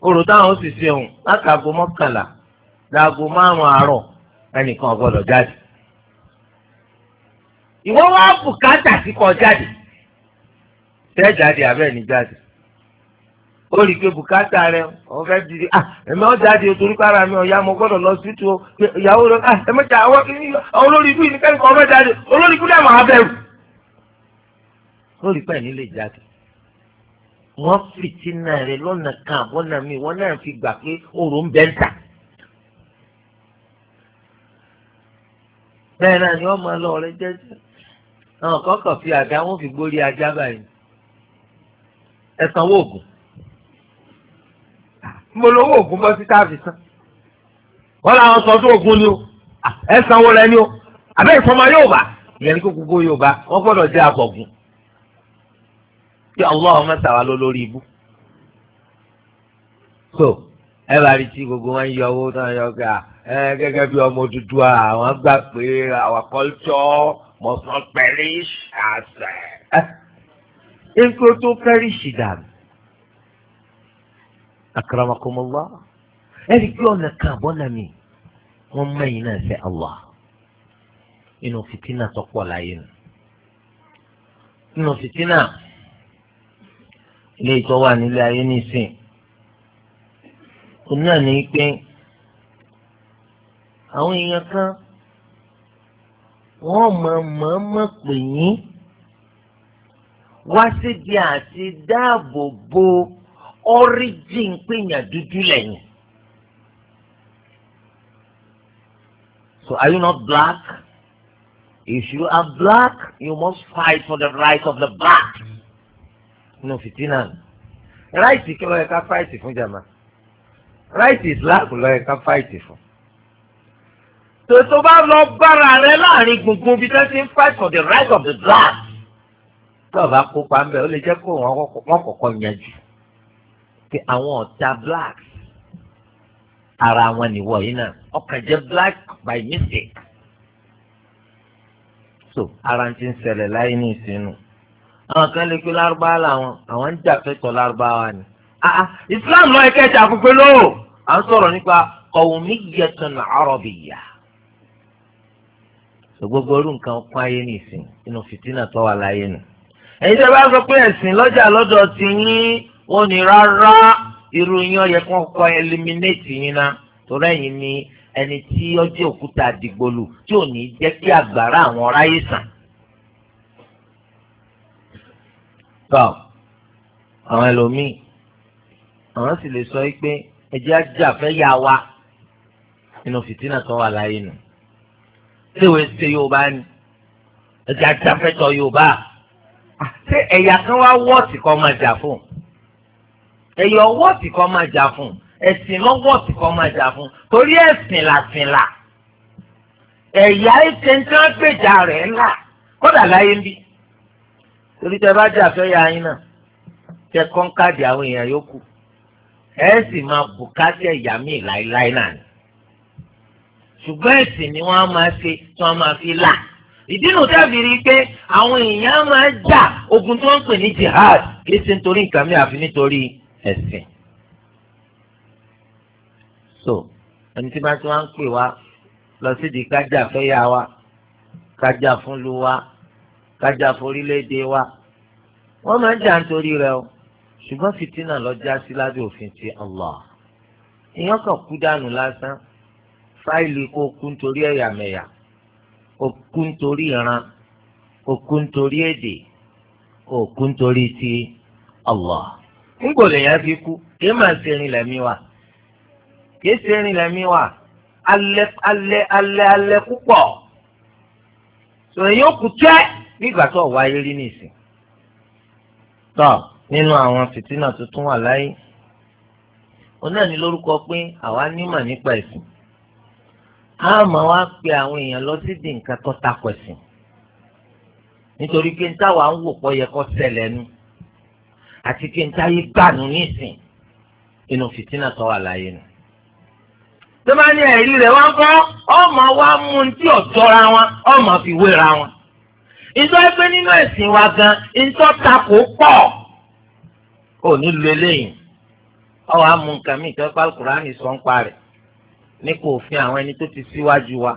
òrò táwọn sì ṣe òun lákàgò mọ́kànlá láago márùn-ún àárọ̀ ẹnìkan ọ̀gbọ́dọ̀ jáde. ìwọ́n wá bùkátà sí kọ tẹ́ jáde àbẹ́ẹ̀ ní jáde ó rí i pé bùkátà rẹ ọ̀ fẹ́ di ah ẹ̀mí ọ̀dà di torí kára mi ọ̀ya mo gbọ́dọ̀ lọ sí tu ìyàwó rẹ ah ẹ̀mí ta àwọn olórí ibú yìí kẹ́kọ̀ọ́ ọmọ jáde olórí ibú dàmú abẹ́rù. ó rí pẹ̀lú ilé jáde wọ́n fìtínà rẹ lọ́nà kan àbọ̀nà mi wọ́n náà fi gbà pé òòrùn ń bẹ́ ń tà. bẹ́ẹ̀ náà ni wọ́n máa lọ ọ̀rẹ́ jẹ́jẹ́ àwọn kọ́kọ́ fi àdá wọn fi gbórí ajá báyìí ẹ̀sán wọ́ọ̀gùn mo lówó ògùn bọ́ sí káàfì san wọ́n làwọn sọ tó ògùn ni o ẹ sanwó rẹ ni o àbẹ́ ìfọmọ yóò bá ìyẹn kó gbogbo yóò bá wọ́n gbọ́dọ̀ jẹ́ àbọ̀gùn kí ọlọ́run mẹ́ta wá ló lórí ibú. so ẹ bá rí tí gbogbo wọn yọ owó náà yọ gà ẹ gẹ́gẹ́ bí ọmọ dúdú àwọn gbà pé our culture must not perish as. ẹ ẹ nǹkan tó perish dànù akramakumullah ẹni pé ọ̀nà kan àbọ̀nà mi wọ́n mẹ́yìn náà fẹ́ Allah inú fìtínà tó pọ̀ láyé nù inú fìtínà ilé ìtọ́ wà nílé ayé nìsín òun náà ní pé àwọn èèyàn kan wọ́n mọ̀ mọ̀ mọ̀ pè yín wá síbi àti dáàbò bo. bo Origin péyàn dúdú lẹ́yìn. So are you not black? If you are black, you must fight for the right of the black. Nínú fìtínà Right is kí can fight. fáìtì fún jàmá. Ráìtì Islam lọ́yẹ̀ ká fáìtì fún. Tòtò bá lọ bára rẹ láàrin gbùngbùn bí wọ́n ti ń fight for the right of the black. Tí ọba kópa ń bẹ̀ ó lè jẹ́ kó wọn kọ̀ọ̀kan yanjú pé àwọn ọ̀tá black ara wọn nìwọ yìí náà ọkàn jẹ́ black by mistake so ara ti ń ṣẹlẹ̀ láyé ní ìsinú àwọn kan lè pe lárúbáwá làwọn àwọn ń jà fẹ́tọ̀ lárúbáwá ni ah, ah islam lọ ẹkẹ ti àkókò lóò à ń sọ̀rọ̀ nípa qawmiyyatun arabiyyah gbogbo orú nǹkan kún ayé ní ìsìn inú fìtínà tó wà láyé nù. ẹ̀yin tẹ́ bá sọ pé ẹ̀sìn lọ́jà lọ́dọ̀ ti yín ó ní rárá irú yín ó yẹ kí wọ́n kọ́ eliminate yín ná torí ẹ̀yin ni ẹni tí ó jẹ́ òkúta àdìgbòlù tí ò ní jẹ́ kí àgbàrá àwọn ráyè sàn. tọ́ àwọn ẹlòmíì àwọn sì lè sọ pé ẹjẹ́ ajá fẹ́ yá wa nínú fìtínà tó wà láyé nù. ṣéwèé ṣe Yorùbá ni ẹjẹ́ ajá fẹ́ tọ́ Yorùbá. Ah, ṣé ẹ̀yà kan wá wọ́ọ̀tì kan máa jà fún un ẹ̀yọ ọwọ́ sì kọ́ máa jà fún ẹ̀sìn lọ́wọ́ sì kọ́ máa jà fún torí ẹ̀sìn làsìn là ẹ̀yà ẹ̀sẹ̀ ń tán gbèjà rẹ̀ là kódà láyé ń bí torí tẹ bá jà fẹ́ ya yín náà tẹ kọ́ńkàdì àwọn èèyàn yòókù ẹ sì máa bùkátà ẹ̀yà míì láéláé náà ni ṣùgbọ́n ẹ̀sìn ni wọ́n á máa ṣe tí wọ́n máa fi là ìdí nù tàbí rí i pé àwọn èèyàn máa jà ogun tí wọ́n ń pè ní jihad kì í ṣe nítorí nǹkan mi àfi nítorí ẹ̀sìn. so ẹni tí wọ́n ti wá ń pè wá lọ sídìí kájà fẹ́yà wa kájà fúnlu wa kájà forílẹ̀-èdè wa wọ́n máa ń jà nítorí rẹ̀ o ṣùgbọ́n fìtínà lọ já sí lábẹ́ òfin ti Allah èèyàn kan kú dànù lásán fáìlì kó kú nítorí ẹ̀yàmẹ̀yà ó kú nítorí ìran ó kú nítorí èdè ó kú nítorí ti Allah ńgò lèèyàn fi kú kì í máa ṣe irin lẹ́mí wa kì í ṣe irin lẹ́mí wa alẹ́ alẹ́ alẹ́ alẹ́ púpọ̀ sọ̀rọ̀ yóò kú tẹ́ nígbà tó wáyé rí nìsín. tọ́ nínú àwọn fìtínà tó tún wà láyé òun náà ní lórúkọ pé àwa nímọ̀ nípa ẹ̀sìn a máa wá pe àwọn èèyàn lọ sídìí nǹkan tó takò ẹ̀sìn nítorí pé táwa ń wò pọ̀ yẹ kó ṣẹlẹ̀ nu àti kí n táyé gbànú nísìn inú fìtínà tó wà láyé nù. tó bá ní ẹ̀rí rẹ̀ wá gbọ́ kọ́ ọmọ wa mú un tí ra wọn ọmọ fi wéra wọn. ìjọ ẹgbẹ́ nínú ẹ̀sìn wa gan ìjọ takò pọ̀ ò ní lu eléyìí ọwọ́ amú nǹkan mi ìjọba alukurani sọ ń parẹ̀ nípa òfin àwọn ẹni tó ti síwájú wa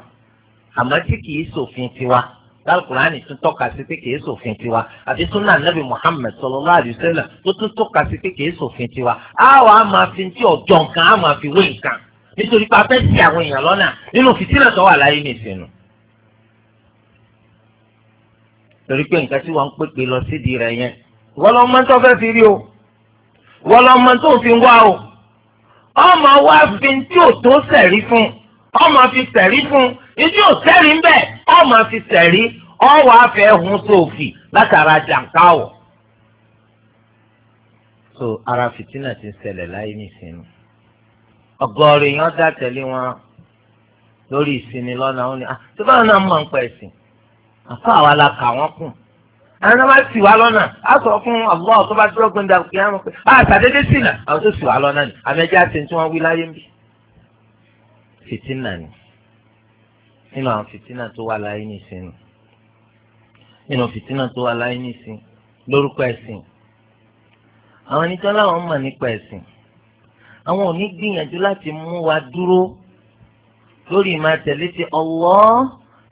àmọ́ tí kì í ṣòfin tiwa. alukurani tún tọ́ka sí pé kìí ṣòfin tiwa àti sunna nabi muhammed sallallahu alaihi wasallam tó tún tọ́ka sí pé kìí ṣòfin tiwa àwọn a máa fi ti ọjọ́ nǹkan a máa fi wé nǹkan nítorí pé a fẹ́ ti àwọn èèyàn lọ́nà nínú fìtílẹ̀ tó wà láyé ní ìsìn nù. torí pé nǹkan tí wọ́n ń pèpè lọ sídìí rẹ̀ yẹn wọ́n lọ́ mọ́ tó fẹ́ fi rí o wọ́n lọ́ mọ́ tó fi wá o ọmọ wa fi tí ò tó sẹ̀rí fún ọmọ fi sẹ̀rí fún ìdí ò sẹ́rí bẹ́ẹ̀ ọmọ fi sẹ̀rí ọwọ́ afẹ́ hun sófì látara jàǹkáwọ̀. so ara fìtínà ti ṣẹlẹ̀ láyé nìsinmi ọ̀gọ̀ọ̀rọ̀ èèyàn dá tẹ̀lé wọn lórí ìsinmi lọ́nà òní ah, tó báwọn náà mọ̀ ń pa ẹ̀sìn àfa àwa la kà wọ́n kù àwọn náà sì wá lọ́nà á sọ fún Allah tó bá dúró gbẹ̀ndà kí á mọ̀ pé àtàdédé ah, sì nà àwọn tó sì wá lọ́nà ni àmì ẹja ṣe tí wọ́n wí láyé ń bì ni nínú àwọn fìtínà tó wà láyé nìsín nínú fìtínà tó wà láyé nìsín lórúkọ ẹ̀sìn àwọn ẹni tó láwọn mọ̀ nípa ẹ̀sìn àwọn ò ní gbìyànjú láti mú wa dúró lórí ìmọ̀ àtẹ̀lé ti Allah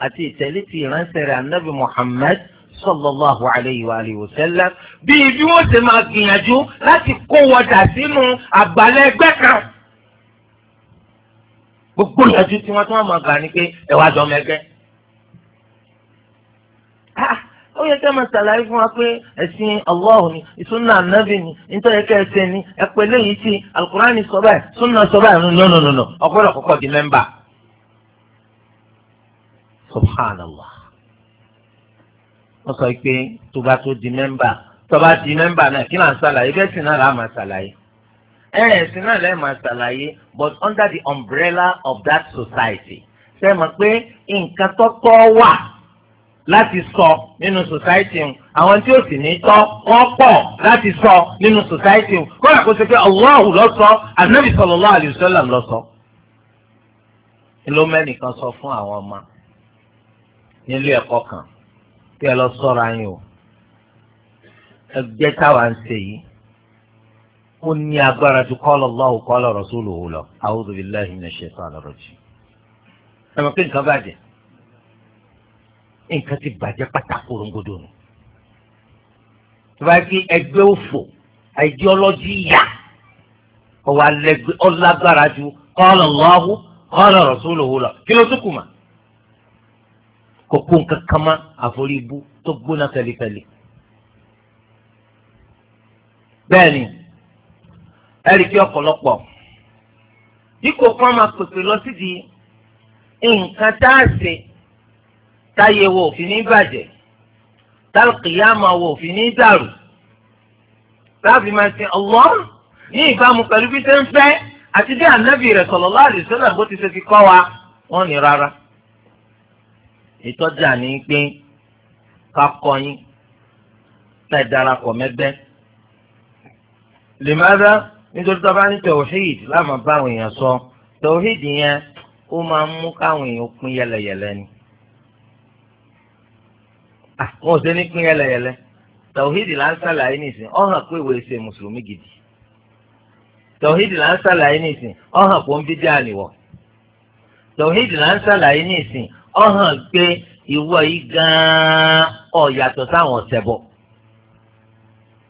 àti ìtẹ̀lé ti ìránṣẹ́ rẹ̀ anábì Muhammad sallallahu alayhi wa alihi wa sallam bíi bí wọ́n ṣe máa gbìyànjú láti kó wọ́dà sínú àgbàlẹ̀ ẹgbẹ́ kan gbogbo ìyànjú tí wọ́n tún àmọ́ gbà ni pé ẹ wá jọ mẹ́gbẹ́. Ah, ah, ó yẹ kẹ́ máa ṣàlàyé fún wa pé ẹ̀sìn ọlọ́run ni ìsúná ànábì ni nítorí ẹ̀kẹ́ ẹ̀sẹ̀ ni ẹ̀pẹ́ léyìí tí alukurani sọ báyìí súnà sọ báyìí nùnùnùnù ọgbọ́dọ̀ kọ́kọ́ di mẹ́mbà. subhanallah wọ́n sọ pé tó bá tó di mẹ́mbà tó bá di mẹ́mbà náà kí náà ṣàlàyé bẹ́ẹ̀ sì náà làá máa ṣàlàyé ẹ̀sìn náà lẹ́yìn máa ṣàlàyé but under the umbrella of that society ṣe mọ̀ pé nǹkan tọ́tọ́ wà láti sọ nínú society ń àwọn tí ó sì ní tọ́ wọ́n pọ̀ láti sọ nínú society ń kọ́ra kó ṣe pé Allahu ló sọ Ànábì sallallahu alaihi wasallam ló sọ. ló mẹ́nìkan sọ fún àwọn ọmọ nílé ẹ̀kọ́ kan kí ẹ lọ sọ́ra yín o ẹgbẹ́ táwa ń ṣe yìí ó ní agbára ju qala Allahu qala rasuluhu lọ a'udhu billahi minash shaitanir rajim. ẹ mọ̀ pé nǹkan bàjẹ́ nǹkan ti bàjẹ́ pátákó rongodo nù. tó bá kí ẹgbẹ́ òfò ideology yá ọwọ́ alẹ́gbẹ́ ọlágbára ju qala Allahu qala rasuluhu lọ kí ló tún kù mà. kò nǹkan kan mọ́ àforí tó gbóná fẹlifẹli. bẹ́ẹ̀ ni. ẹ̀rí ọpọlọpọ ọ̀pọ̀lọpọ̀ dípò kí pèpè lọ sídìí nǹkan tá a ṣe òfin ní bàjẹ́ ta wo òfin ní dàrú láàfin máa ṣe Allah ní ìbámu pẹ̀lú bí ṣe ń fẹ́ àti bí ànábì rẹ̀ ti ṣe fi kọ́ wa wọ́n ní rárá. ìtọ́jà ní pé nítorí tó bá ní tawhid láàmú báwọn èèyàn sọ tawhid yẹn ó máa ń mú káwọn èèyàn pín yẹlẹyẹlẹ ni ah, wọn ò sẹ́ni pín yẹlẹyẹlẹ nìsín ọ hàn pé ìwé ṣe mùsùlùmí gidi tawhid la nsala nìsín ọ hàn pé ó ń bí díà nìwọ tawhid là nìsín ọ pé ìwọ yìí gan-an ọ̀ yàtọ̀ sáwọn ọ̀sẹ̀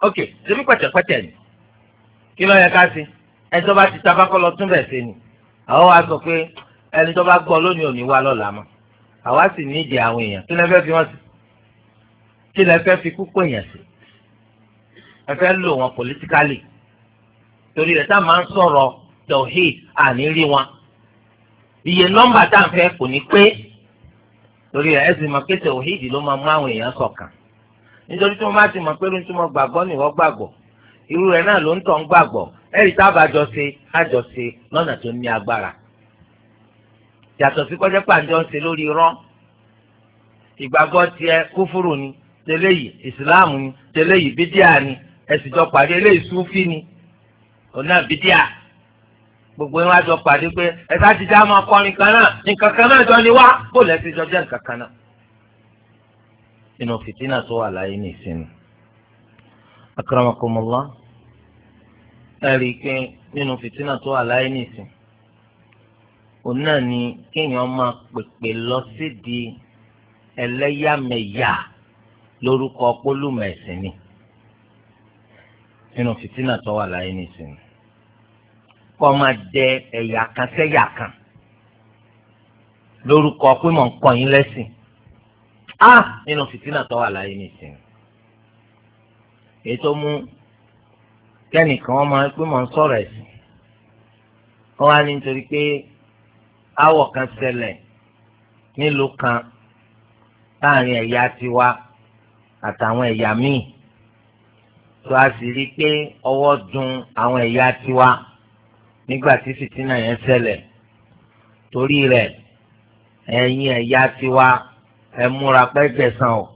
ok ṣe mí pẹ̀tẹ̀pẹ̀tẹ̀ kí ló yẹ ká sí ẹni tó bá ti ta bákọ́ lọ tún bẹ̀ ṣe ni àwọn wa sọ pé ẹni tó bá gbọ́ lónìí òní wá lọ́la mọ́ àwa sì ní ìdí àwọn èèyàn kí lẹ fẹ́ fi wọ́n sí kí lẹ fẹ́ fi púpọ̀ èèyàn sí ẹ fẹ́ lò wọn politically torí rẹ̀ tá máa ń sọ̀rọ̀ tawhid àní rí wọn iye nọ́mbà tá à ń fẹ́ kò ní pé torí ẹ sì mọ̀ pé tawhid ló máa mú àwọn èèyàn ṣọ̀kan nítorí tí wọ́n bá ti mọ̀ pé lóun tí wọ́n gbàgbọ́ ni gbàgbọ́ irú rẹ̀ náà ló ń tàn gbàgbọ́ ẹ̀rí tábà jọ ṣe àjọ ṣe lọ́nà tó ní agbára yàtọ̀ sí kọjá pàǹjọ ń ṣe lórí irọ́ ìgbàgbọ́ tiẹ̀ kúfúrú ni tẹ́lẹ̀ yìí ìsìláàmù ni tẹ́lẹ̀ yìí bídíà ni ẹ̀sìn jọ pàdé eléyìí súfì ni ọ̀nà bídíà gbogbo yẹn wá jọ pàdé pé ẹ̀sà ti dá máa kọrin kan náà nǹkan kan náà jọ ni wá bó lẹ́sìn jọ jẹ́ nǹkan kan náà. inú fìtínà tó wà láyé ní ìsinmi akramakumullah ẹ rí i pé nínú fìtínà tó wà láyé nìsín òun náà ni kéèyàn máa pèpè lọ sídìí ẹlẹ́yàmẹ̀yà lórúkọ pólùmẹ̀sìn ni nínú fìtínà tó wà láyé nìsín kọ́ máa dẹ ẹ̀yà kan sẹ́yà kan lórúkọ pé mò ń kọ́ yín lẹ́sìn á ah! nínú fìtínà tó wà láyé nìsín èyí tó mú kẹ́nìkan ọmọ pé mò ń sọ̀rọ̀ ẹ̀sìn wọ́n wá ní nítorí pé áwọ̀ kan ṣẹlẹ̀ nílùú kan láàrin ẹ̀yà tiwa àtàwọn ẹ̀yà míì tó a sì rí i pé ọwọ́ dùn àwọn ẹ̀yà tiwa nígbà tí fìtínà yẹn ṣẹlẹ̀ torí rẹ̀ ẹ̀yin ẹ̀yà tiwa ẹ múra pẹ́ gbẹ̀san o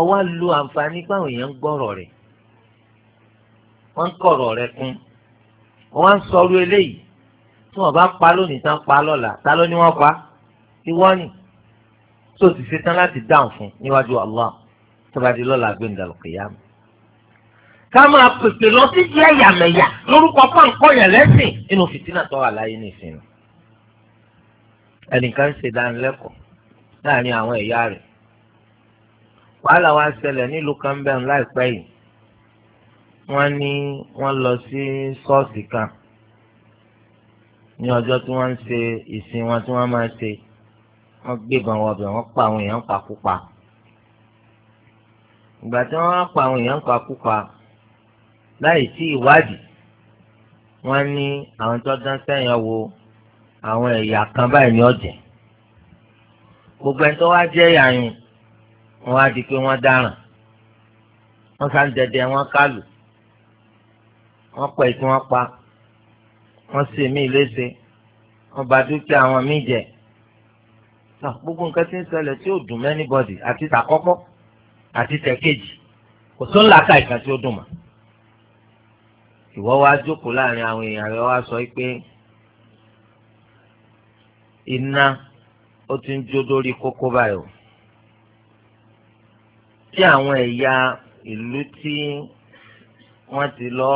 ọwọ́ lu àǹfààní pé àwọn èèyàn ń gbọ́rọ̀ rẹ̀ wọ́n ń kọ̀rọ̀ rẹ̀ kún wọ́n ń sọrú eléyìí tí wọ́n bá pa lónìí tán pa lọ́la ta ló ní wọ́n pa ìwọ ni tó ti ṣetán láti dáhùn fún níwájú Allah tó bá di lọ́la gbẹ̀ndàlù kìyàmù. ká máa pèpè lọ sí yẹ̀yàmẹ̀yà lórúkọ pàǹkọ́ yẹn lẹ́sìn inú fìtínà tó wà láyé nìsín ẹnìkan ń ṣe dánilẹ́kọ̀ọ́ láàrin àwọn ẹ̀yà rẹ̀ wàhálà wa ṣẹlẹ̀ nílùú kan bẹ́ẹ̀ láìpẹ́ yìí wọ́n ní wọ́n lọ sí ṣọ́ọ̀ṣì kan ní ọjọ́ tí wọ́n ń ṣe ìsìn wọn tí wọ́n máa ṣe wọ́n gbébọn wọbẹ̀ wọ́n pa àwọn èèyàn pakúpa ìgbà tí wọ́n pa àwọn èèyàn pakúpa láì sí ìwádìí wọ́n ní àwọn tó dán sẹ́yìn wo àwọn ẹ̀yà kan báyìí ní ọ̀jẹ̀ gbogbo ẹni tó wá jẹ́ yàyùn wọ́n á di pé wọ́n dáràn wọ́n sá ń dẹdẹ wọ́n kálù wọ́n pẹ̀ tí wọ́n pa wọ́n ṣe mí léṣe wọ́n bà dúkìá wọn mí jẹ́ náà gbogbo nǹkan tí ń ṣẹlẹ̀ tí ò dùn mẹ́ni bọ́dì àti tàkọ́kọ́ àti tẹ̀kejì kò tó ń là ká ìkan tí ó dùn mọ́. ìwọ wá jókòó láàrin àwọn èèyàn rẹ wá sọ pé iná ó ti ń jó lórí kókó báyìí o tí àwọn ẹ̀yà ìlú tí wọ́n ti lọ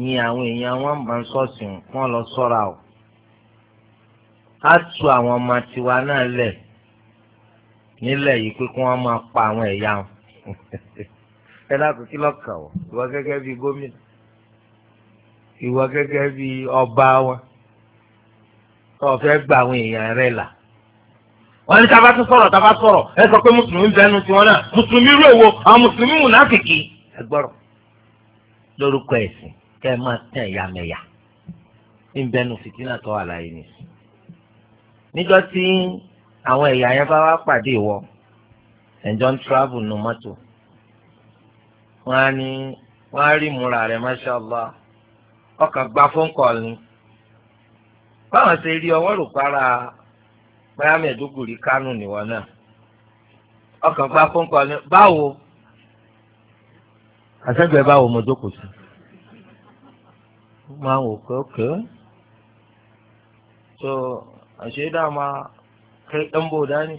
yin àwọn èèyàn wọn bá ń sọ̀sìn wọn lọ sọ́ra o á tu àwọn ọmọ tiwa náà lẹ̀ nílẹ̀ yìí pé kí wọ́n máa pa àwọn ẹ̀yà wọn ẹ dákun kí lọ́kàn wọ̀ ìwọ gẹ́gẹ́ bíi gómìnà ìwọ gẹ́gẹ́ bíi ọba wọn ọ̀fẹ́ gba àwọn èèyàn rẹ̀ là wọ́n ní tábà tún sọ̀rọ̀ tábà sọ̀rọ̀ ẹ sọ pé mùsùlùmí bẹnu tiwọn náà mùsùlùmí rú èwo àwọn mùsùlùmí mùnáfìkì ẹ gbọ́rọ̀ lórúkọ ẹ̀sìn kẹ́ ẹ máa tẹ̀ yàmẹ̀yà ìbẹnu fìtínà tó wà láyé ni níjọ́ tí àwọn ẹ̀yà yẹn bá wá pàdé ìwọ ẹ̀jọ̀ ń travel nu mọ́tò wọ́n á ní wọ́n á rí ìmúra rẹ̀ masha Allah ọkàn gba phone call ni báwọn ṣe rí ọwọ́ para báyà mẹ́ẹ̀dógòrí kánú nìwọ náà ọkàn gba fún kan ní báwo àṣẹgbẹ́ báwo mo jókòó sí ó máa ń wò pé ókè so àṣẹdá máa kí ẹ ń bò dání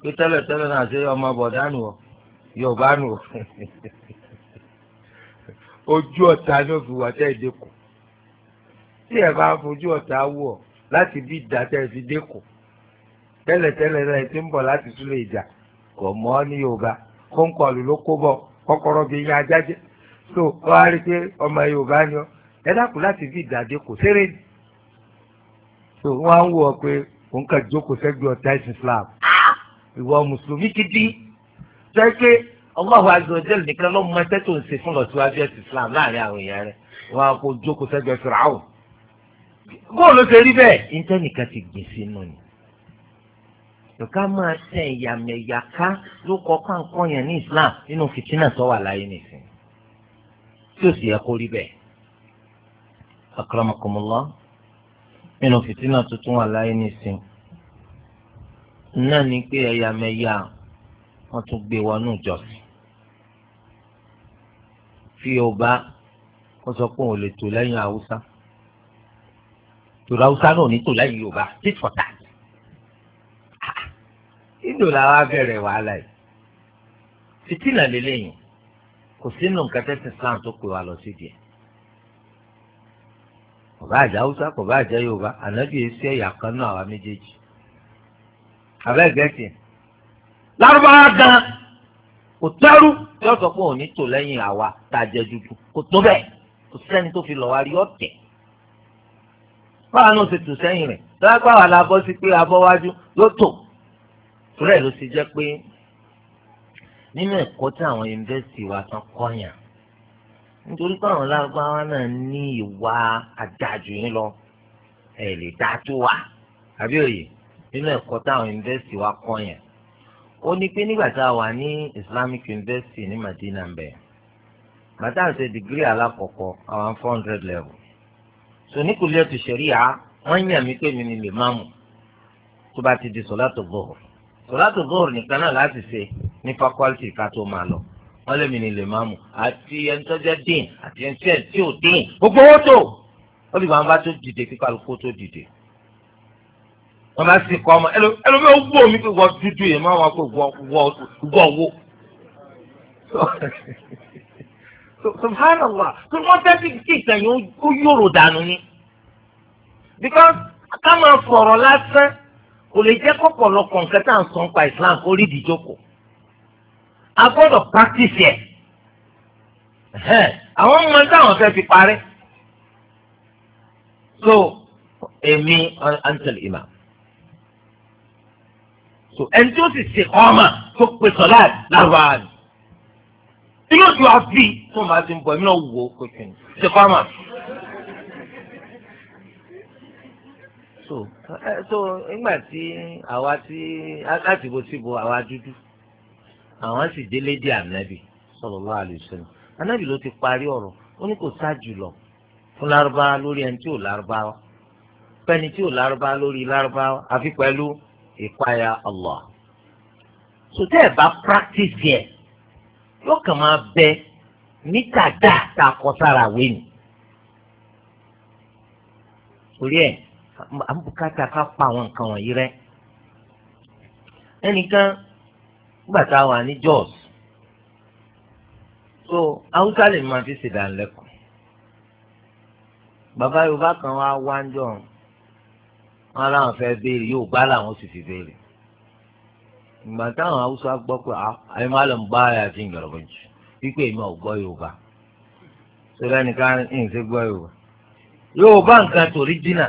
pé tẹ́lẹ̀tẹ́lẹ̀ náà ṣe ọmọ bọ̀ dání wọ yorùbá nù ojú ọ̀tá ni ó fi wà tẹ́ ìdẹ́kù tí ẹ bá fojú ọ̀tá wù láti bí ìdá tẹ́ ẹ fi dẹ́kù tẹ́lẹ̀tẹ́lẹ̀ náà ti ń bọ̀ láti súlẹ̀ ìjà kò mọ́ ní yorùbá kó ń kọlù ló kó bọ̀ kọ́kọ́rọ́ bí yín ajá jẹ́ so wọ́n á rí i pé ọmọ yorùbá ni ọ ẹ dákun láti fi ìdàdé kò séré ni so wọ́n á ń wọ̀ pé òun kà jókòó sẹ́gbẹ́ ọ̀tá ìsìn Islam ìwọ mùsùlùmí ti dín jẹ́ pé Allahu azza wa jalla nìkan ló mọ ẹsẹ̀ tó ń ṣe fún lọ́síwájú ẹ̀sìn Islam láàrin àwọn èèyàn rẹ̀ wọ́n á kó jókòó sẹ́gbẹ́ Fìràwọ̀ bóòlù ṣe rí bẹ́ẹ̀ ìńtẹ́nìkan ká máa tẹ ìyàmẹ̀yà ká ló kọ káńkọ́ yẹn ní islam nínú fìtínà tó wà láyé nìsín tí ó sì yẹ kó rí bẹ́ẹ̀. akramakumullah nínú fìtínà tuntun wà láyé nìsín náà ni pé ẹ̀yàmẹ̀yà wọ́n tún gbé wọnú ìjọsìn fi ọba wọ́n sọ pé òun lè tò lẹ́yìn haúsá tòlá haúsá náà ní tò lẹ́yìn yorùbá títí fọ̀tà níjò làwa bẹ̀rẹ̀ wàhálà yìí fìtínà lélẹ́yìn kò sínú nǹkan tẹ́sí Islam tó pè wá lọ sí díẹ̀ kò bá àjẹ́ Haúsá kò bá àjẹ́ Yorùbá ànábì èsì ẹ̀yà kan náà àwa méjèèjì abẹ́gẹ́sì lárúbáwá gan kò tẹ́rù tí ó sọ pé òní tò lẹ́yìn àwa tá a jẹ dúdú kò tó bẹ́ẹ̀ kò sẹ́ni tó fi lọ́ wá rí ọ̀tẹ̀ báwa náà ṣe tò sẹ́yìn rẹ̀ lọ́wọ́ pàwọn alábọ́sí pé abọ́wájú ló tò rẹ̀ ló ti jẹ́ pé nínú ẹ̀kọ́ tí àwọn yunifásitì wa tán kọ́yàn nítorí pé àwọn lárúbáwá náà ní ìwà àdájù yín lọ ẹ̀ lè dá tó wà àbí òye nínú ẹ̀kọ́ táwọn yunifásitì wa kọ́yàn ó ní pé nígbà tá a wà ní Islamic University ní Madina ń bẹ̀ bàtà ń ṣe dìgírì alákọ̀ọ́kọ́ àwọn four hundred level so ní kùlẹ̀ tó ṣẹ̀ríà wọ́n yàn mí pé mi ni lè máàmù tó bá ti di sọ́lá tó bọ̀ ọ́ sọ̀látò bọ́ọ̀rù nìkan náà láti ṣe ní faculty ká tó máa lọ wọ́n lé mi ní lè máa mú àti ẹni tó jẹ́ dín àti ẹni tí ẹ̀ tí ò dín gbogbo owó tó ó lè máa bá tó dìde kí kálukú tó dìde wọ́n bá sì kọ́ ọmọ ẹlòmíì ó gbó mi pé wọ́n dúdú yìí máa wọ́n pé wọ́n wó. subhanallah tó wọ́n fẹ́ fi kí ìtàn yìí ó yòrò dànù ni because ká máa fọ̀rọ̀ lásán kò lè jẹ́ kọ́pọ̀lọpọ̀ nǹkan tá à ń sọ nípa Islam kó rí ìdíjókòó a gbọ́dọ̀ practice ẹ̀ àwọn ọmọ táwọn fẹ́ fi parí so èmi antel imam so ẹni tí ó sì ṣe ọmọ tó pe sọlá lárúbá ni inú ìjọ àfi tó máa ti ń bọ̀ ẹ̀mí náà wò ó ṣe kọ́ ọmọ. so ẹ so nígbà tí àwa tí láti bo síbo àwa dúdú àwọn sì délé dé ànábì sallallahu alaihi wasallam ànábì ló ti parí ọ̀rọ̀ ó ní kò sá jùlọ fún lárúbáwá lórí ẹni tí ò lárúbáwá fẹni tí ò lárúbáwá lórí lárúbáwá àfi pẹ̀lú ìpayà Allah so tẹ́ ẹ bá practice yẹ yóò kàn máa bẹ níta dáa tá a kọ sára wé ni. orí ẹ̀ à ń bùkátà ká pa àwọn nǹkan wọ̀nyí rẹ. ẹnìkan nígbà tá a wà ní Jos so haúsá lè máa fi ṣèdánilẹ́kọ̀ọ́ bàbá yorùbá kan wá wá ń jọ wọn láwọn fẹ́ béèrè yorùbá làwọn sì fi béèrè ìgbà táwọn haúsá gbọ́ pé àyè ah, má lọ ń bá ara àti ìgbàlọ́bọ̀ jù wípé èmi ò gbọ́ yorùbá sọlá nìkan ń ṣe gbọ́ yorùbá yorùbá nǹkan torí dínà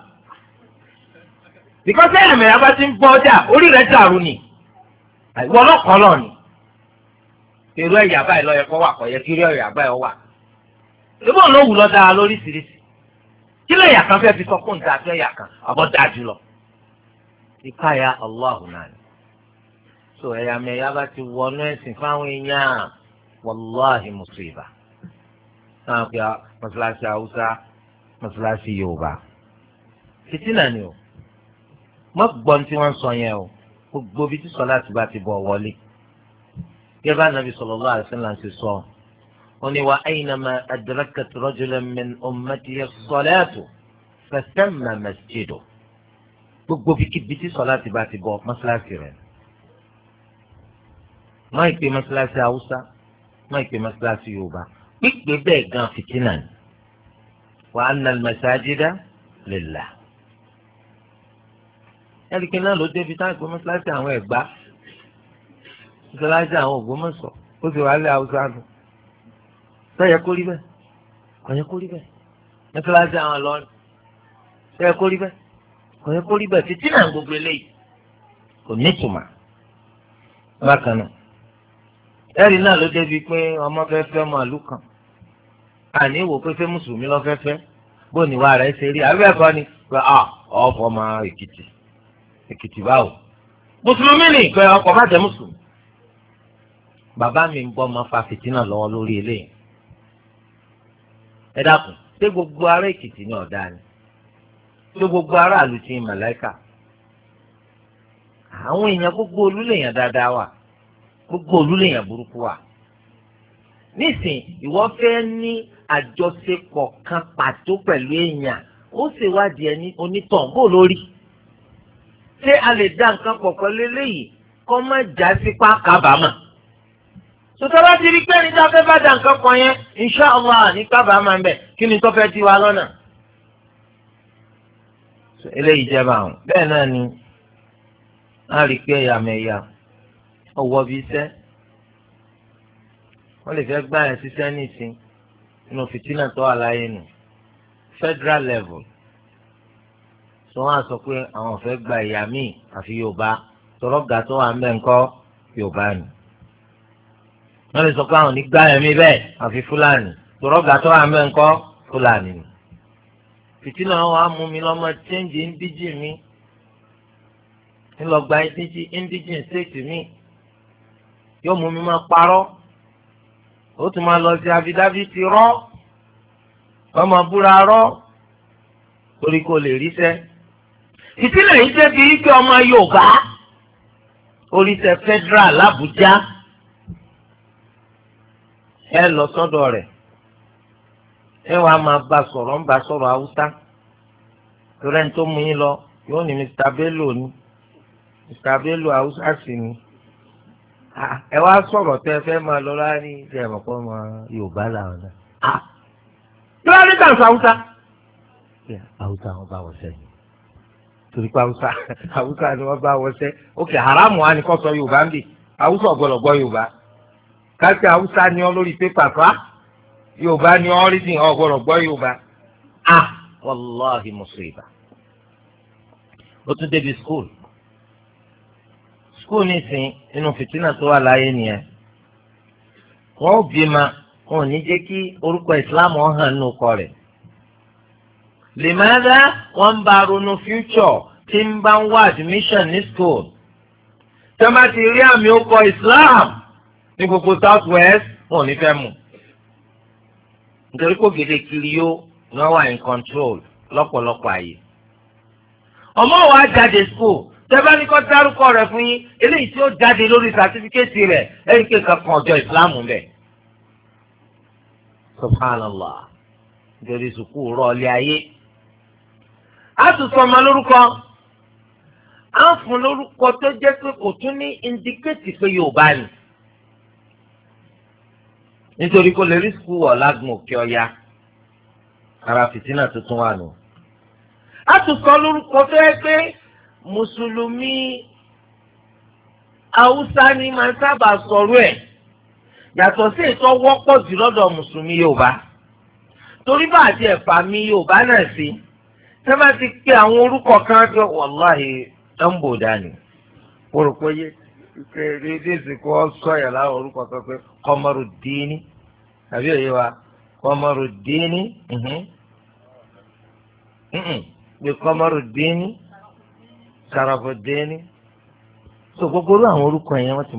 because ẹ̀rìn mẹ́rin bá ti ń gbọ́ ọjà orí rẹ̀ dàrú ni ìwọ ọlọ́kọ̀ lọ ni èrò ẹ̀yà báyìí lọ́yẹ kọ́ wà kọ́ yẹ kí irú ẹ̀yà báyìí wà ìbọn ló wù lọ́dà lóríṣiríṣi kí lẹ́yà kan fẹ́ fi sọ fún ìta fẹ́ yà kan àbọ̀ dáa jùlọ ìkáyà Allahu náà ni so ẹ̀yà mẹ́yà bá ti wọnú ẹ̀sìn fáwọn èèyàn wàláhì mùsùlùmí náà pé mọ́sálásí haúsá mọ́sálásí yorùbá fìtínà ni o má gbọ́n tí wọ́n ń sọ yẹn o gbogbo bí tí sọlá ti bá ti bọ̀ wọlé gẹ́gẹ́ bá nàbí sallallahu alaihi wasallam ti sọ ọ ní wa aynama adrakat rajulan min ummati as-salatu fasamma masjiduhu gbogbo bí tí sọlá ti bá ti bọ̀ mọ́sálásí rẹ̀ má ìpè mọ́sálásí haúsá má ìpè mọ́sálásí yorùbá pípé bẹ́ẹ̀ gan fìtínà ni wa anna al-masajida ẹ̀ríkì náà ló débi táwọn ìgbó mọ́sálásí àwọn ẹ̀gbá mọ́sálásí àwọn Ògbómọ̀ṣọ́ ó sì wà lẹ́ haúsá nù sọ́yẹ kó rí bẹ́ẹ̀ kọ̀yẹ kó rí bẹ́ẹ̀ mọ́sálásí àwọn Ìlọrin sọ́yẹ kó rí bẹ́ẹ̀ kọ̀yẹ kó rí bẹ́ẹ̀ títí náà gbogbo eléyìí kò ní ìtumà bákan náà ẹ̀rí náà ló débi pé ọmọ fẹ́ fẹ́ ọmọ àlù kan àní wò pé fẹ́ mùsùlùmí lọ́ fẹ́ fẹ́ bó ni wàá rẹ̀ ṣe rí àbẹ́ẹ̀kọ́ ni ọ̀ ọ̀ fọ́ Èkìtì èkìtì báwo mùsùlùmí ni ìgbẹ́ ọkọ̀ má jẹ́ mùsùlùmí. bàbá mi ń bọ́ ọmọ fa fìtínà lọ́wọ́ lórí eléyìí ẹ dákun ṣé gbogbo ará èkìtì ni ọ̀dà ni ṣé gbogbo ará àlùtí màláìkà àwọn èèyàn gbogbo olúlèèyàn dáadáa wà gbogbo olúlèèyàn burúkú wà nísìn ìwọ fẹ́ ní àjọṣepọ̀ kan pàtó pẹ̀lú èèyàn ó ṣèwádìí ẹni onítàn bó lórí ṣé a lè dá nǹkan pọ̀ pẹ̀lú eléyìí kọ́ má já sí pa kábàámà. tòtọ́ bá ti rí pé ẹni tó fẹ́ bá dá nǹkan kan yẹn insha Allah ní kábàámà ń bẹ̀ kí ni tó fẹ́ ti wá lọ́nà. eléyìí jẹba àwọn bẹ́ẹ̀ náà ni a rí pé ẹ̀yàmẹ̀yà ọwọ́ bí iṣẹ́ wọ́n lè fẹ́ gbá ẹ̀ síṣẹ́ nìsín inú fìtínà tó wà láyé nù federal level tí wọ́n á sọ pé àwọn fẹ́ gba ìyá míì àfi yorùbá tọ́rọ́ ga tó wà ń bẹ̀ ńkọ́ yorùbá ni wọ́n lè sọ pé àwọn onígbà ẹ̀mí bẹ́ẹ̀ àfi fúlàní tọ́rọ́ ga tó wà ń bẹ̀ ńkọ́ fúlàní ni fìtílà wọn á mú mi lọ́mọ chẹ́ǹjì ńdíjì mi ńlọgba ńdíjì ṣéètì mi yóò mú mi máa parọ́ ó tún máa lọ sí àfidáfítì rọ́ wọ́n búra rọ́ torí kò lè ríṣẹ́ ìsílẹ̀ yìí débi wípé ọmọ Yorùbá oríṣẹ́ federal làbújá ẹ lọ sọ́dọ̀ rẹ̀ ẹ wàá máa bá sọ̀rọ̀ ń bá sọ̀rọ̀ haúsá torí ẹni tó mú yín lọ yóò ní Mr Bello ni Mr Bello haúsá sì ni ẹ wá sọ̀rọ̀ tẹ́ fẹ́ máa lọ láàrin ìṣẹ̀ ìmọ̀pọ̀ ọmọ Yorùbá làwọn náà. kí wàá ní kàǹsà haúsá. haúsá wọn bá torí pé hausa haúsá ni ọ bá wọṣẹ́ ókè haramu wa ni kọsọ yoruba yorùbá ń bì haúsá ọ̀gbọ́dọ̀ yorùbá káṣí ni ọ lórí pépà fa ni yorùbá a ah, wàláhi mùsùlùmá ó tún débi skul skul nísìn inú fìtínà tó wà láyé nìyẹn wọn ò bímọ wọn orúkọ ìsìlámù nù kọ lèmọ́dá wọ́n bá ronú future tí ń bá ń wá admission ní school. tẹ́lá ti rí àmì ọkọ̀ Islam ní gbogbo South West wọn ò ní fẹ́ mu. nítorí kò gèdè kiri yó ni wọ́n wà in control lọ́pọ̀lọpọ̀ àyè. ọmọ wa jáde school tẹ́lá ní kó dárúkọ rẹ̀ fún yín eléyìí tí ó jáde lórí sàtífíkẹ́tì rẹ̀ ẹ̀yìn kéka kan ọjọ́ Islam bẹ̀. subhanallah nítorí sùkúù rọ̀ọ́lẹ́ ayé tún sọmọ lórúkọ á fún lórúkọ tó jẹ́ pé kò tún ní indicate pé Yorùbá ni nítorí kó lè rí skul ọ̀làgùn òkè ọ̀ya ara fìtínà tuntun wà nù. a tún sọ lórúkọ tó yẹ pé mùsùlùmí haúsá ni máa ń sábà sọ̀rọ̀ ẹ̀ yàtọ̀ sí ètò wọ́pọ̀ jù lọ́dọ̀ mùsùlùmí yorùbá torí bá àti ẹ̀fà mi yorùbá náà sí. Si tẹ́ bá ti pe àwọn orúkọ kan jọ wàláhì ẹ̀ ń bò dání mo rò déèsì kó ọ sọyà láwọn orúkọ kan pé kọmọrù díínì àbí òye wa kọmọrù díínì pé tó gbogbo àwọn orúkọ yẹn ti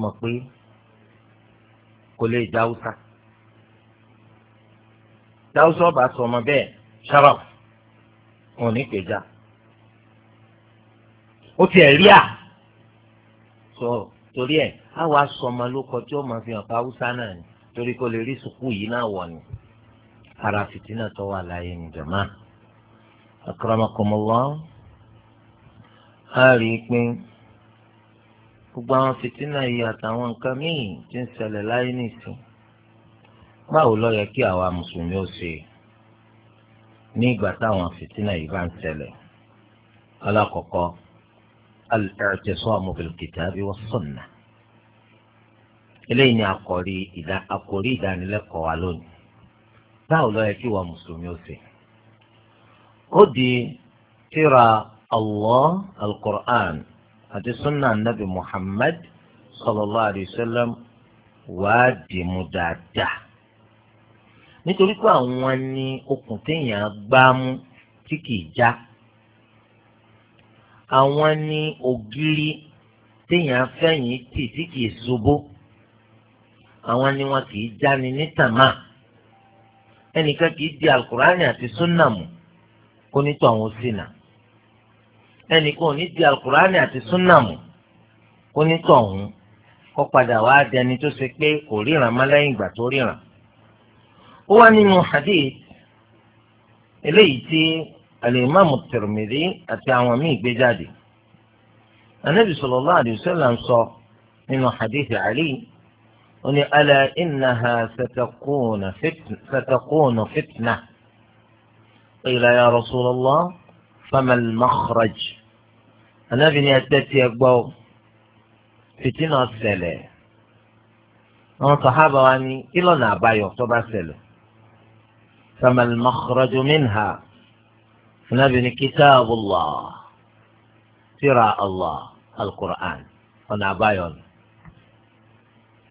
pé kò wọn ní pèjà ó tiẹ̀ rí à sọ torí ẹ̀ á wàá sọ ọmọ lóko tí ó máa fi hàn pa haúsá náà ni torí kó lè rí sùkú yìí náà wọ̀ ni ara fìtínà tó wà láyé ni jọ̀má akramakumullah á rí i pé gbogbo àwọn fìtínà yìí àtàwọn nǹkan míì ti ń ṣẹlẹ̀ láyé nìsín báwo ló yẹ kí àwa mùsùlùmí ó ṣe é ní ìgbà táwọn fìtínà yìí bá ń ṣẹlẹ̀ alákọ̀ọ́kọ́ al-i'tisamu bil-kitabi was-sunnah eléyìí ni àkòrí ìdánilẹ́kọ̀ọ́ wa lónìí báwo ló yẹ kí wọ́n mùsùlùmí ó ṣe ó di tírà Allah al àti sunna nabi Muhammad sallallahu alayhi wa sallam wàá dìmú dáadáa nítorí pé àwọn ni okùn téèyàn gbá mú tí kìí já àwọn ni ògiri téèyàn fẹ̀yìn tì tí kìí ṣubú àwọn ni wọn kìí jáni ní ẹnìkan kìí di alukurani àti sunna mú kó nítọ́ àwọn sínà ẹnìkan ò ní di alukurani àti sunna mú kó nítọ́ òun kó padà wá dẹni tó ṣe pé kò ríran mọ́ lẹ́yìn ìgbà tó ríran ó wá nínú hadith eléyìí tí alimami Tirmidhi àti àwọn míì gbé jáde anabi sallallahu alayhi wa sallam sọ nínú hadith ali ó ní ala innaha satakuna fitna satakuna fitna qila ya rasulallah famal makhraj anabi ni ẹtẹ tiẹ gbọ́ fitina ṣẹlẹ̀ àwọn sàhábà wa ní kí lọ́nà àbáyọ tó bá ṣẹlẹ̀. فما المخرج منها نبني كتاب الله ترى الله القرآن أنا أبايون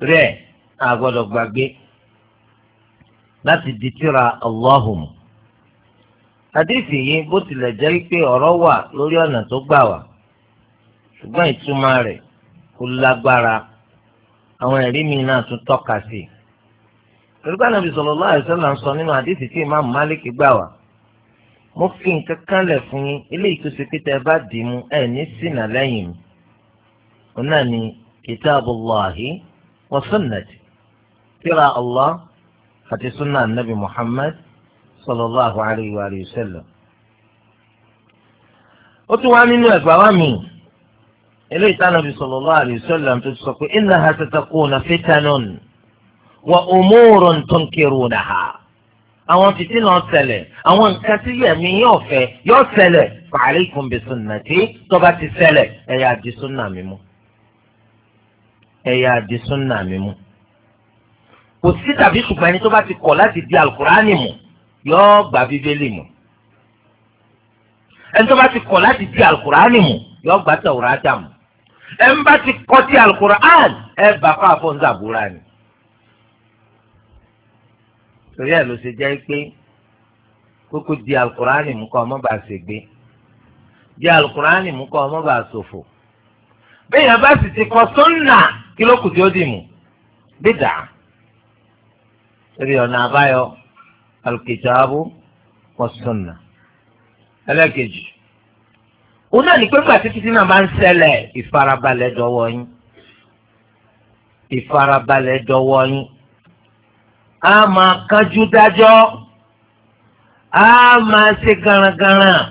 ري أقول باقي لا تدي ترى اللهم àdìsí yìí bó tilẹ̀ jẹ́ pé ọ̀rọ̀ wà lórí ọ̀nà tó gbà wá ṣùgbọ́n ìtumọ̀ rẹ̀ kò lágbára àwọn ẹ̀rí mi náà tún tọ́ka sí i pẹ̀lúkọ́ ànábì sallallahu alaihi wasallam sọ nínú àdéhùn tí ìmáàmù Malik gbà wá mo fi nǹkan kan lẹ̀ fún yín eléyìí tó ṣe pé tẹ́ ẹ bá dì í mú ẹ ní ṣìnà lẹ́yìn mi òun náà ni kitabullahi wa sunnati tírà Allah àti sunna ànábì Muhammad sallallahu alaihi wa sallam. ó tún wá nínú ẹ̀gbà wá mi eléyìí tí ànábì sallallahu alaihi wa wa òmùrùn tó ń kírun nà ha àwọn fìtí náà ṣẹlẹ̀ àwọn nǹkan tí yẹ̀mí yóò fẹ́ yóò ṣẹlẹ̀ fa'alaykum bi sunnati tó bá ti ṣẹlẹ̀ ẹ̀yà àdì súnà mi mú ẹ̀yà àdì súnà mi mú kò sí tàbí ṣùgbọ́n ẹni tó bá ti kọ̀ láti di alukurani mú yóò gba bíbélì mú ẹni tó ti kọ̀ láti di alukurani mú yóò gba tẹ̀wúrọ̀ ajá mú ẹni bá ti kọ̀ di alukurani ẹ bá fáfọ́ ń torí ẹ̀ ló ṣe jẹ́ pé kókó di alukurani mú kọ́ ọmọ bá ṣe gbé di alukurani mú kọ́ ọmọ bá ṣòfò bẹ́ẹ̀ yẹn bá sì ti kọ́ sọ́nà kí ló kù tí ó dì mú bídà torí ọ̀nà àbáyọ alukitaabu wa sunna ẹlẹ́kejì òun náà ní pé pàtí títí náà máa ń ṣẹlẹ̀ ìfarabalẹ̀ dọ́wọ́ yín ìfarabalẹ̀ dọ́wọ́ yín a máa kánjú dájọ́ a máa ṣe garangaran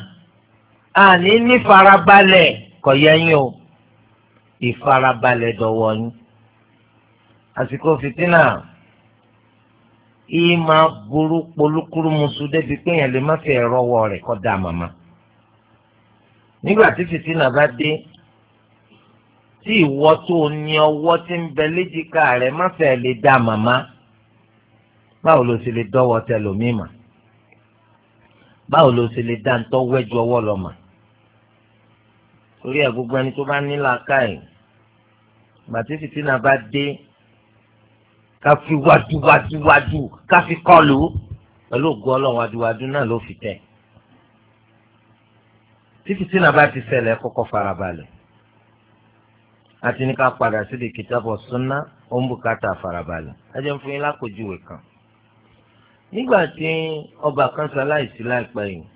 a ní farabalẹ̀ kò yẹ yín o ìfarabalẹ̀ dọ̀wọ́ yín àsìkò fìtínà yìí máa burú polúkúrú musu débi pé yẹn lè má fi ẹ̀rọ̀wọ́ rẹ̀ kọ́ da màmá nígbà tí fìtínà bá dé tí ìwọ tó ní ọwọ́ tí ń bẹ léjìká rẹ̀ má fẹ́ lè da màmá. báwo ló ṣe lè dọ́wọ́ tẹlòmíì mà báwo ló ṣe lè dá ń tọ́wẹ́jú ọwọ́ lọ mà torí ẹ̀ gbogbo ẹni tó bá ní làákàyè gbàtí fìtínà bá dé ká fi wájú wájú wájú ká fi kọlù pẹ̀lú ògùn ọlọ́run wájúwájú náà ló fi tẹ̀ tí fìtínà bá ti ṣẹlẹ̀ kọ́kọ́ farabalẹ̀ àti ní ká padà sí di kìtàbọ̀ súnná ó ń bùkátà farabalẹ̀ ẹ jẹ́ ń fún yín lákòjúwe kan nígbà tí ọba kan ṣaláìsí láìpẹ́ yìí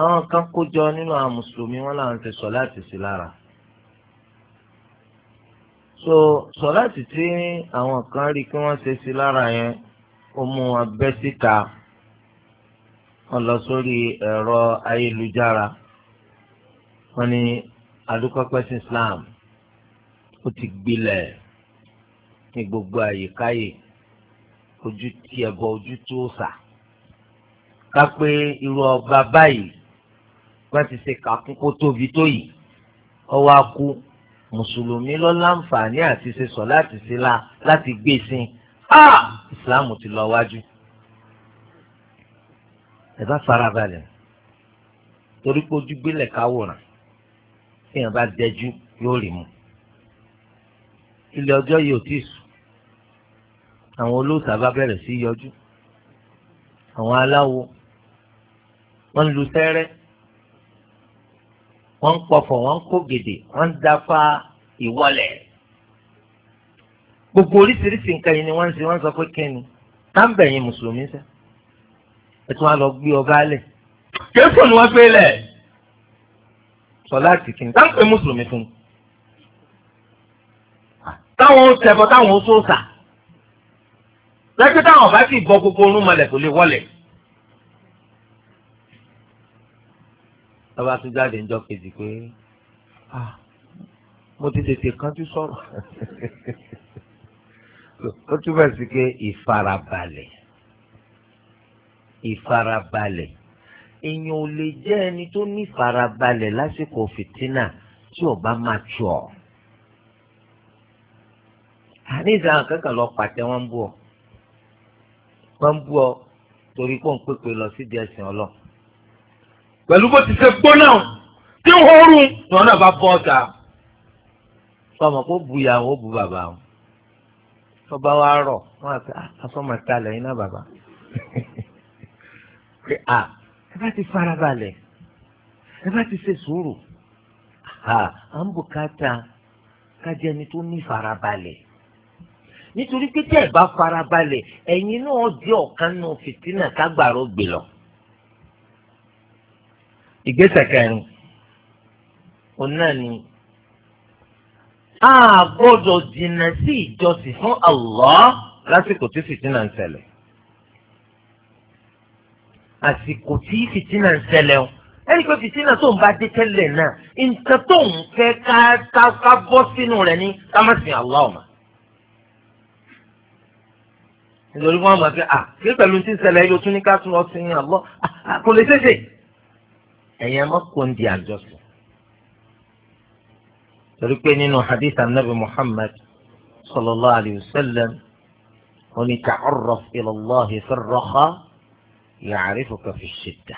àwọn kan kójọ nínú àwọn mùsùlùmí wọn làwọn ti sọ láti sí lára so sọ láti tí àwọn kan rí kí wọ́n ṣe sí lára yẹn ó mú wọn bẹ́ síta wọ́n lọ sórí ẹ̀rọ ayélujára wọ́n ní adúpẹ́pẹ́ sí Islam ó ti gbilẹ̀ ní gbogbo àyíkáyè ojú tí ẹbọ ojú tó sà ká pé irú ọba báyìí wọ́n ti ṣe kàkún kó tóbi tó yìí ọwọ́ akú mùsùlùmí ló láǹfààní àti ṣe sọ láti ṣe la láti gbé e sí a ìsìláàmù ti lọ wájú ẹ bá farabalẹ̀ torí pé ojú gbélé káwòrán tí èèyàn bá dẹjú yóò rí mu ilé ọjọ́ yìí ò tí sùn àwọn olóòṣà bá bẹ̀rẹ̀ sí yọjú àwọn aláwo wọ́n ń lu sẹ́rẹ́ wọ́n ń pọ̀fọ̀ wọ́n ń kó gèdè wọ́n ń dáfá ìwọlẹ̀ gbogbo oríṣiríṣi nǹkan yìí ni wọ́n ń ṣe wọ́n sọ pé kẹ́ni táǹbẹ̀yìn mùsùlùmí sẹ́ ẹ tún wá lọ gbé ọba lẹ̀ kéfù ni wọ́n gbé sọ láti kí ni táǹpẹ̀ mùsùlùmí fún un táwọn ó tẹ̀bọ̀ táwọn ó sóòsà. So lẹ́jọ́ táwọn bá sì gbọ́ gbogbo orun mọ́lẹ̀ kò lè wọlé. lọ́ba tún jáde ńjọ́ kejì pé mo ti tètè kánjú sọ̀rọ̀ ó túbọ̀ sí pé ìfarabalẹ̀ ìfarabalẹ̀ èèyàn ò lè jẹ́ ẹni tó ní ìfarabalẹ̀ lásìkò fìtínà tí ò máa tù ọ́. àní kankan lọ pàtẹ wọn bú ọ wọ́n ń bú ọ torí pé ń pèpè lọ sídìí ẹ̀sìn ọlọ́ pẹ̀lú bó ti ṣe gbóná tí ń horú ni wọn náà bá bọ́ ọ̀tá sọmọ kó bu ìyàwó bu bàbá wọn tọba wa rọ wọn àti ah, asọmọ ìtàlẹ̀ yín náà bàbá pé a ah, ẹ bá ti farabalẹ̀ ẹ bá ti ṣe sùúrù à ń bùkátà kájẹni tó ní farabalẹ̀ nítorí pé tẹ́ ẹ̀ bá farabalẹ̀ ẹ̀yin náà jẹ́ ọ̀kan nù fìtínà kágbàró gbè lọ. ìgbésẹ̀ kẹrin òun náà ni a gbọ́dọ̀ jìnnà sí ìjọsìn fún Allah lásìkò tí fìtínà ń ṣẹlẹ̀ àsìkò tí fìtínà ń ṣẹlẹ̀ o ẹni pé fìtínà tó ń bá dé tẹ́lẹ̀ náà nǹkan tó ń fẹ́ ká bọ́ sínú rẹ̀ ní ká má sìn Allah ọ̀mà nítorí wọn mọ̀ pé à ah, kí pẹ̀lú tí ń ṣẹlẹ̀ yóò tún ní ká tún lọ sí yín àlọ́ kò lè ṣèṣe ẹ̀yin ẹ̀ mọ́kò ń di àjọsìn. torí pé nínú hadith anabi muhammad sallallahu alayhi wa sallam oní ta'arraf ila Allahi fi ar-rakha fi ash-shidda.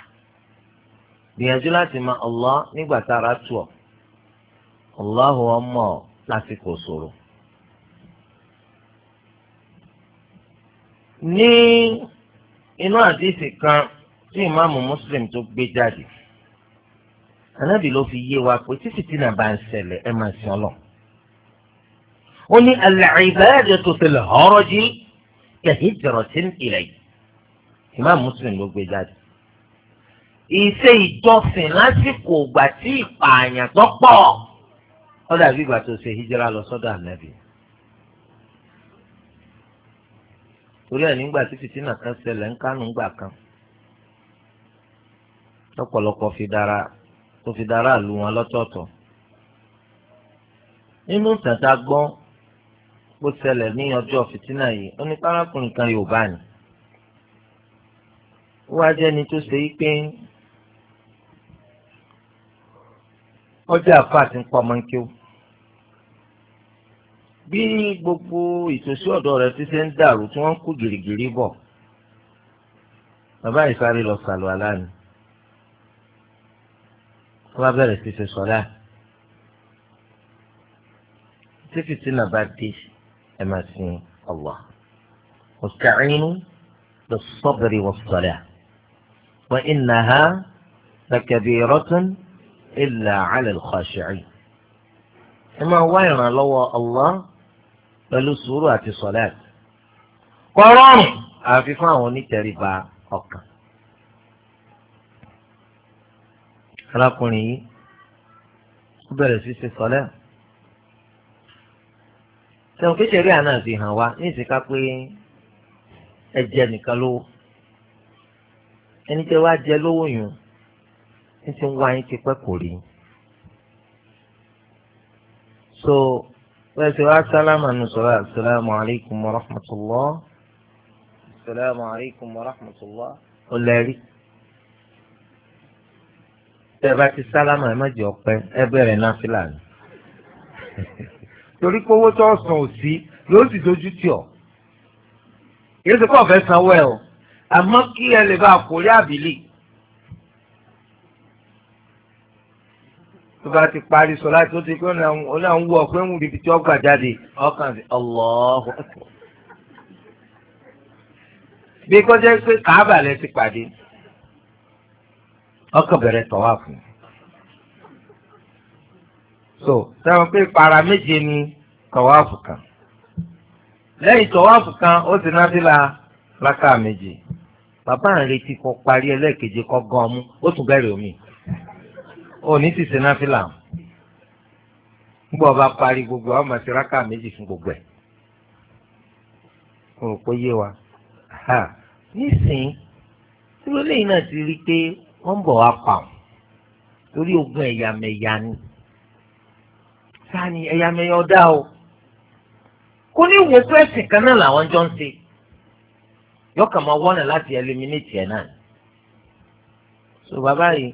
gbìyànjú láti mọ Allah nígbà tá a ra tù ọ́ Allahu wa mọ̀ lásìkò ṣòro. ní inú àdìsí kan tí ìmáàmù Muslim tó gbé jáde anábì ló fi yé wa pé tí fìtínà bá ń ṣẹlẹ̀ ẹ máa sìn Ọlọ́run ó ní al-ibadatu fil-haraji ka-hijratin ilayhi ìmáàmù Muslim ló gbé jáde ìṣe ìjọsìn lásìkò ìgbà tí ìpààyàn tó pọ̀ ó dàbí ìgbà tó ṣe hijira lọ sọ́dọ̀ ànábì torí ẹ̀ nígbà tí fìtínà kan ṣẹlẹ̀ ń kánú gbà kan lọ́pọ̀lọpọ̀ fi dára tó fi dára lu wọn lọ́tọ̀ọ̀tọ̀ nínú tàtà gbọ́n bó ṣẹlẹ̀ ní ọjọ́ fìtínà yìí ó ní párákùnrin kan Yorùbá ni ó wá jẹ́ni tó ṣe yí pé ọjọ́ àfáà ti ń pọ̀ mọ́ kí ó bí gbogbo ìtòsí ọ̀dọ́ rẹ ti ṣe ń dàrú tí wọ́n ń kú gìrìgìrì bọ̀ bàbá ìsáré lọ sàlù aláàánú wọ́n bá bẹ̀rẹ̀ sí ṣe sọ́lá tí fìtínà bá dé ẹ máa sin Allah wasta'inu bis-sabri was-salah wa innaha lakabiratun illa 'ala al-khashi'in ẹ máa wá ìrànlọ́wọ́ Allah pẹ̀lú sùúrù àti sọ̀lẹ́t kọ́rọ́ọ̀rùn àfi fún àwọn onítẹ̀ríba ọkàn. arákùnrin yìí ó bẹ̀rẹ̀ sí ṣe sọ̀lẹ́ sẹ́wọ̀n kékeré àná fi hàn wá ní ìsìnká pé ẹ̀jẹ̀ nìkan lówó ẹni tẹ́ wá jẹ lówó yùn ní ti ń wá yín tipẹ́ kò rí so wẹ́ẹ̀sì wa sálámà nù sọ̀rọ̀ asalaamu alaykum wa rahmatulah asalaamu alaykum wa rahmatulah ó lẹ́rí. tẹ́ ẹ bá ti sálámà ẹ má jẹ́ ọ̀pẹ ẹ bẹ̀rẹ̀ náà fìlànà. torí pé owó tó sàn ò sí yóò sì dojú tì ọ́ yóò sì kọ́ ọ̀fẹ́ sanwó ẹ o àmọ́ kí ẹ lè bá a kórè àbílẹ̀. tó bá ti parí sọ láti ó ti pé ó náà ń wọ pé ń rí ibi tí jáde ọkàn sí pé lẹ ti pàdé ọkàn bẹ̀rẹ̀ tọ́wà fún un. so sẹ́wọ̀n para méje ni kan lẹ́yìn kan ó ti náfìlà lákà méje bàbá ń retí parí gan ọmú ó tún bẹ̀rẹ̀ omi. òní sì ṣe náfìlà gbọ́ ọba parí gbogbo àwọn màsíráka méjì fún gbogbo ẹ̀ kò kó yé wa nísìnyí tí ló léyìn náà ti rí i pé wọ́n ń bọ̀ wá pa ọ́ torí ogun ẹ̀yàmẹ̀yà ni sani ẹ̀yàmẹ̀yà ọ̀dà o kó ní wo pẹ́ẹ́sì kan náà làwọn jọ ń ṣe yọkàn máa wọ́nà láti ẹlẹ́mínétì ẹ̀ náà so bàbá yìí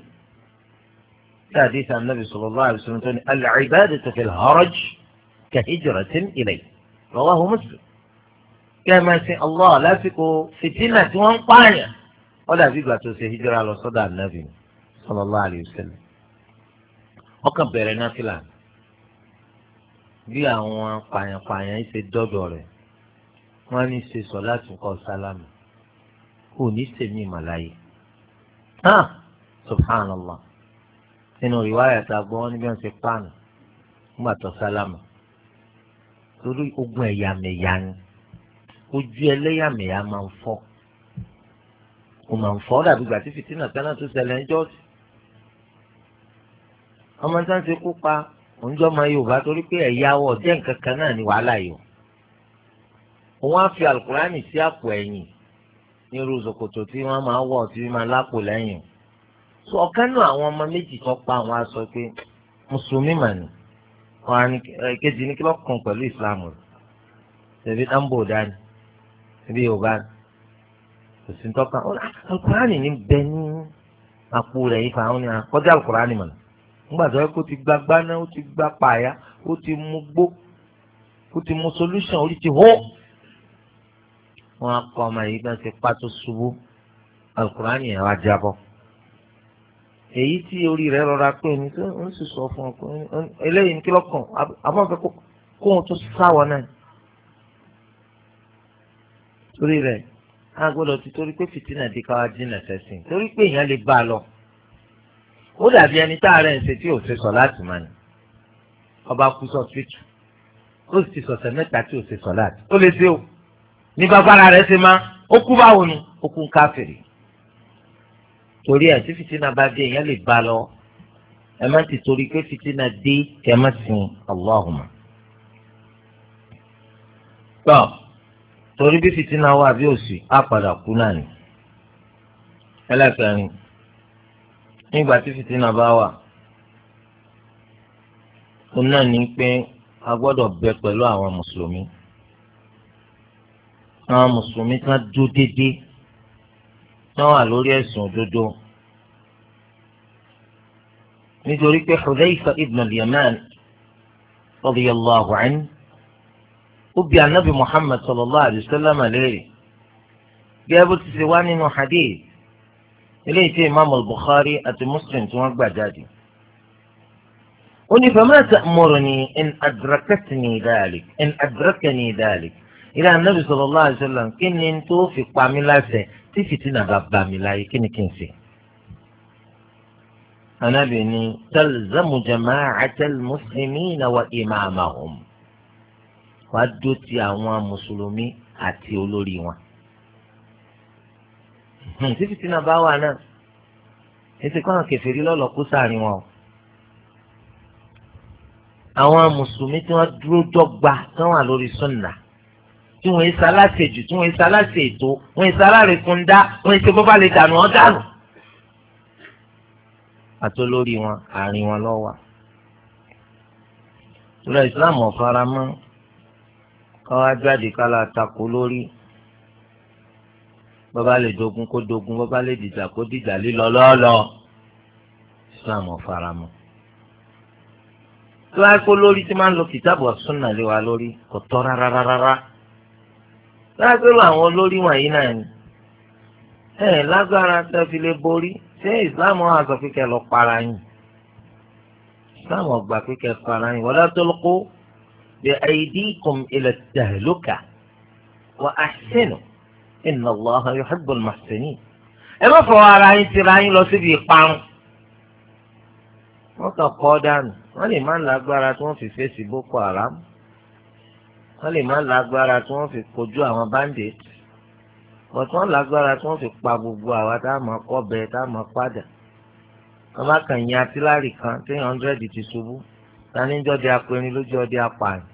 tí àdìsí anábì sallallahu alaihi wasallam tó ní al-ibadatu fil haraj ka hijratin ilayhi rawahu Muslim kí ẹ máa sin Allah lásìkò fìtínà tí wọ́n ń pààyàn wọ́n dàbí ìgbà tó ṣe hijira lọ sọ́dọ̀ anábì sallallahu alaihi wasallam ọkàn bẹ̀rẹ̀ náfìlà bí àwọn pààyàn-pààyàn ṣe dọ́dọ̀ rẹ̀ wọ́n ní ṣe sọ láti kọ́ sálámù kò ní sèmi ìmàláyé. subhanallah nínú ìwáyà tá a gbọ́ níbi wọn ṣe páànù tó sálámà torí ogun ẹ̀yàmẹ̀yà ni ojú ẹlẹ́yàmẹ̀yà máa ń fọ́ kò máa ń fọ́ dàbí gbàtí fìtínà tánà tó ṣẹlẹ̀ ń jọ́ọ̀sì ọmọ tí wọ́n ṣe kú pa òǹjọ́ ọmọ Yorùbá torí pé ẹ̀yà wọ̀ jẹ́ nǹkan kan náà ní wàhálà yìí òun á fi alukurani sí àpò ẹ̀yìn ní irú ṣòkòtò tí wọ́n máa wọ̀ tí wọ́n máa lápò lẹ́yìn o so ọ̀kan náà àwọn ọmọ méjì kan pa àwọn aṣọ pé mùsùlùmí mà ní wọn kejì ní kí lọ́ọ́ kàn pẹ̀lú ìsìláàmù rẹ̀ tẹ̀bí dáńbò dání tẹ̀bí yorùbá kò sí tọ́ka ah, alukurani ní bẹ ní àpò rẹ̀ yìí fáwọn ní akọ́jà alukurani mọ̀ nígbà tó yẹ kó ti gba gbaná ó ti gba pààyà ó ti mú gbó ó ti mú solution orí ti hó wọn akọ ọmọ yìí gbọ́n ti pàtó ṣubú alukurani yẹn wá jábọ́ èyí tí orí rẹ̀ rọra pé ní tó ń sì sọ fún ọkùnrin eléyìí ní kí lọ́kàn àbọ̀nfẹ́ kó ohun tó sáwọ̀ náà torí rẹ̀ a gbọ́dọ̀ ti torí pé fìtínà di káwá jìnnà sẹ́sìn torí pé èèyàn lè bá a lọ ó dàbí ẹni tá a rẹ̀ ń ṣe tí ò ṣe sọ láti máa ní ọba kú sọ síìtù ó sì ti sọ̀sẹ̀ mẹ́ta tí ò ṣe sọ láti ó lè ṣe o ní bàbá ara rẹ̀ ṣe máa ó kú báwo ni ó kú káfìrì torí àti fìtínà bá dé èèyàn lè bá lọ ẹ má ti torí pé fìtínà dé kí ẹ má sin Allahumma. tọ́ torí bí fìtínà wà bí òsì á padà kú náà ni ẹlẹ́kẹ̀rin nígbà tí fìtínà bá wà òun náà ní pé a gbọ́dọ̀ bẹ pẹ̀lú àwọn mùsùlùmí àwọn mùsùlùmí kan dúró déédéé tán wà lórí ẹ̀sùn òdodo nítorí pé Hudhayfa ibn al-Yaman radiyallahu anhu ó bi anabi Muhammad sallallahu alayhi wa sallam léèrè bí ẹbí ti ṣe wá nínú hadith eléyìí tí imam al-Bukhari àti Muslim tí wọ́n gbà jáde ó ní fama ta'muruni in adrakatni dhalik in adrakani dhalik. ilé anabi sallallahu alaihi wasallam kí ni tó fi pa mí láṣẹ tí fìtínà bá bá mi láyé kí ni kí n ṣe. anabi ni talzamu jama'atal muslimina wa imamahum wàá dó ti àwọn mùsùlùmí àti olórí wọn. Hmm, tí fìtínà bá wà náà èsì kọ́ kẹfìrí lọ́lọ́ kó sáàrin wọn o àwọn mùsùlùmí tí wọ́n dúró dọ́gba tí wọ́n wà lórí sunna tí wọ́n ṣe aláṣejù tí wọ́n ṣe aláṣe ètò wọ́n ṣe alárèkúndá wọ́n ṣe bọ́bá lè dànù ọ́ dànù. àtolórí wọn àárín wọn lọ́wọ́ ìrọ̀ islam ọ̀faramọ́ káwá jáde kálá takò lórí bọ́bá lè dogun kó dogun bọ́bá lè dìjà kó dìjà lílọ lọ́ọ́lọ́ islam ọ̀faramọ́ tó wáá kó lórí tí máa ń lo kìtàbù ọ̀sùn náà lé wa lórí kò tọ́ rárá rárá lásìkò àwọn olórí wọ̀nyí náà ni ẹ lágbára tẹ fi lè borí ṣé islam àzọ kíkẹ lọ para yín islam ọgbà kíkẹ para yín wala tulqu bi aydikum ila tahluka wa ahsinu inna Allaha yuhibbul muhsinin ẹ má fọwọ́ ara yín tira yín lọ síbi ìparun wọ́n kàn kọ́ dànù wọ́n lè má lágbára tí wọ́n fi fèsì boko haram wọ́n lè má lágbára tí wọ́n fi kojú àwọn bandit but wọ́n lágbára tí wọ́n fi pa gbogbo àwa tá a máa kọ́ bẹ́ẹ̀ tá a máa padà wọ́n bá kàn yín atíláàrí kan tí hundred ti ṣubú tani jọ́ di apẹ̀rin lójú ọdẹ apààyàn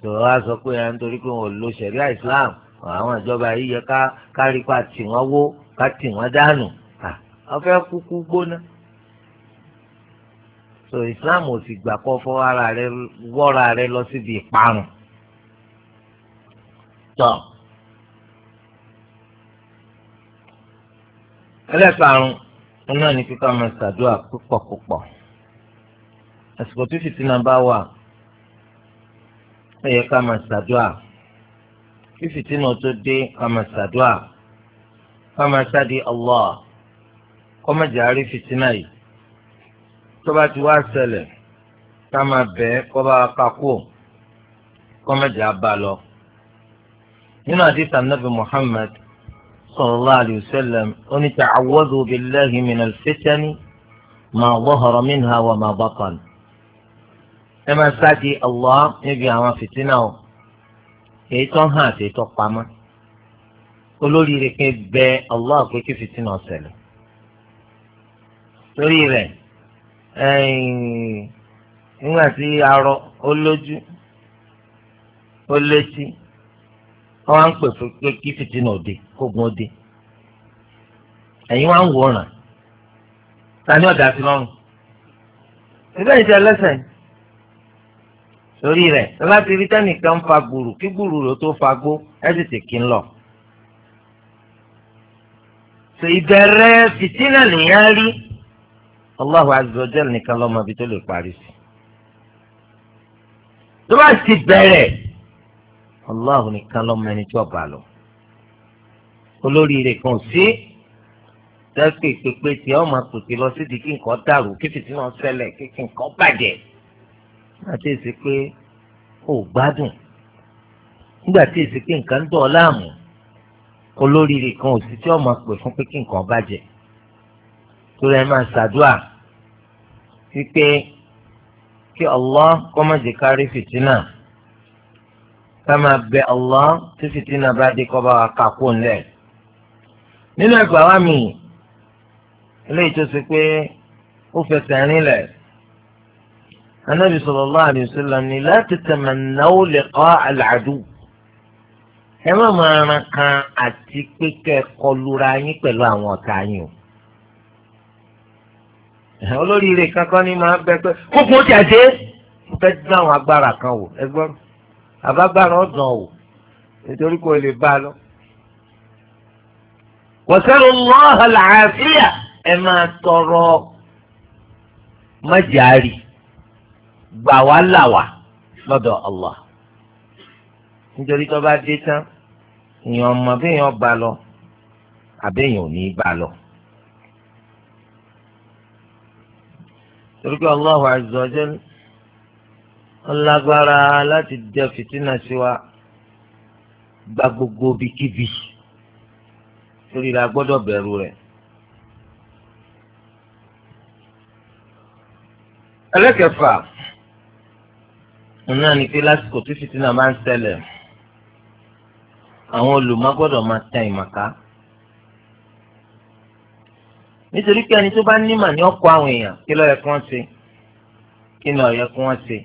sọ̀rọ̀ wa sọ pé ẹ̀ ń torí pé wọn ò lo ṣẹ̀ríà Islam àwọn ìjọba yìí yẹ ká kárípa tì wọ́n wó ká tì wọ́n dànù ọ̀fẹ́ kúkú gbóná so islam ò sì gbà kọ́ fọ́ ara rẹ wọ́ra rẹ lọ síbi ìparun tọ́ ẹlẹ́karùn iná ní kíkọ́ máa ṣàdúrà púpọ̀púpọ̀ àsìkò tí fìtínà bá wà ó yẹ ká máa ṣàdúrà kí fìtínà tó dé ká máa ká máa ṣáde Allah kọ́ máa jẹ́ àárí fìtínà yìí tọ́ba ti wá ṣẹlẹ̀ ká máa bẹ̀ kọ́ba kakú kọ́mẹ̀jà bá lọ. nínú àdìsá nàbì Muhammad sallallahu alayhi wa sallam ó ní ta'awwadhu billahi minal fitani ma zahara minha wa ma batan. ẹ máa ṣáàjì Allah níbi àwọn fìtínà o èyí tó ń hàn àti tó pamọ́ olórí rẹ̀ kẹ́ bẹ̀ Allah pé kí fìtínà ṣẹlẹ̀ torí rẹ̀. nígbà tí arọ ó lójú ó létí wá ń pè fún pé kí fìtínà òde kógun òde ta ni ọ̀dà sí lọ́rùn ìbẹ́ ìṣe ẹlẹ́sẹ̀ torí rẹ̀ láti rí tẹ́nìkan fa gbùrù kí gbùrù rẹ̀ tó fa gbó ẹ̀ sì sì kí ń lọ. Allahu azza wa jalla nìkan ló mọ ibi tó lè parí sí tó bá ti bẹ̀rẹ̀ Allahu nìkan ló mọ ẹni tí ọba lọ olóríire kan sí tẹ́sí ìpèpè tí ọ máa pèpè lọ sí di kí nǹkan dàrú kí fìtí náà ṣẹlẹ̀ kí nǹkan bàjẹ́ àti èsì pé ò gbádùn nígbà tí èsì pé nǹkan ń dọ̀ ọ́ láàmú olóríire kan ò sí tí ọ máa fún pé kí nǹkan bàjẹ́ torí ẹ máa ṣàdúà wípé kí Allah kó má jẹ́ ká rí fìtínà ká máa bẹ Allah tí fìtínà bá dé kó bá wa kà kó ńlẹ̀ nínú ẹgbà wa mi eléyìí tó ṣe pé ó fẹsẹ̀ rinlẹ̀ anabi sallallahu alayhi wa sallam ni la tatamannaw liqa'a al ẹ má máa ran kan àti pé kẹ́ kọlura yín pẹ̀lú àwọn ọ̀tá yín o olóríire kankan ni máa bẹ pé kókun ó ti àṣe mo fẹ́ dín àwọn agbára kan wò ẹ gbọ́n àbágbára ọ̀dàn wò nítorí kò lè bá a lọ. wọ́sẹ̀rù lọ́hàn làásìyà ẹ máa tọrọ májàárì gbà wá là wá lọ́dọ̀ Allah nítorí tó bá dé tán èèyàn ọmọ bí èèyàn bá lọ àbẹ́yìn ò ní bá lọ. torí pé Allahu azza wa jal ńlágbára láti dẹ fìtínà sí wa gba gbogbo bíkíbi torí la gbọ́dọ̀ bẹ̀rù rẹ̀. ẹlẹ́kẹ̀fà náà ni pé lásìkò tí fìtínà máa ń ṣẹlẹ̀ àwọn olùmọ̀ gbọ́dọ̀ máa tẹ ìmọ̀ká nítorí pé ẹni tó bá nímọ̀ ní ọkọ̀ àwọn èèyàn kí ló yẹ kí wọ́n ṣe kí ló kí wọ́n ṣe.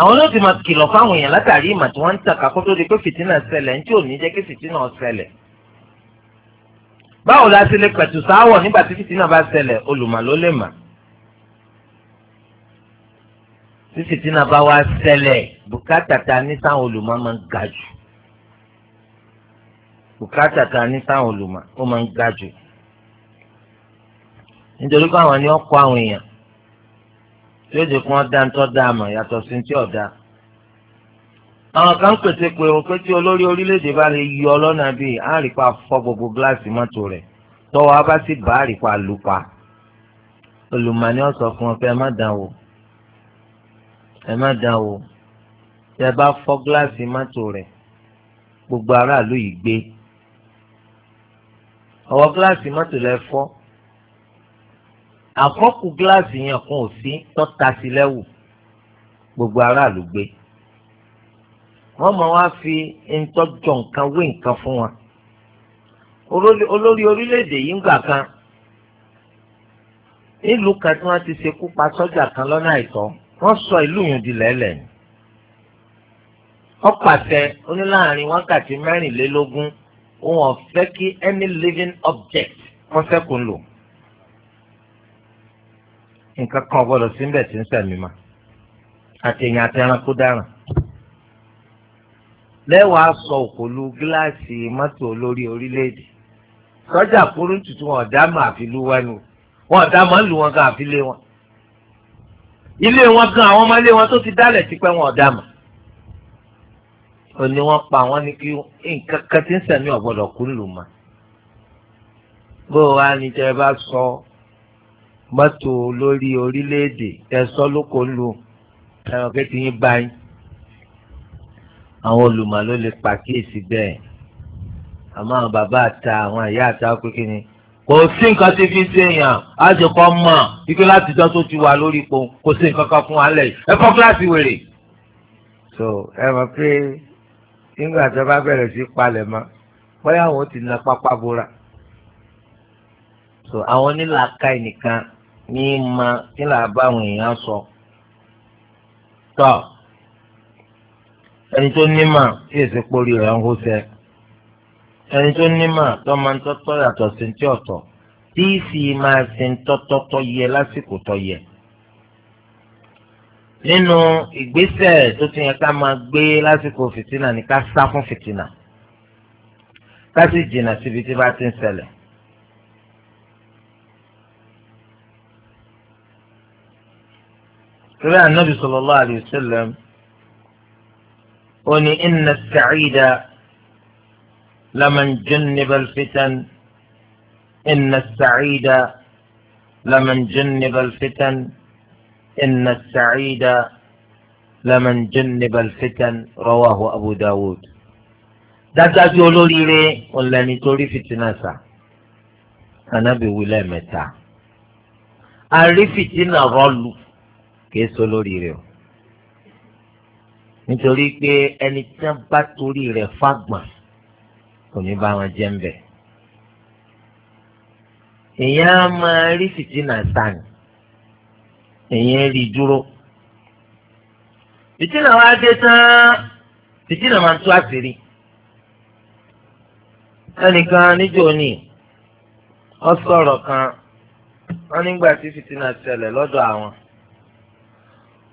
àwọn náà ti máa kìlọ̀ fáwọn èèyàn látàrí ìmọ̀ tí wọ́n ń tàkà kó tó di pé fìtínà ṣẹlẹ̀ ní tí ò ní jẹ́ kí fìtínà ṣẹlẹ̀. báwo la ṣe lè pẹ̀tù sáwọ̀ nígbà tí fìtínà bá ṣẹlẹ̀ olùmọ̀ ló lè mà. tí fìtínà bá wá ṣẹlẹ̀ bùkátà ta ní sáwọn olùmọ̀ máa ń ga jù bùkátà ta ní sáwọn olùmọ̀ ó nítorí pé àwọn ni wọ́n kọ́ àwọn èèyàn tí ó jẹ́ kí wọ́n dá ńtọ́ dá àmọ̀ yàtọ̀ sí ti ọ̀dà. àwọn kan pèsè pé òun pé tí olórí orílẹ̀-èdè bá lè yọ ọlọ́nà bíi àrípa fọ́ gbogbo gíláàsì mọ́tò rẹ̀ tọ́wọ́ a bá sì bá lù pa. olùmọ̀ni ọ̀sọ̀ fún ọ pé ẹ má dán wò ẹ má dán wò tí ẹ bá fọ́ gíláàsì mọ́tò rẹ̀ gbogbo aráàlú yìí gbé ọwọ́ gíláàsì mọ́tò rẹ̀ fọ́ àfọ́kù gíláàsì yẹn kan ò sí tọ́ta sí lẹ́wù gbogbo aráàlú gbé wọ́n máa wá fi ntọ́jọ nǹkan wé nǹkan fún wa olórí orílẹ̀-èdè yìí ń gbà kan nílùú kan tí wọ́n ti ṣekú pa sọ́jà kan lọ́nà àìtọ́ wọ́n sọ ìlú yìí di lẹ́lẹ̀ ni ọ̀pàṣẹ oníláàrin wákàtí mẹ́rìnlélógún wọn fẹ́ kí any living object wọ́n sẹ́kùn lò nǹkan kan gbọ́dọ̀ síbẹ̀ tí ń sẹ̀mí ma àti èèyàn àti ẹranko dáràn lẹ́wàá sọ òkòlù gíláàsì mọ́tò olórí orílẹ̀-èdè sọ́jà kúrú tuntun wọn ọ̀dà mà àfi lú wẹ́nu wọn ọ̀dà mà ń lù wọn gan àfi lé wọn ilé wọn gan àwọn ọmọ ilé wọn tó ti dálẹ̀ tipẹ́ wọn ọ̀dà mà ó ní pa wọ́n ní kí nǹkan kan ti ń sẹ̀mí ọ̀gbọ́dọ̀ kú lù mà bó o wá ní tẹ́ bá sọ. So, mọ́tò lórí orílẹ̀-èdè tẹ̀sọ́ lóko lu ẹ̀rọ kẹ́tì yín báyìí àwọn olùmọ̀ ló lè pàkíyèsí bẹ́ẹ̀ àmọ́ àwọn bàbá àta àwọn ìyá àta pínpín ni kò sí nǹkan tí fi ṣe èèyàn á sì kọ́ mọ̀ ike láti jọ́ tó ti wà lórí ipò kò sí nǹkan kan fún alẹ́ ẹ fọ́ kíláàsì wèrè. so ẹ mọ̀ pé nígbà tó bá bẹ̀rẹ̀ sí palẹ̀ mọ́ bóyá àwọn ti na pápá bora so àwọn nílà ká ẹnìkan ní ma kí là bá àwọn èèyàn sọ tọ ẹni tó ní mà tí èsì pórí rẹ̀ ń hóṣẹ́ ẹni tó ní mà tó máa ń tọ́tọ́ yàtọ̀ sí ti ọ̀tọ̀ tí sì máa ṣe ń tọ́tọ́ tọ́ yẹ lásìkò tọ́ yẹ nínú ìgbésẹ̀ tó ti yẹ ká máa gbé lásìkò fìtínà ni ká sá fún fìtínà ká sì jìnnà síbi tí bá ti ń ṣẹlẹ̀ torí ànábì sallallahu alayhi wa sallam ó ní inna as-sa'ida laman jannaba al-fitan inna as-sa'ida laman jannaba al-fitan inna as-sa'ida laman jannaba al-fitan rawahu abu dawud dájájú olóríire ọ̀lẹ́ni torí fìtínà sá ànábì wí lẹ́ẹ̀mẹ́ta àrí fìtínà rọ́ọ̀lù kìí so lórí rẹ̀ o nítorí pé ẹni tí wọ́n bá torí rẹ̀ fàgbọ̀n kò ní bá wọn jẹ́ ń bẹ̀. èèyàn á máa rí fìtínà sànì èèyàn rí dúró fìtínà wa dé tán fìtínà máa ń tú àṣírí ẹnìkan níjó ni ọ sọ̀rọ̀ kan wọ́n nígbà tí fìtínà ṣẹlẹ̀ lọ́dọ̀ àwọn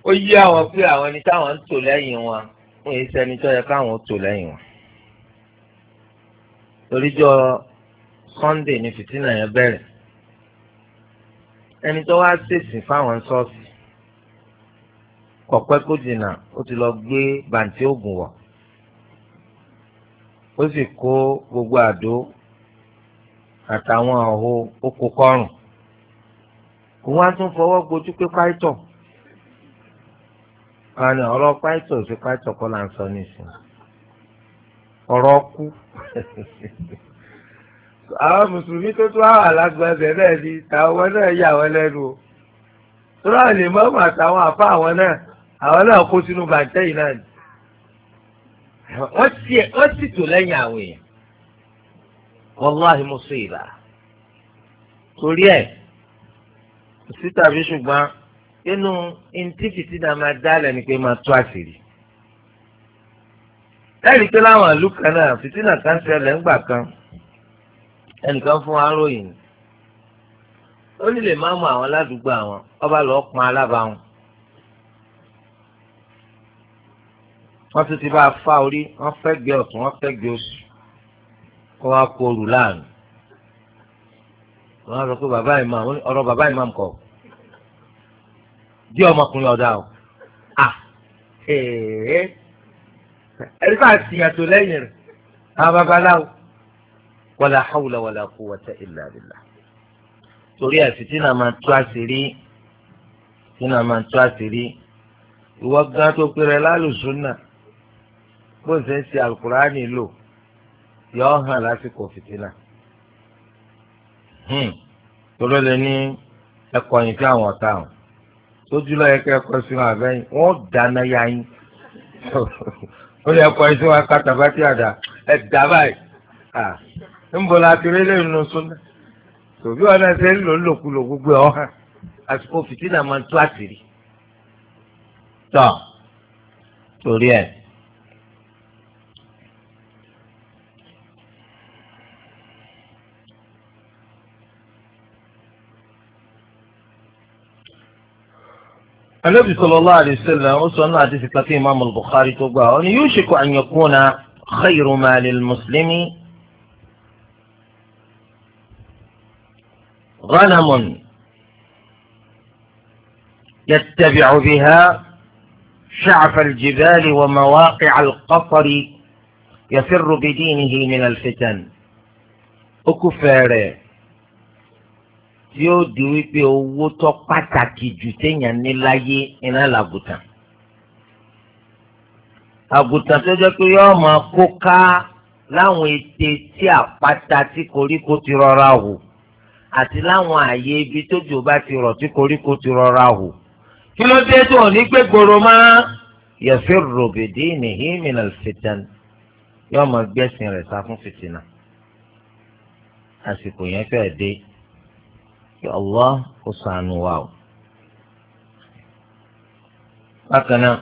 ó yí àwọn pé àwọn ẹni táwọn ń tò lẹ́yìn wọn wọn èyí sẹ́ni tó yẹ káwọn tò lẹ́yìn wọn. toríjọ Sunday ni fìtínà yẹn bẹ̀rẹ̀ ẹni tó wá ṣèṣì fáwọn ṣọ́ọ̀ṣì kọ̀pẹ́ kó dìnnà ó ti lọ gbé bàǹtí ògùn wọ̀ ó sì kó gbogbo àdó àtàwọn ọ̀hó ó kó kọ́rùn. òun á tún fọwọ́ gbojú pé pàìtàn àná ọ̀rọ̀ pàìtọ̀ sí pàìtọ̀ kọ́ là ń sọ nísìnyí ọ̀rọ̀ kú àwọn mùsùlùmí tó tún àwọn alágbàbẹ náà ni tàwọn náà yà wọ́n lẹ́nu o tóra lè mọ́ mọ́ àtàwọn àfa àwọn náà àwọn náà kó sínú bàjẹ́ yìí náà ni wọ́n sì tò lẹ́yìn àwọn èèyàn wàláhi mo sọ ìlà torí ẹ̀ sí tàbí ṣùgbọ́n inú ntí fìtínà máa dálẹ̀ ni pé máa tú àṣírí ẹ̀rí pé láwọn ìlú kan náà fìtínà kan ṣẹlẹ̀ ńgbà kan ẹnìkan fún aróyìn ó ní lè má mú àwọn ládùúgbò àwọn ọba lọ pọn alábàáwọn wọ́n tún ti bá a fa orí wọ́n fẹ́ gbé ọ̀tún wọ́n fẹ́ gbé oṣù kó wá kó olù láàánú wọ́n á sọ pé bàbá ìmáàmù ọ̀rọ̀ bàbá ìmáàmù kọ̀ di ọmọkùnrin ọ̀dà o ah, eh, ẹ̀rí bá tìyàn tó lẹ́yìn rẹ̀ àwọn babaláwo wàlà hàwùlà wàlà quwwata illa billah torí ẹ̀ fìtínà máa tú àṣírí fìtínà máa tú àṣírí ìwọ gan tó péré lálùsùnà bó ń ṣe ń ṣe àlùkùránì lò yọ hàn lásìkò fìtínà torí ó lè ní ẹ̀kọ́ yìí fún àwọn ọ̀tá àwọn sójú lọ́yẹ kẹ́ ẹ̀kọ́ sí wọn àbẹ́yìn wọ́n dáná ya yín ó yẹ kọ́ sí wọn ká tàbátì àdá ẹ̀ dá báyìí ń bọ̀ láti rí lẹ́yìn nínú súnà tòbí wọn náà ṣe ń lò lòkulò gbogbo ẹ̀ ọ̀hán àsìkò fìtínà máa ń tó àṣírí tọ́ torí ẹ̀. النبي صلى الله عليه وسلم وصلنا حديث كثير إمام البخاري تقول يوشك أن يكون خير ما للمسلم غنم يتبع بها شعف الجبال ومواقع القصر يفر بدينه من الفتن أكفاره yóò di wípé owó tó pàtàkì jù téèyàn ní láyé iná làgùtàn àgùtàn tó jẹ́ pé yóò máa kó ká láwọn ète tí àpáta tí koríko ti rọra hù àti láwọn ààyè ibi tójò bá ti rọ̀ tí koríko ti rọra hù kí ló dé tó ní pé gbòòrò máa yẹ̀fẹ́ ròbèdè ní hímìnà fìtàn yóò máa gbẹ́sìn rẹ̀ sá fún fìtìnà àsìkò yẹn fẹ́ẹ́ dé kí Allah kó ṣàánú wa o. bákan náà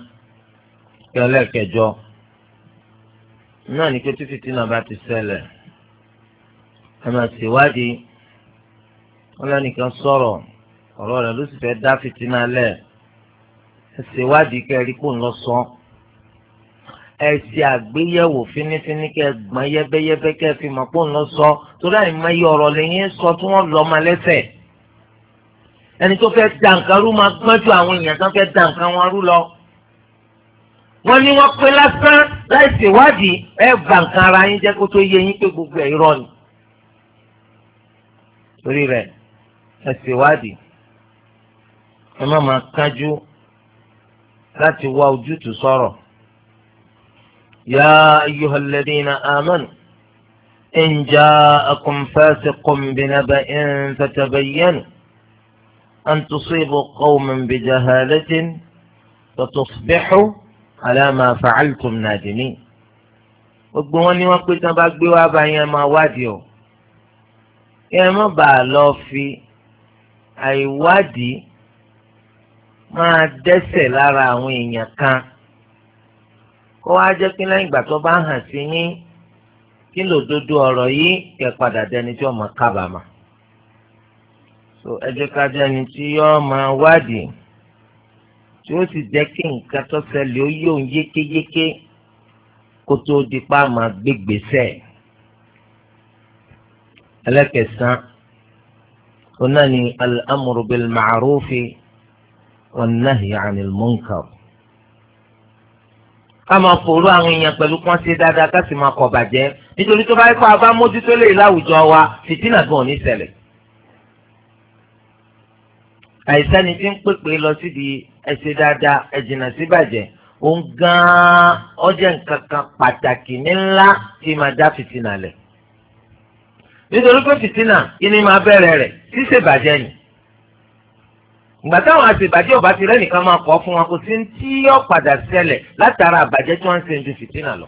kí ọlẹ́ẹ̀kẹjọ náà ní pé tí fìtínà bá ti ṣẹlẹ̀ ẹ máa ṣèwádìí wọn lẹ́nìkan sọ̀rọ̀ ọ̀rọ̀ rẹ̀ ló sì fẹ́ dá fìtínà lẹ̀ ẹ ṣèwádìí kẹrí kó ń lọ sọ ẹ ṣe àgbéyẹ̀wò fínífíní kẹ gbọ́n yẹ́bẹ́yẹ́bẹ́ kẹ fi mọ̀ kó ń lọ sọ torí àìmọye ọ̀rọ̀ lẹ́yìn sọ tí wọ́n lọ́ọ́ máa lẹ́sẹ̀ẹ́ ẹni tó fẹ́ da nǹkan rú máa gbọ́n ju àwọn èèyàn tó fẹ́ da nǹkan wọn rú lọ. wọ́n ní wọ́n pé lásán láì ṣèwádìí ẹ bà nǹkan ara yín jẹ́ kó tó yé yín pé gbogbo ẹ̀ irọ́ ni. torí rẹ̀ ẹ ṣèwádìí ẹ má máa kánjú láti wá ojútùú sọ̀rọ̀. يا أيها الذين آمنوا إن جاءكم فاسق بنبأ فتبينوا أن تصيب قوما بجهالة فتصبحوا على ما فعلتم نادمين gbogbo wọn ni wọn pé tí wọn bá gbé wá báyìí ẹ máa wádìí o ẹ má bàa lọ fi àìwádìí máa dẹ́ṣẹ̀ lára àwọn èèyàn kan kó wá jẹ́ pé lẹ́yìn ìgbà tó bá hàn sí yín kí lòdodo ọ̀rọ̀ yìí kẹ́ padà dẹni tí wọ́n máa kábàámà so ẹ jẹ́ ká jẹ́ ẹni tí yóò máa wádìí tí ó sì jẹ́ kí nǹkan tó ṣẹlẹ̀ ó yóò ń yékéyéké kó tó di pa máa gbégbèsè ẹlẹ́kẹ̀sán ó náà ní al-amru bil ma'rufi wan-nahyi 'anil munkar ká máa fòrò àwọn èèyàn pẹ̀lú kán ṣe dáadáa ká sì máa kọ̀ bàjẹ́ nítorí tó bá yẹ kó a bá mójútó lè láwùjọ wa fìtínà gan ò ní ṣẹlẹ̀ àìsàn ni tí ń pèpè lọ síbi ẹsẹ̀ dáadáa ẹ̀jìnà síbàjẹ́ òun gan-an ó jẹ́ nǹkan kan pàtàkì ńlá tí máa dá fìtínà lẹ̀ nítorí pé fìtínà kí ni máa bẹ̀rẹ̀ rẹ̀ ṣíṣèbàjẹ́ ni ìgbà táwọn àṣebàjẹ́ ọba ti rẹ́ nìkan máa kọ́ fún wọn kò sí tí yóò padà ṣẹlẹ̀ látara àbàjẹ́ tí wọ́n ń ṣe ju fìtínà lọ.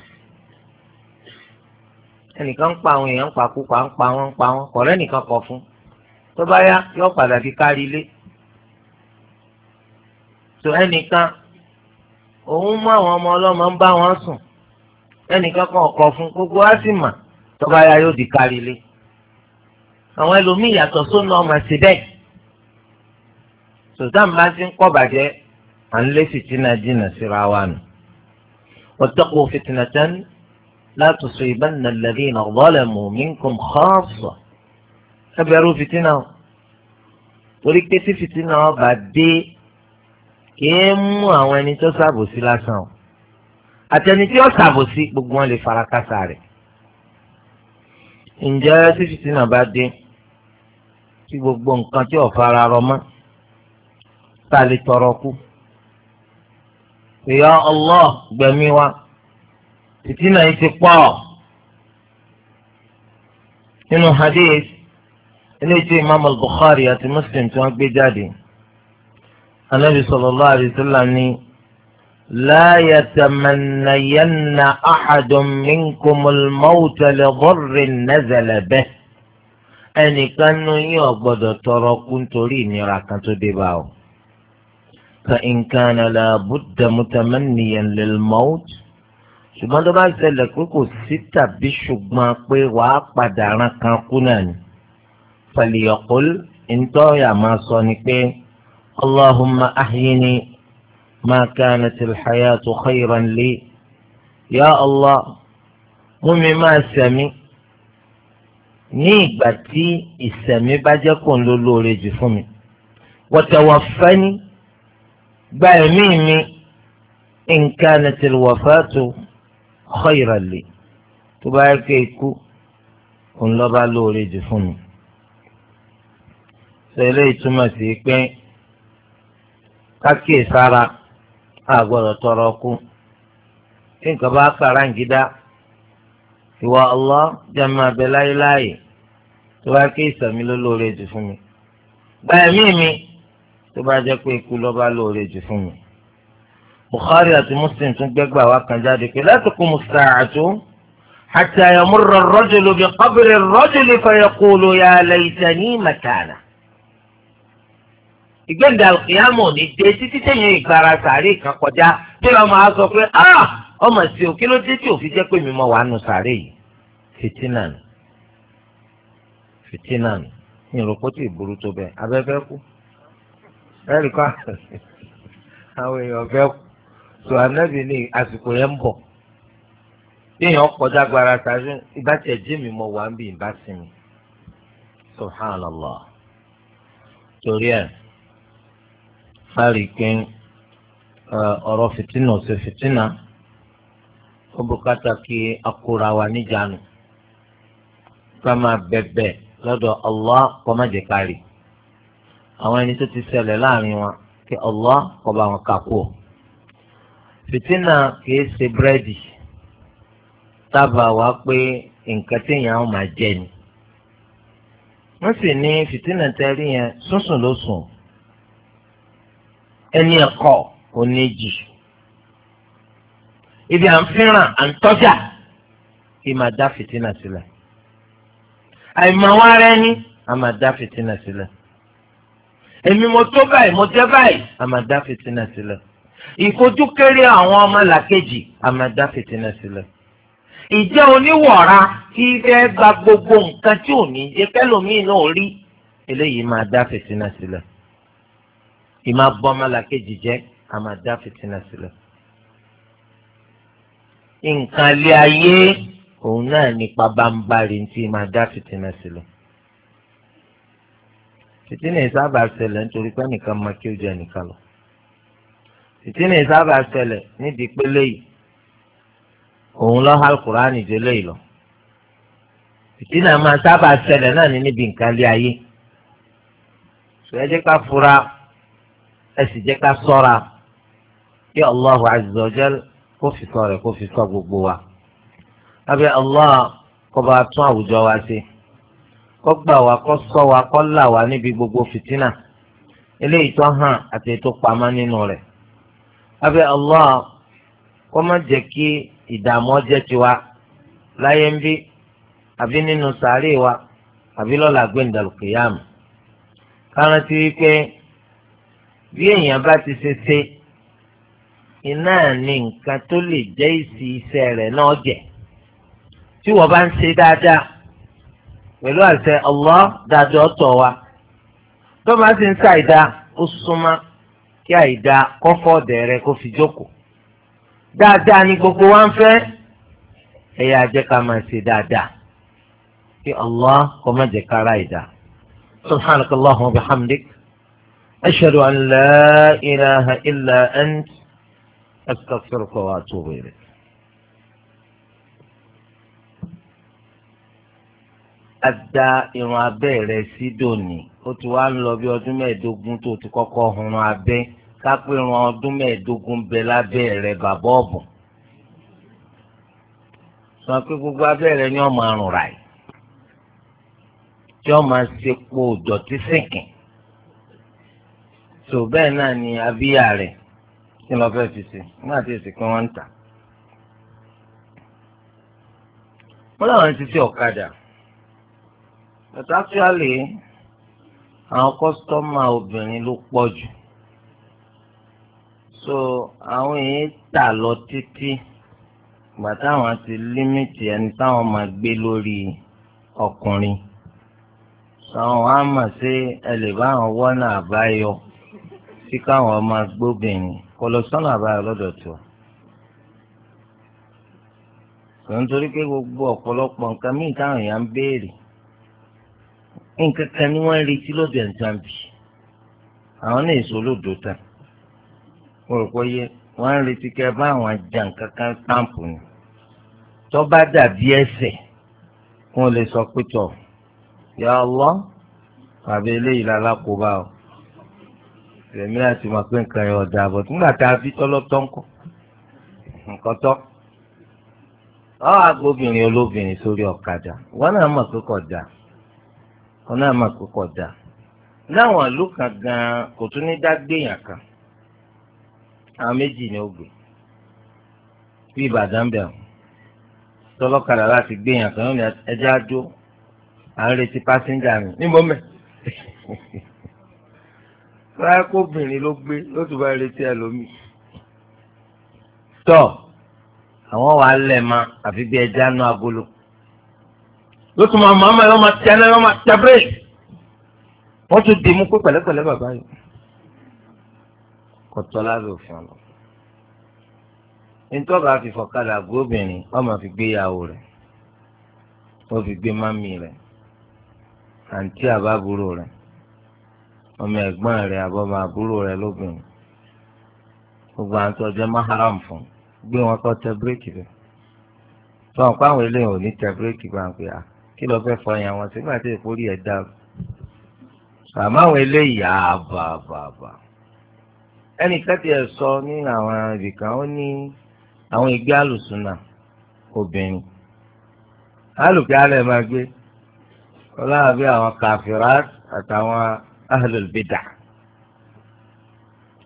ẹnìkan ń pa àwọn èèyàn ń pa kúpa ń pa wọn ń pa wọn kọ̀rẹ́ nìkan kọ fún tó bá yá yóò padà di kárí ilé tó ẹnìkan òun mú àwọn ọmọ ọlọ́mọ ń bá wọn sùn ẹnìkan kan ọkọ fún gbogbo á sì mà tọ́ba ya yóò di kárí ilé àwọn ẹlòmíì yàtọ̀ sóun náà mà sí bẹ́ẹ̀ sòtá máa ti ń kọ́ bàjẹ́ à ń lé fìtínà jìnnà síra wa nù wattaqu fitnatan la tusibanna alladhina zalamu minkum khassa ẹ bẹ̀rù fìtínà o torí pé tí fìtínà ọba dé kì í mú àwọn ẹni tó ṣàbòsí lásán o àtẹni tí ó ṣàbòsí gbogbo wọn lè fara kásá rẹ̀ ǹjẹ́ tí fìtínà bá dé tí gbogbo nǹkan tí ò fara rọ mọ́ tá lè tọrọ kú ìyá Allah gbẹ̀mí wa fìtínà yìí ti pọ̀ nínú hadith eléyìí tí imaamu al-Bukhari àti Muslim tí wọ́n gbé jáde. النبي صلى الله عليه وسلم la yatamannayanna ahadun minkumul mawta li dharrin nazala bihi ẹnìkan nu yín ò gbọ́dọ̀ tọrọ kú nítorí ìnira kan tó dé bá o. fa in kana la budda mutamanniyan lil maut ṣùgbọ́n tó bá ṣẹlẹ̀ pé kò sí tàbí ṣùgbọ́n pé wàá padà ran kan kú náà ni. falyaqul ntọ́ yà máa sọ ni pé. اللهم أحيني ما كانت الحياة خيرا لي يا الله ممي ما سمي ní ìgbà tí ìsẹ̀mí bá jẹ́ kó ń lo lóore jù fún mi watawaffani gba ẹ̀mí mi in kanatil wafatu khayran li tó bá yẹ kó ikú ń lọ́ bá lóore jù fún mi. sọ eléyìí túmọ̀ sí pé kákìí sára a gbọ́dọ̀ tọrọ kú tí nǹkan bá kàràǹgídá ìwà Allah jẹ́ máa bẹ láyéláyé tó bá kí ìsàmì ló lóore jù fún mi gba ẹ̀mí mi tó bá jẹ́ pé ikú ló bá lóore jù fún mi. Bukhari àti Muslim tún gbẹ́gbà wá kan jáde pé la taqumu as-sa'atu hatta yamurra ar-rajulu bi qabri ar-rajuli fa yaqulu ya ìgbẹ́ǹda ìyámọ̀ ní dé títí téèyàn ìgbára sàárè kan kọjá bí wọ́n máa sọ pé ah, ọmọ sí o ló dé tí òfin jẹ́ pé mi mọ̀ wà nù sàárè yìí fìtínà nù ní ìrọ̀pọ̀ ìburú tó bẹ́ẹ̀ abẹ́fẹ́ kú ẹ̀rí kọ́ àwọn èèyàn fẹ́ kú tó ní àsìkò yẹn ń bọ̀ kọjá gbára subhanallah torí ẹ̀. a rí i pé ọ̀rọ̀ fìtínà ò ṣe fìtínà ó bùkátà kí akóra níjànú ká máa bẹ̀bẹ̀ lọ́dọ̀ Allah kó má jẹ́ ká rí àwọn ẹni tó ti ṣẹlẹ̀ láàrin wọn kí Allah kó bá wọn kà kú. fìtínà kìí ṣe búrẹ́dì tábà wá pé nǹkan téèyàn máa jẹ ni sì ní yẹn ló sùn. ẹni ẹ̀kọ́ kò ní jì ibi à ń fẹ́ràn à ń tọ́jà kí máa dá fìtínà sílẹ̀ àìmọ̀wá ara ẹni a máa dá fìtínà sílẹ̀ èmi mo tó báyìí mo jẹ́ báyìí a máa dá fìtínà sílẹ̀ ìfojúkéré àwọn ọmọ làkejì a máa dá fìtínà sílẹ̀ ìjẹ́ oníwọ̀ra kí fẹ́ gba gbogbo nǹkan tí ò ní jẹ́ kẹ́lòmíì náà rí eléyìí máa dá fìtínà sílẹ̀ ìmá bọ́mọlàkejì jẹ́ a máa dá fìtínà sílẹ̀. nǹkan lé ayé òun náà nípa bámbárì tí máa dá fìtínà sílẹ̀. fìtínà ìsábà ṣẹlẹ̀ nítorí pé nìkan máa kí ó jẹ nìkan lọ. fìtínà ìsábà ṣẹlẹ̀ nídìí pélé yìí òun lọ́ hàlùkùránì jẹ́ lẹ́yìn lọ fìtínà máa sábà ṣẹlẹ̀ náà ní níbi nǹkan lé ayé ṣùgbọ́n ẹ jẹ́ ká fura ẹ si jẹ́ ká sọra kí Allahu azza wa jal kó fi sọ rẹ̀ kó fi sọ gbogbo wa. abẹ́ Allah kó tún àwùjọ wa ṣe kọ gbà wá kó ṣọ́ wa kó là wá níbi gbogbo fìtínà eléyìí tó hàn àti ètò pamọ́ nínú rẹ̀. abẹ́ Allah kó má jẹ́ kí ìdààmú ọjẹ́ tiwa láyé ń bí àbí nínú sàárè wa àbí lọ́la wípé. bí èèyàn bá ti ṣe ṣe iná ní nǹkan tó lè jẹ́ ìsì iṣẹ́ rẹ̀ náà jẹ̀ tí wọ́n bá ń ṣe dáadáa pẹ̀lú àṣẹ dájọ́ wa tó bá ti ń ṣàìdá ó súnmọ́ kí àìdá kọ́fọ́ ọ̀dẹ̀ kó fi jókòó dáadáa ni gbogbo wa ń fẹ́ ẹ̀yà jẹ́ ká máa ṣe dáadáa kí أشهد أن لا إله إلا أنت أستغفرك وأتوب إليك ada irun abẹ́ rẹ̀ sí dòní ó ti wá ń lọ bí ọdún mẹ́ẹ̀ẹ́dógún tó ti kọ́kọ́ hun abẹ́ kápẹ́ irun ọdún mẹ́ẹ̀ẹ́dógún bẹ lábẹ́ rẹ̀ bàbá ọ̀bùn sọ pé gbogbo abẹ́ rẹ̀ ni ọmọ àrùn rà yìí tí ọmọ ṣe po dọ̀tí so bẹ́ẹ̀ náà ni abíyá rẹ̀ kí lọ́ọ́ fẹ́ fi ṣe nígbà tí èsì kan wọ́n ń tà. wọ́n láwọn ti ṣe ọ̀kadà but actually àwọn kọ́sítọ́mà obìnrin ló pọ̀ jù so àwọn èèyàn tà lọ títí ìgbà táwọn ti límìtì ẹni táwọn máa gbé lórí ọkùnrin so àwọn á mà ṣe ẹ lè bá àwọn wọ́nà àbáyọ. So, sí káwọn ọmọ gbóbìnrin kọ lọ sọ́nà àbáyọ lọ́dọ̀ tó sọ nítorí pé gbogbo ọ̀pọ̀lọpọ̀ nǹkan míì táwọn èèyàn ń béèrè nǹkan kan ni wọ́n ń retí lọ́dọ̀ ẹ̀ǹtàn bì àwọn náà èso lòdò tán mo rò pé yẹ wọ́n ń retí kẹ́ bá àwọn ajá nǹkan kan pàǹpù ni tó bá dàbí ẹsẹ̀ kí wọ́n lè sọ pé tọ̀ yà Allah tàbí eléyìí lálákòóbá o èmi náà ti mọ̀ pé nǹkan yẹn ọ̀dà àbọ̀ nígbà tá a fi tọ́lọ́tọ́ ń kọ́ nǹkan tọ́ ọ agbóbìnrin olóbìnrin sórí ọ̀kadà wọn náà mọ̀ pé kò dà wọn náà mọ̀ pé kò dà láwọn ìlú kan gan-an kò tún ní dá kan àwọn méjì ni ó gbé bí Ìbàdàn bẹ̀rù tọlọ́kadà láti gbéyàn kan ẹjẹ́ àjò à ń retí pásíńjà mi níbo mẹ́ báyà kó obìnrin ló gbé ló tún bá retí ẹlòmíì. tọ́ àwọn wà á lẹ̀ ma àfi bí ẹja nú agolo ló tún máa màmá yọ máa tẹ ẹ yọ máa tẹ bírèkì wọ́n tún dì mú pé pẹ̀lẹ́pẹ̀lẹ́ bàbá yìí kò tọ́ lábẹ́ òfin ọ̀nà ntọ́ba fi fọ̀kadà gómìnrin ọmọ fi gbéyàwó rẹ̀ ó fi gbé mami rẹ̀ àǹtí àbábúrò rẹ̀ ọmọ ẹ̀gbọ́n rẹ̀ àbọ̀mọ àbúrò rẹ̀ lóbìnrin gbogbo àwọn tó jẹ́ maharam fún gbé wọn kọ́ tẹ bíréèkì rẹ̀ tó àwọn pàwọn eléyìí ò ní tẹ bíréèkì bá ń pè á kí lọ fẹ́ fọyín àwọn sígbà tí èkó rí ẹ̀ dá àmọ́ àwọn eléyìí àbà àbà àbà ẹnìkan ti ẹ̀ sọ ní àwọn ibìkan ó ní àwọn ìgbé àlùsùnà obìnrin alùpùpù alẹ́ máa gbé ọlọ́run bí àwọn kàfìrà àtàwọn. ahlul bidà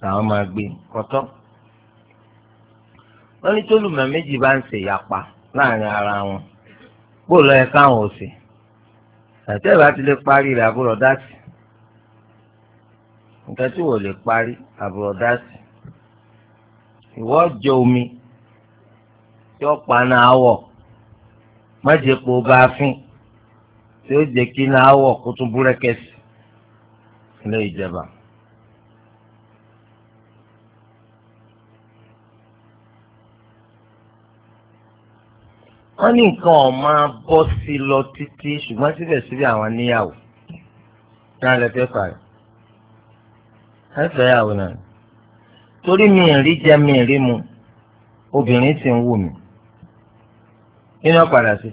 làwọn máa gbé kọtọ wọn ní tólùmọ̀ méjì bá ń ṣe láàrin ara wọn ẹ káwọn àtẹ̀wé àti lè parí nǹkan tí wò lè parí omi tí ó pa náà wọ̀ má jẹ́ kó o bá fín tí ilé ìjẹba. wọ́n ní nǹkan ọ ma bọ́ sí lọ títí ṣùgbọ́n síbẹ̀síbẹ̀ àwọn níyàwó náà lè fẹ́ fà yàwó náà torí mi ì jẹ mi mu obìnrin ti ń wù mí nínú ọ̀padà sí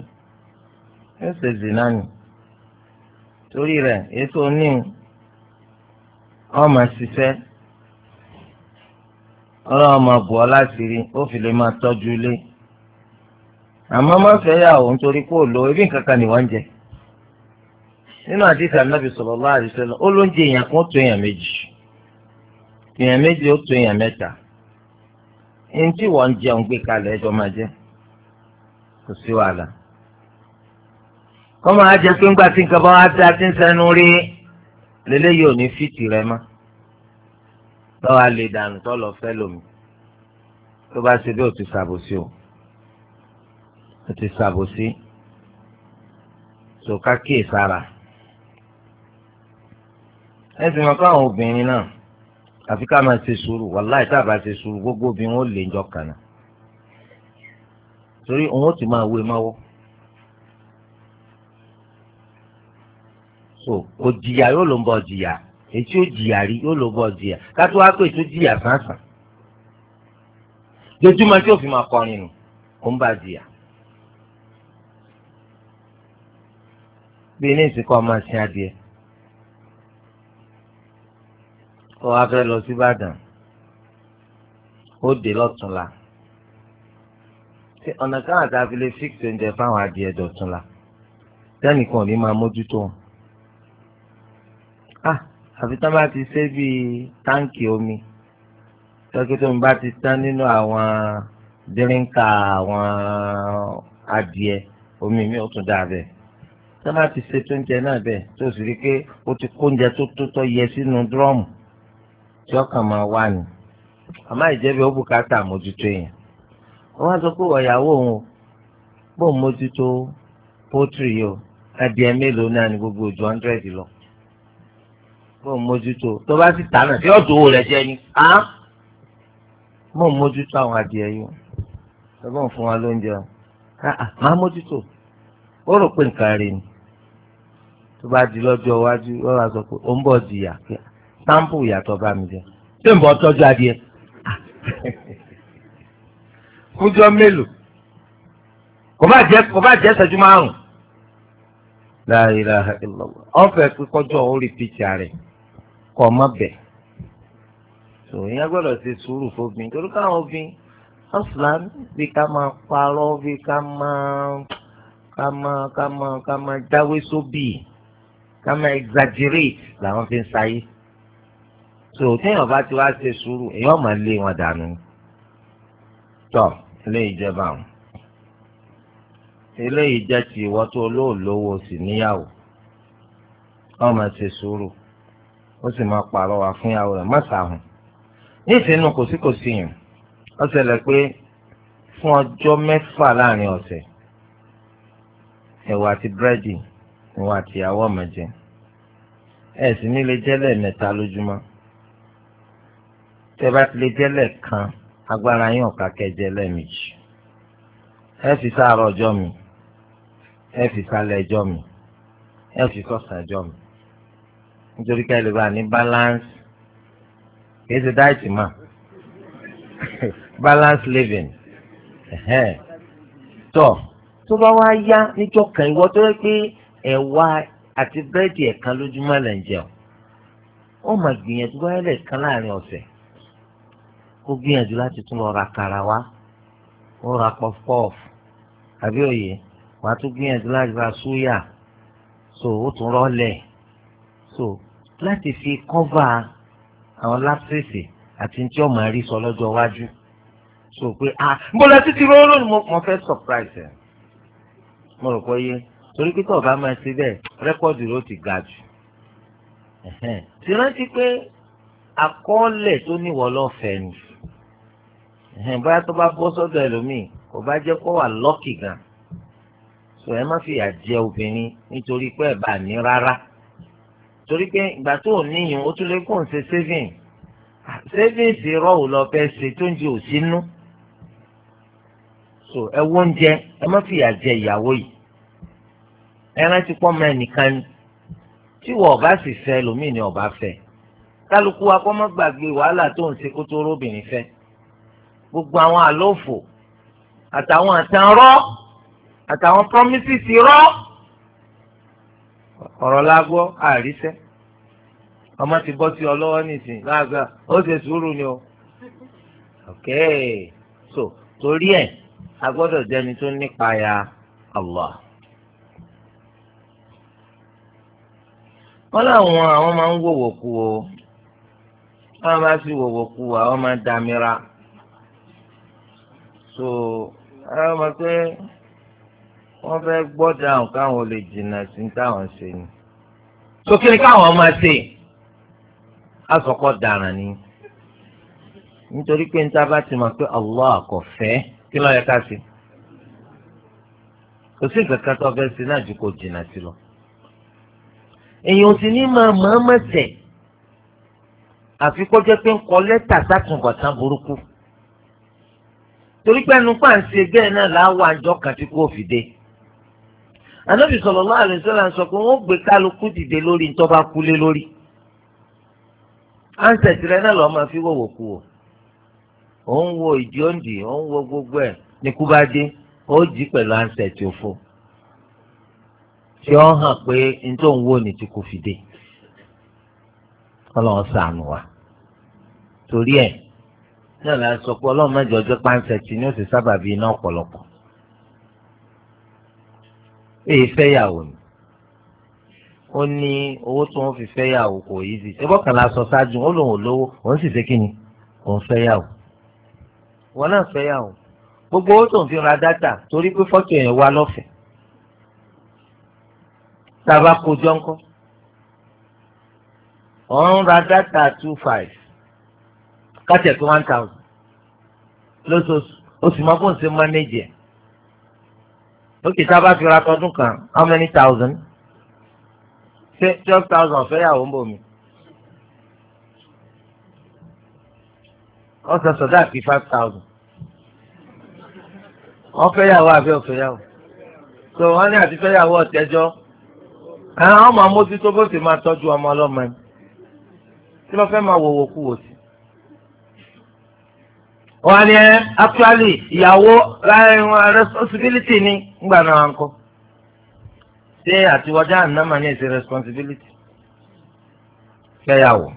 ẹ ṣe zì torí rẹ̀ oníhùn wọ́n máa ṣiṣẹ́ ọlọ́run Ọ láti rí ó fi lè máa tọ́jú ilé àmọ́ má fẹ́ yàwó nítorí pé lo ebi nǹkan kan ni wọ́n jẹ nínú àdìsí anábì sallallahu alaihi wasallam ó ló ń jẹ èèyàn kan tó èèyàn méjì èèyàn méjì ó tó èèyàn mẹ́ta ẹni tí wọ́n jẹun gbé kalẹ̀ ẹjọ́ máa jẹ kò sí wàhálà kọ́ máa lélẹ́yìí ò ní fìtì rẹ mọ́ lọ́wọ́ a lè dànù tó lọ fẹ́ lómi tó bá ṣe bí o ti ṣàbòsí o o ti ṣàbòsí sòká kíyè sára ẹsìn máa fáwọn obìnrin náà àfi ká máa ṣe sùúrù wàláì tá a bá ṣe sùúrù gbogbo obìnrin ó lè jọ kànáà torí òun ó ti máa wé máwọ́. so kò jìyà yóò ló ń bọ̀ jìyà ètí ó jìyà rí yóò ló ń bọ̀ jìyà kátó wá pé ètò jìyà sánsan jojúmọ́ tí òfin máa kọrin nù ó ń bá jìyà. bí ní ìsìnkú ọmọ sin adìẹ ó wá fẹ́ lọ sí Ìbàdàn ó dé lọ́túnla ọ̀nà káwọn àti àfilẹ́ fíìsì oúnjẹ fáwọn adìẹ dọ̀túnla tẹ́nìkan ò ní máa mójútó wọn ah àfi tán bá ti ṣe bíi táǹkì omi tọ́kítọ́ mi bá ti tán nínú àwọn dírínkà àwọn adìẹ omi mi ò tún dáa bẹ́ẹ̀ tán bá ti ṣe tóúnjẹ náà bẹ́ẹ̀ tó sì rí i pé ó ti kóúnjẹ tó tó tọ́ yẹ sínú dúrọ́ọ̀mù tí ọkàn máa wà ní àmọ́ ìjẹ́bi ó bùkátà àmójútó yẹn wọ́n á sọ pé ọ̀yàwó òun o bó mójútó pótìrì yìí o adìẹ mélòó náà ní gbogbo ojú hundred lọ mò ń mójútó tó bá sì tà náà yóò dòwò rẹ̀ jẹ ni mò ń mójútó àwọn adìẹ yìí tó bá ń fún wa lóúnjẹ o máa mójútó ó rò pé nǹkan rẹ̀ ni tó bá di lọ́jọ́ iwájú ó wá sọ pé ó ń bọ̀ di ìyà táǹpù ìyàtọ̀ bá mi jẹ ṣé ń bọ̀ tọ́jú adìẹ fúnjọ́ mélòó kò bá jẹ́ kò bá jẹ́ ṣẹ́jú márùn-ún la ilaha illallah orí píkì rẹ̀ kọ́ ọ má bẹ̀. sọ ìyẹn gbọ́dọ̀ ṣe sùúrù fóbin torí káwọn obìn aslan bí ká máa parọ́ bí ká máa ká máa ká máa ká máa dáwé sóbì ká máa exaggerate làwọn fi ń sáyé. sọ téèyàn bá ti wá ṣe sùúrù èèyàn máa lé wọn dànù. tọ́ ilé ìjọba àwọn eléyìí jẹ́ ti ìwọ tó olóòlówó sì níyàwó ọmọ ṣe sùúrù ó sì máa pààrọ̀ wá fún ìyàwó rẹ̀ má sàhùn ní ìsinú kòsíkòsí yẹn ó ṣẹlẹ̀ pé fún ọjọ́ mẹ́fà láàrin ọ̀sẹ̀ ẹ̀wà àti búrẹ́dì ìwà àti ìyàwó ọmọ jẹ ẹ sì ní lè jẹ́lẹ̀ mẹ́ta lójúmọ́ tẹ́ bá ti lè jẹ́lẹ̀ kan agbára yín ọ̀ka kẹjẹ lẹ́ẹ̀mejì ẹ fi sáàárọ̀ ọjọ́ mi ẹ fi sálẹ̀ ọjọ́ mi ẹ fi sọ̀sán ọjọ́ mi nítorí ká lè ní balance kìí ṣe dáìtì mà balance living tọ tó bá wá yá níjọ́ kan ìwọ tó yẹ pé ẹ̀wà àti búrẹ́dì ẹ̀kan lójúmọ́ lẹ̀ ń jẹun ó mà gbìyànjú báyọ̀ lẹ́ẹ̀kan láàrin ọ̀sẹ̀ ó gbìyànjú láti tún lọ ra kàrà wá ó ra pọfupọf àbí òye wàá tún gbìyànjú láti ra súyà so ó tún rọ́ọ̀lẹ̀ so láti fi kọ́va àwọn lápẹ́sì àti tí ọmọ rí sọ lọ́jọ́ iwájú So, pé ah bọ́lá títí rọ́rọ́ ni mo fẹ́ surprise ẹ̀ mo rò pé yé torí pé tọ́ọ̀ bá máa ṣe bẹ́ẹ̀ rẹ́kọ́ọ̀dù ló ti ga jù ti rántí pé àkọọ́lẹ̀ tó níwọ̀ lọ́fẹ̀ẹ́ ni bóyá tó bá bọ́ sọ́dọ̀ ẹlòmíì kò bá jẹ́ kó wà lọ́kì gan so ẹ má fìyà jẹ obìnrin nítorí pé ẹ̀ bá ní rárá torí pé ìgbà tó ò níyìn ó tún lè kó ń ṣe saving savings rọ ò lọ fẹ́ ṣe tó ń jẹ òsínú so ẹ wo oúnjẹ ẹ má fìyà jẹ ìyàwó yìí ẹ rántí pọ́ mọ ẹnìkan ni tí wọ́n ọ̀bá sì fẹ́ lómìn ni ọ̀bá fẹ́ kálukú wa kọ́ mọ́ gbàgbé wàhálà tó ń ṣe kó tó róbìnrin fẹ́ gbogbo àwọn àlófò àtàwọn àtàn rọ́ àtàwọn promises rọ́. ọ̀rọ̀ lágbọ́ àríṣẹ́ ọmọ ti bọ́ sí ọ lọ́wọ́ nìsín láàgbà ó ṣe sùúrù ni o ok so torí ẹ a gbọ́dọ̀ jẹni tó nípa ya Allah. wọ́n láwọn àwọn máa ń wòwò kú o wọ́n máa sì wòwò kú àwọn máa dàmíra so àwọn máa pé. Pe... wọ́n fẹ́ gbọ́ dáhùn káwọn lè jìnnà sí táwọn ṣe ni. sókè káwọn máa ṣe àsọkọ dàrán ni nítorí pé níta bá ti mọ̀ pé Allah kò fẹ́ kí ló yẹ ká ṣe kò sí nǹkan kan tó fẹ́ ṣe náà ju kò jìnnà sí lọ. èèyàn sì ní máa máa mọ̀ tẹ̀ àfi kó jẹ́ pé ń kọ lẹ́tà sátúnkọ̀tán burúkú torí pé ẹnu pàǹsẹ̀ bẹ́ẹ̀ náà láwọn àjọ kan tí kò fi dé anábì sallallahu alaihi wasallam sọ pé wọ́n gbé kálukú dìde lórí ntọ́ba kúlé lórí ansẹ̀tì rẹ náà lọ́ọ́ máa fi wọ̀wọ̀ kú o òun wo ìdí òǹdì òun wo gbogbo ẹ̀ ní kú bá dé ó jí pẹ̀lú ansẹ̀tì òfo tí ó hàn pé ntọ́ ń wò ní tí kò fi ọlọ́run ṣàánú wa torí ẹ̀ náà la sọ pé ọlọ́run mẹ́jọ ọjọ́ pàǹsẹ̀tì ni ó sì sábàbí iná ọ̀pọ̀lọpọ̀ èyí fẹ́yàwó ni ó ní owó tí wọ́n fi fẹ́yàwó kò yí sí ẹgbọ́n kan la sọ ṣáájú ó lòun ò lówó òun sì ṣe kí ni òun fẹ́yàwó wọn náà fẹ́yàwó gbogbo owó tó ń fi ra dátà torí pé fọ́tò yẹn wá lọ́fẹ̀ẹ́ tá a bá kojọ́ ńkọ́ òun ra dátà two five kátẹ̀ pé one thousand lóṣooṣù oṣù mọ́kànṣe mánéjì ẹ̀ ókè tá a bá fi ra tọdún kan how many thousand ṣe twelve thousand fẹ́yàwó ń bò mí. ọsàn sọdá àti five thousand wọ́n fẹ́yàwó àbí ọ̀fẹ́yàwó so wọ́n ní àti fẹ́yàwó ọ̀tẹ́jọ́ àwọn ọmọ amójútó bó sì máa tọ́jú ọmọ ọlọ́mọ yìí tí wọ́n fẹ́ máa wòwò kú wò sí wọ́n ní eh, actually ìyàwó eh, responsibility ni ngbà náà ń kọ́ ṣé àtiwọ́jà ànámà ní ìṣe responsibility fẹ́yàwó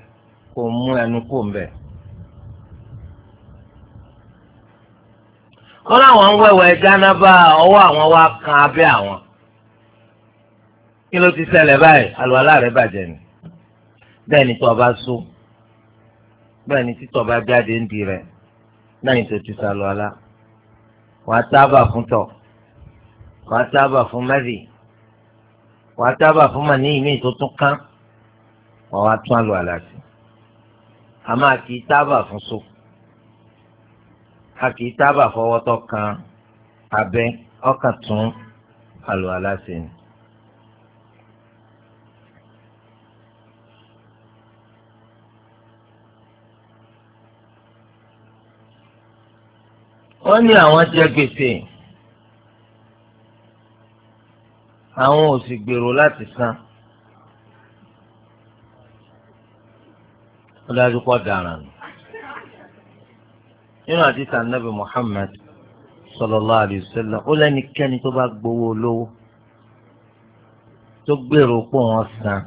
kò mú ẹnu kò ń bẹ̀. wọ́n láwọn ń wẹ̀wẹ̀ jánábà ọwọ́ àwọn wa kan abẹ́ àwọn kí ló ti ṣẹlẹ̀ báyìí àlùwàlá rẹ̀ bàjẹ́ ni bẹ́ẹ̀ ni tó o bá so ni títọ́ bá jáde ń di rẹ̀ lẹ́yìn tó ti sàlù ọ̀la wàá tábà fún tọ̀ wàá tábà fún mẹ́rì wàá tábà fún màní ìmí tó tún kán wàá wá tún àlù ọ̀la sí a máa kì í tábà fún so a kì í tábà fọwọ́ kan abẹ́ ọkàn tún àlù ọ̀la sí ni. wọ́n ní àwọn jẹ gbèsè àwọn ò sì gbèrò láti san ó dájú pọ̀ dára nù nínú àdìsá nàbì Muhammad sallallahu alaihi wasallam ó lẹ́nikẹ́ni tó bá gbowó olówó tó gbèrò pọ̀ wọ́n san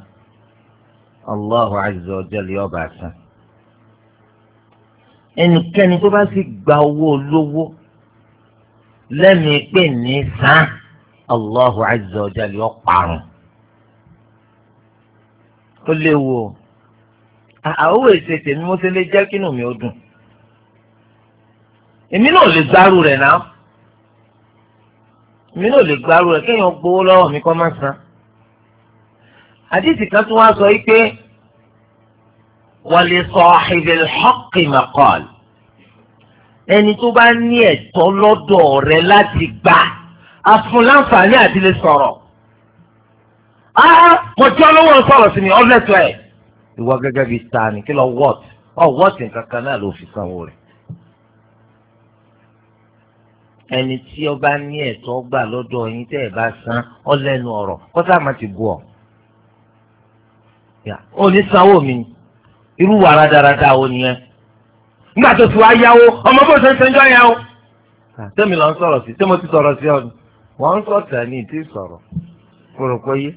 Allahu azza wa jalla yóò san ẹnikẹ́ni tó bá sì gba owó olówó lẹ́mìí pè ní sàn Allahu azza wa jalla yọ parun ó léwu o àwọn èsè tèmi mo ṣe lè jẹ́ kínú mi ó dùn èmi náà lè gbárù rẹ̀ náà èmi náà lè gbárù rẹ̀ kéèyàn gbowó lọ́wọ́ mi kọ́ máa san àdìsí kan tún wá sọ yìí pé. ولصاحب الحق مقال ẹni tó bá ní ẹ̀tọ́ lọ́dọ̀ rẹ láti gbà afúnláǹfààní àti lè sọ̀rọ̀ á mo jẹ́ olówó sọ̀rọ̀ sí mi ọ̀lẹ́tọ̀ ẹ̀. ìwọ gẹ́gẹ́ bíi ta ni kí lọ wọ́t ọ wọ́t nǹkan kan náà ló fi sanwó rẹ̀. ẹni tí ó bá ní ẹ̀tọ́ gbà lọ́dọ̀ yín tẹ́ ẹ bá san ọlẹ́nu ọ̀rọ̀ kọ́sà má ti bú ọ. ò sanwó mi ni irú wà rádaràda wo nìyẹn nígbà tó ti wá yáwó ọmọ bó ṣe ń ṣe ń jọ yáwó. sẹ́mi lọ ń sọ̀rọ̀ sí sẹ́mi ti sọ̀rọ̀ sí ọ ni wọ́n ń sọ̀tà ní ìdí sọ̀rọ̀ kúrò pé yé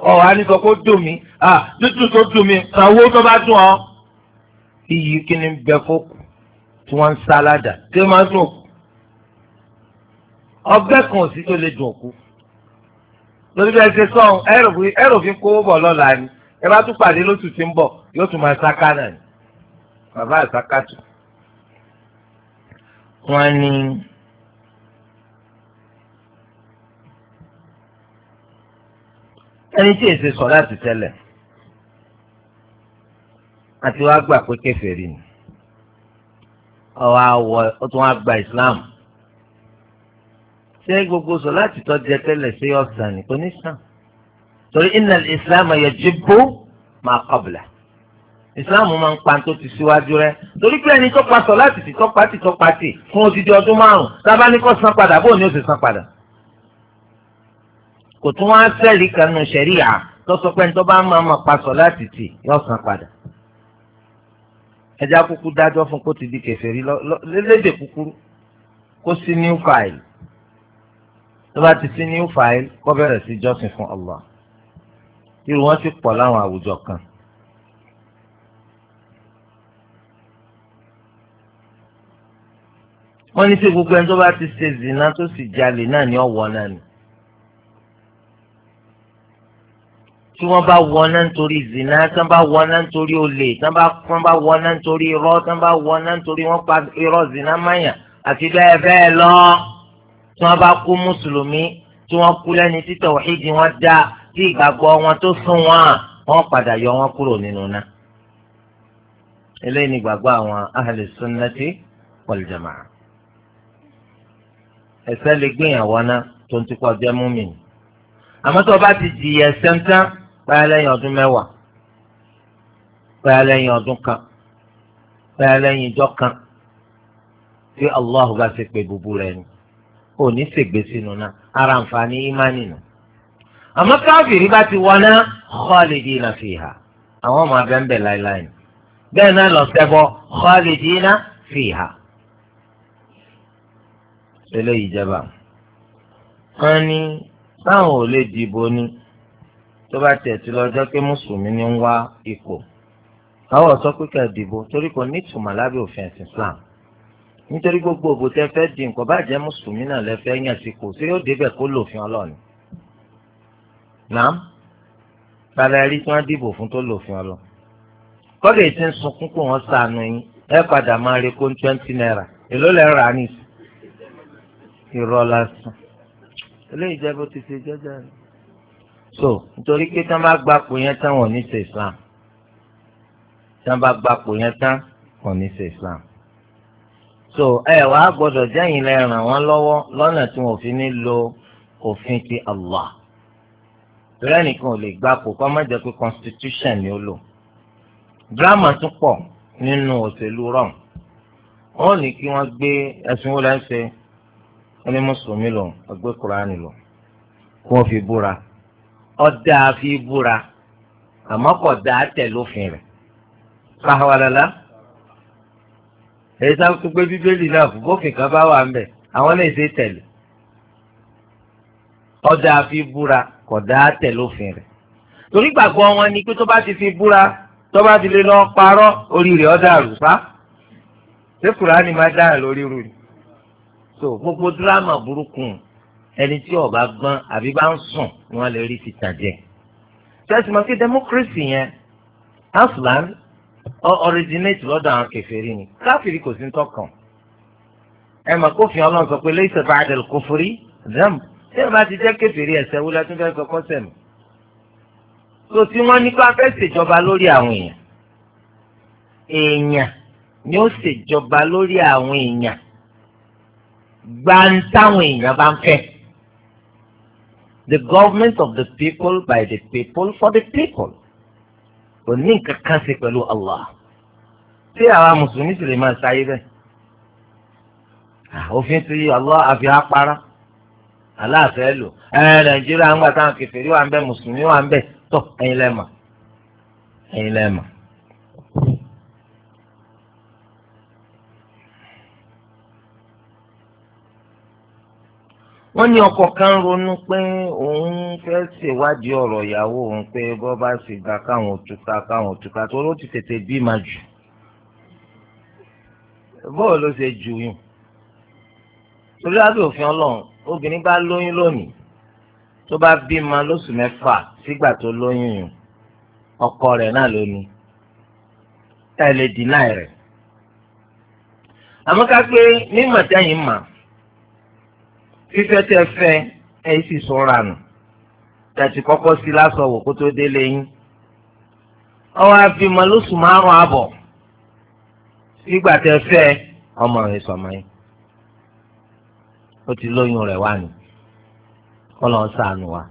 ọ̀ wá ní sọ kó dùn mí dúdú tó dùn mí sanwó tó bá dùn ọ́. iyì kí ni bẹ fókù tí wọ́n ń sáládà tí wọ́n máa ń dùn òkú ọgbẹ́ kan ò sí tó lè dùn òkú lórí bí ẹ ṣe sọ ẹròfin kówó bọ̀ lọ́la ni ẹ bá tún pàdé lóṣù tí ń bọ̀ yóò tún máa sáká náà ni bàbá àsákàtù. wọ́n ní ẹni tí èsì sọ láti tẹ́lẹ̀ àti wàá gbà pé kèfèrí ni ọ̀wá wọ ó tún wàá gba Islam ṣé gbogbo sọ láti tọ́jú ẹ tẹ́lẹ̀ ṣé ọ̀sán ni kò ní sàn torí inna islam yajibu ma qabla islam máa ń pa tó ti síwájú rẹ̀ torí pé ẹni tó pa sọ láti ti tọ́pa ti tọ́pa ti fún odidi ọdún márùn sábà ní kó san padà bóun ni ó sì san padà kò tún wá sẹ́ẹ̀lì kan nù sẹ́ríà tó sọ pé nítorí bá máa ma pa sọ láti tì yóò san padà ẹjẹ akúkú dájọ́ fún kó ti di kèfèrí lédè kúkúrú kó sí new file tó bá ti sí new file kó bẹ̀rẹ̀ sí jọ́sìn fún Allah irú wọn sì pọ̀ láwọn àwùjọ kan. wọ́n ní sí gbogbo ẹni tó bá ti ṣe zina tó sì jalè náà ní ọ̀wọ́ náà ni. tí wọ́n bá wọ náà nítorí zina tí wọ́n bá wọ náà nítorí olè tí wọ́n bá wọ náà nítorí irọ́ tí bá wọ náà nítorí wọ́n pa irọ́ zina mayàn àti bẹ́ẹ̀ bẹ́ẹ̀ lọ. tí wọ́n bá kú mùsùlùmí tí wọ́n kú lẹ́ni tí tawhidi wọn dá tí ìgbàgbọ́ wọn tó sún wọn wọn padà yọ wọn kúrò nínú náà. eléyìí ni ìgbàgbọ́ àwọn ahli sunnati wal jamaa. ẹ̀ṣẹ̀ lè gbìyànjú náà tó ń tukọ̀ jẹ́ múmi. àmọ́ tó o bá ti di ẹ̀ṣẹ̀ ń tán báyà lẹ́yìn ọdún mẹ́wàá báyà lẹ́yìn ọdún kan báyà lẹ́yìn ìjọ kan tí Allahu bá ṣe pé búburú rẹ ni ò ní ṣègbè sínú náà ara àǹfààní ìmánì náà àmọ́ káfíìrì bá ti wọná khalidina fiha àwọn ọmọ abẹ́ ń bẹ̀ láéláé bẹ́ẹ̀ náà lọ sẹ́bọ̀ khalidina fiha. eléyìí jẹba wọn ní táwọn ò lè dìbò ni tó bá tiẹ̀ ti lọ́jọ́ pé mùsùlùmí ni ń wá ipò àwọn sọ pé ká dìbò torí kò ní ìtumọ̀ lábẹ́ òfin ẹ̀sìn Islam nítorí gbogbo òbò tẹ fẹ́ di nǹkan bá jẹ́ mùsùlùmí náà lẹ fẹ́ yàn sí sí yóò débẹ̀ kó lòfin ọlọ́ọ̀ni nàám tàbí ẹrí tí wọ́n dìbò fún tó lòfin ọlọ kọ́dà ètí ń sunkún kó wọ́n sànù yín ẹ padà máa rí kó twenty naira èló lẹ́ rà ní irọ́ lásán eléyìí jẹ́ bó ti ṣe jẹ́jẹ́ rẹ̀ so nítorí pé tí wọ́n bá gbapò yẹn tán wọ́n ní ṣe Islam tí wọ́n bá gbapò yẹn tán wọ́n ní ṣe Islam so ẹ wàá gbọ́dọ̀ jẹ́yìn lẹ́ ràn wọ́n lọ́wọ́ lọ́nà tí wọ́n fi ní lo òfin ti Allah torí ẹnìkan ò lè gbapò kọ́ má jẹ́ pé constitution ni ó lò drama tún pọ̀ nínú òṣèlú rom wọ́n ní kí wọ́n gbé ẹ̀sùn wọlé ẹ̀sẹ̀ wọ́n ní mùsùlùmí lò ọgbẹ́ kuraani lò kí wọ́n fi búra ọ̀dà fi búra àmọ́ kò dáa tẹ̀ lófin rẹ̀ fàwàlálà èyí sábà tó gbé bíbélì náà fún bófin kan bá wà ń bẹ̀ àwọn lè ṣe tẹ̀lé ọdà fi búra kọ̀dá tẹ̀ lófin rẹ̀ torí gbàgbọ́ wọn ni pé tó bá ti fi búra tó bá ti lè lọ parọ́ orí rẹ̀ ọdà ṣé kùránì máa dáhà lórí rù ni so gbogbo dírámà burúkú ẹni tí ọba gbọ́n àbí bá ń sùn ni wọ́n lè rí ti tàjẹ́ tẹsán mọ̀ pé democracy yẹn aslan originate lọ́dọ̀ àwọn kẹfẹ́rí ni káfíìrì kò sí ń tọkàn ẹ mọ̀ kófin ọlọ́run sọ pé lẹ́yìn sọ bá àdàlù kófórí dẹ́mu tí ẹ bá ti jẹ́ kèfèrí ẹ̀sẹ̀ wo la tún fẹ́ kọ́kọ́ sẹ̀mù tó tí wọ́n ní kó a fẹ́ ṣèjọba lórí àwọn èèyàn èèyàn ni ó ṣèjọba lórí àwọn èèyàn gbantáwọn èèyàn bá ń fẹ́ the government of the people by the people for the people kò ní nǹkan kan ṣe pẹ̀lú Allah tí àwa mùsùlùmí sì lè máa ṣayé bẹ́ẹ̀ òfin ti Allah àfi apara aláàfẹ́ lò ẹ nàìjíríà ń gbà táwọn kèfèrí wà ń bẹ mùsùlùmí wà ń bẹ tọ ẹ̀yin lẹ́ẹ̀mà ẹ̀yin lẹ́ẹ̀mà. wọ́n ní ọkọ kan ronú pé òun fẹ́ ṣèwádìí ọ̀rọ̀ ìyàwó òun pé bọ́ bá sì gba káwọn òtúka káwọn òtúka tó ló ti tètè bí ma jù bọ́ọ̀ ló ṣe jù yùn torí lábẹ́ òfin ọlọ́run obìnrin bá lóyún lónìí tó bá bímọ lóṣù mẹ́fà sígbà tó lóyún yìí ọkọ rẹ̀ náà ló ní ẹ lè dínà rẹ̀ àmọ́ ká pé mímọ̀ tẹ́yìn mà fífẹ́ tẹ́ fẹ́ ẹ sì sọ̀rọ̀ àná tẹ̀sí kọ́kọ́ sí lásán wò kó tó délé yín ọwọ́ àbímọ lóṣù márùn-ún àbọ̀ sígbà tẹ́ fẹ́ ọmọ rẹ̀ sọ̀mọ́ yín ó ti lóyún rẹ̀ wá ní kọ́lọ̀ ń sànù wa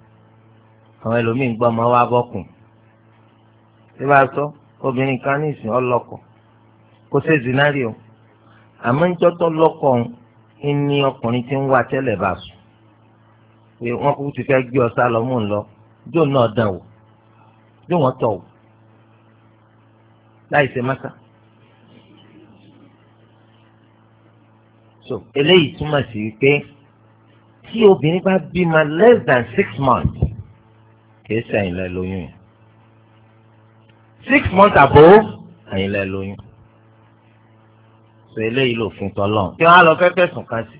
àwọn ẹlòmíín gbọ́ ọmọ wa bọ́kùn tí bá sọ obìnrin kan ní ìsìn ọlọ́kọ̀ kó ṣe zinari o àmọ́ ń jọ́tọ̀ lọ́kọ̀ ń ní ọkùnrin tí ń wá tẹ́lẹ̀ bá sùn pé wọ́n kúkú ti fẹ́ gbé ọ sá lọ mú un lọ jó náà dàn wò jó wọ́n tọ̀ wò láì ṣe mọ́sá. so eléyìí túmọ̀ sí pé tí obìnrin bá bímọ less than six months kìí ṣe àyìnlẹ̀ lóyún six months above àyìnlẹ̀ lóyún so eléyìí lòfin tọ́lọ̀ kí wọ́n á lọ fẹ́ fẹ̀sùn kan sí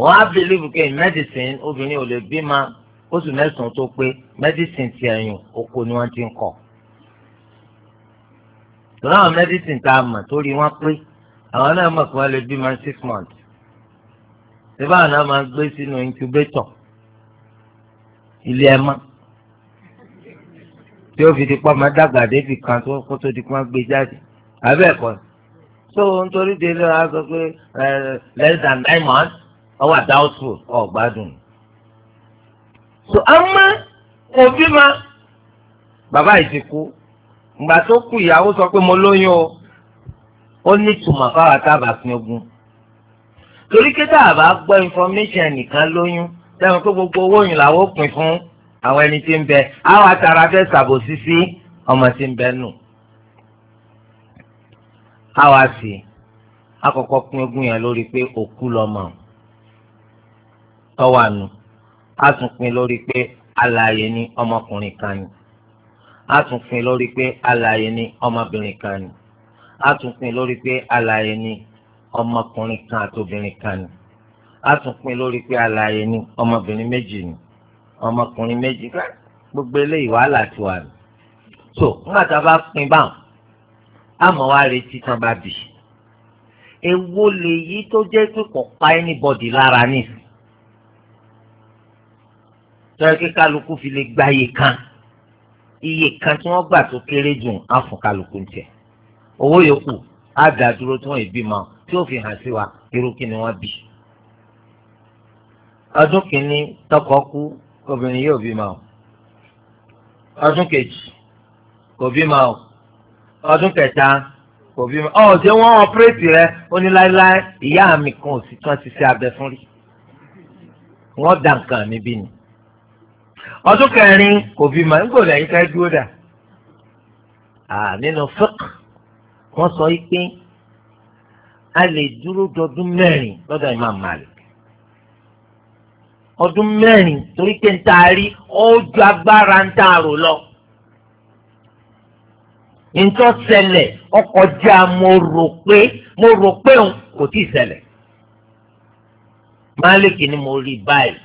wọ́n á believe pé medicine obìnrin ò lè bímọ oṣù mẹ́sàn-án tó pé medicine ti ẹ̀yìn oko ni wọ́n ti ń kọ̀. tòun àwọn medicine tá a mọ̀ torí wọ́n pé àwọn náà mọ̀ pé wọ́n lè bí six months síbá àná máa gbé sínú incubator ilé ẹ̀ tí ó fi máa dàgbà débi kan tó kó tó di pa gbé jáde abẹ́ ẹ̀kọ́ so nítorí délé wa sọ pé less than nine months ọwọ́ doubtful ọ̀gbádùn so àmọ́ òbí ma bàbá yìí ìgbà tó kú ìyàwó sọ pé mo lóyún o. ó ní ìtumọ̀ fáwọn tábà fi ogun torí pé tábà gbọ́ information nìkan lóyún sẹ́wọ̀n pé gbogbo owó yìí làwọn pín fún àwọn ẹni tí ń bẹ àwọn atara fẹ́ ṣàbòsí sí ọmọ tí ń bẹ nù àwa sì àkọ́kọ́ pín ogun yẹn lórí pé òkú lọ́mọ tọ́wọ́ àánú a tún pín lórí pé alààyè ni ọmọkùnrin kan ni a tún pín lórí pé alààyè ni ọmọbìnrin kan ni àtúnpin lórí pé alààyè ni ọmọkùnrin kan àti obìnrin kan ni àtúnpin lórí pé alààyè ni ọmọbìnrin méjì ni ọmọkùnrin méjì kan gbogbo eléyìí wàhálà ti wà ní. so nígbà tá a bá pin báwọn àmọ́ wa retí tán bá bì í èwo lèyí tó jẹ́ pé kò pa anybody lára nìyí tọ́yẹ kí kálukú fi lè gba iye kan iye kan tí wọ́n gbà tó kéré jù á ń tẹ̀ owó yòókù á dá dúró tí wọ́n ì bímọ tí ó fi hàn sí wa irú kí ni wọ́n bí. ọdún kìíní tọkọ kú obìnrin yóò bímọ o ọdún kejì kò bímọ o ọdún kẹta kò bímọ ọ ṣé wọ́n ọpẹrẹtì rẹ ó ní láéláé ìyá mi kan ò sì tán ti abẹ fún rí wọ́n dà nǹkan mi bí ni ọdún kẹrin kò bímọ nígbò lẹ́yìn ká dúró dà nínú fúkú wọ́n sọ pé a lè dúró dọdún mẹ́rin lọ́dọ̀ Imam Malik ọdún mẹ́rin torí pé ń taari ó ju agbára ń taarò lọ ntọ́ ṣẹlẹ̀ ọkọ̀ já mo rò pé mo rò pé òun kò tí ì ṣẹlẹ̀ máàlìkì ni mo rí báyìí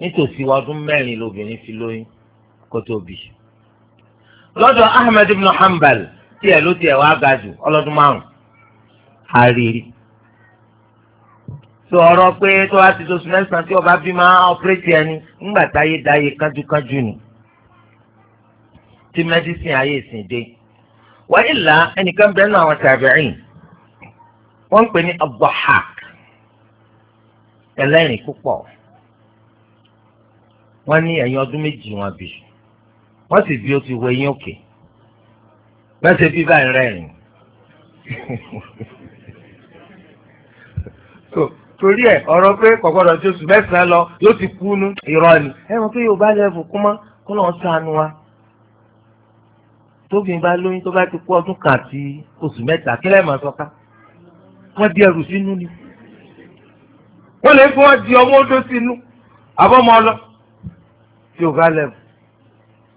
nítòsí ọdún mẹ́rin lobìnrin fi lóyún kó tó bí. Ahmed ibn Hanbal tiẹ̀ ló tiẹ̀ wá ga jù ọlọ́dún márùn á rí rí. sọ ọ̀rọ̀ pé tó bá ti tó sùn mẹ́sàn-án tí ọba bí máa ọ̀pẹ́rẹ́tì ẹni ńgbà táyé dáyé kánjúkánjú ni tí mẹ́dísìn ayé ìsìn dé. wáyé là ẹnìkan bẹ́ẹ̀ náà àwọn tàbíìn wọ́n ń pè ní abdulhaq ẹlẹ́rìn púpọ̀ wọ́n ní ẹ̀yìn ọdún méjì wọn bì wọ́n sì bí ó ti wọ eyín òkè. Okay mẹsẹ bí báyìí rẹyìn torí ẹ ọ̀rọ̀ pé kọgbọdọ tí oṣù mẹ́sàn-án lọ yóò ti kú nu irọ́ ni ẹ mọ̀ pé yorùbá lẹfù kú mọ kó lọ sànù wa tóbìnrin bá lóyún tó bá ti kú ọdún kan àti oṣù mẹ́ta kílẹ̀ mọ̀ sọ́ká wọ́n di ẹrù sínú ni wọ́n lè fọ́ di ọmọ odó sínú àbọ̀mọ́ lọ yorùbá lẹfù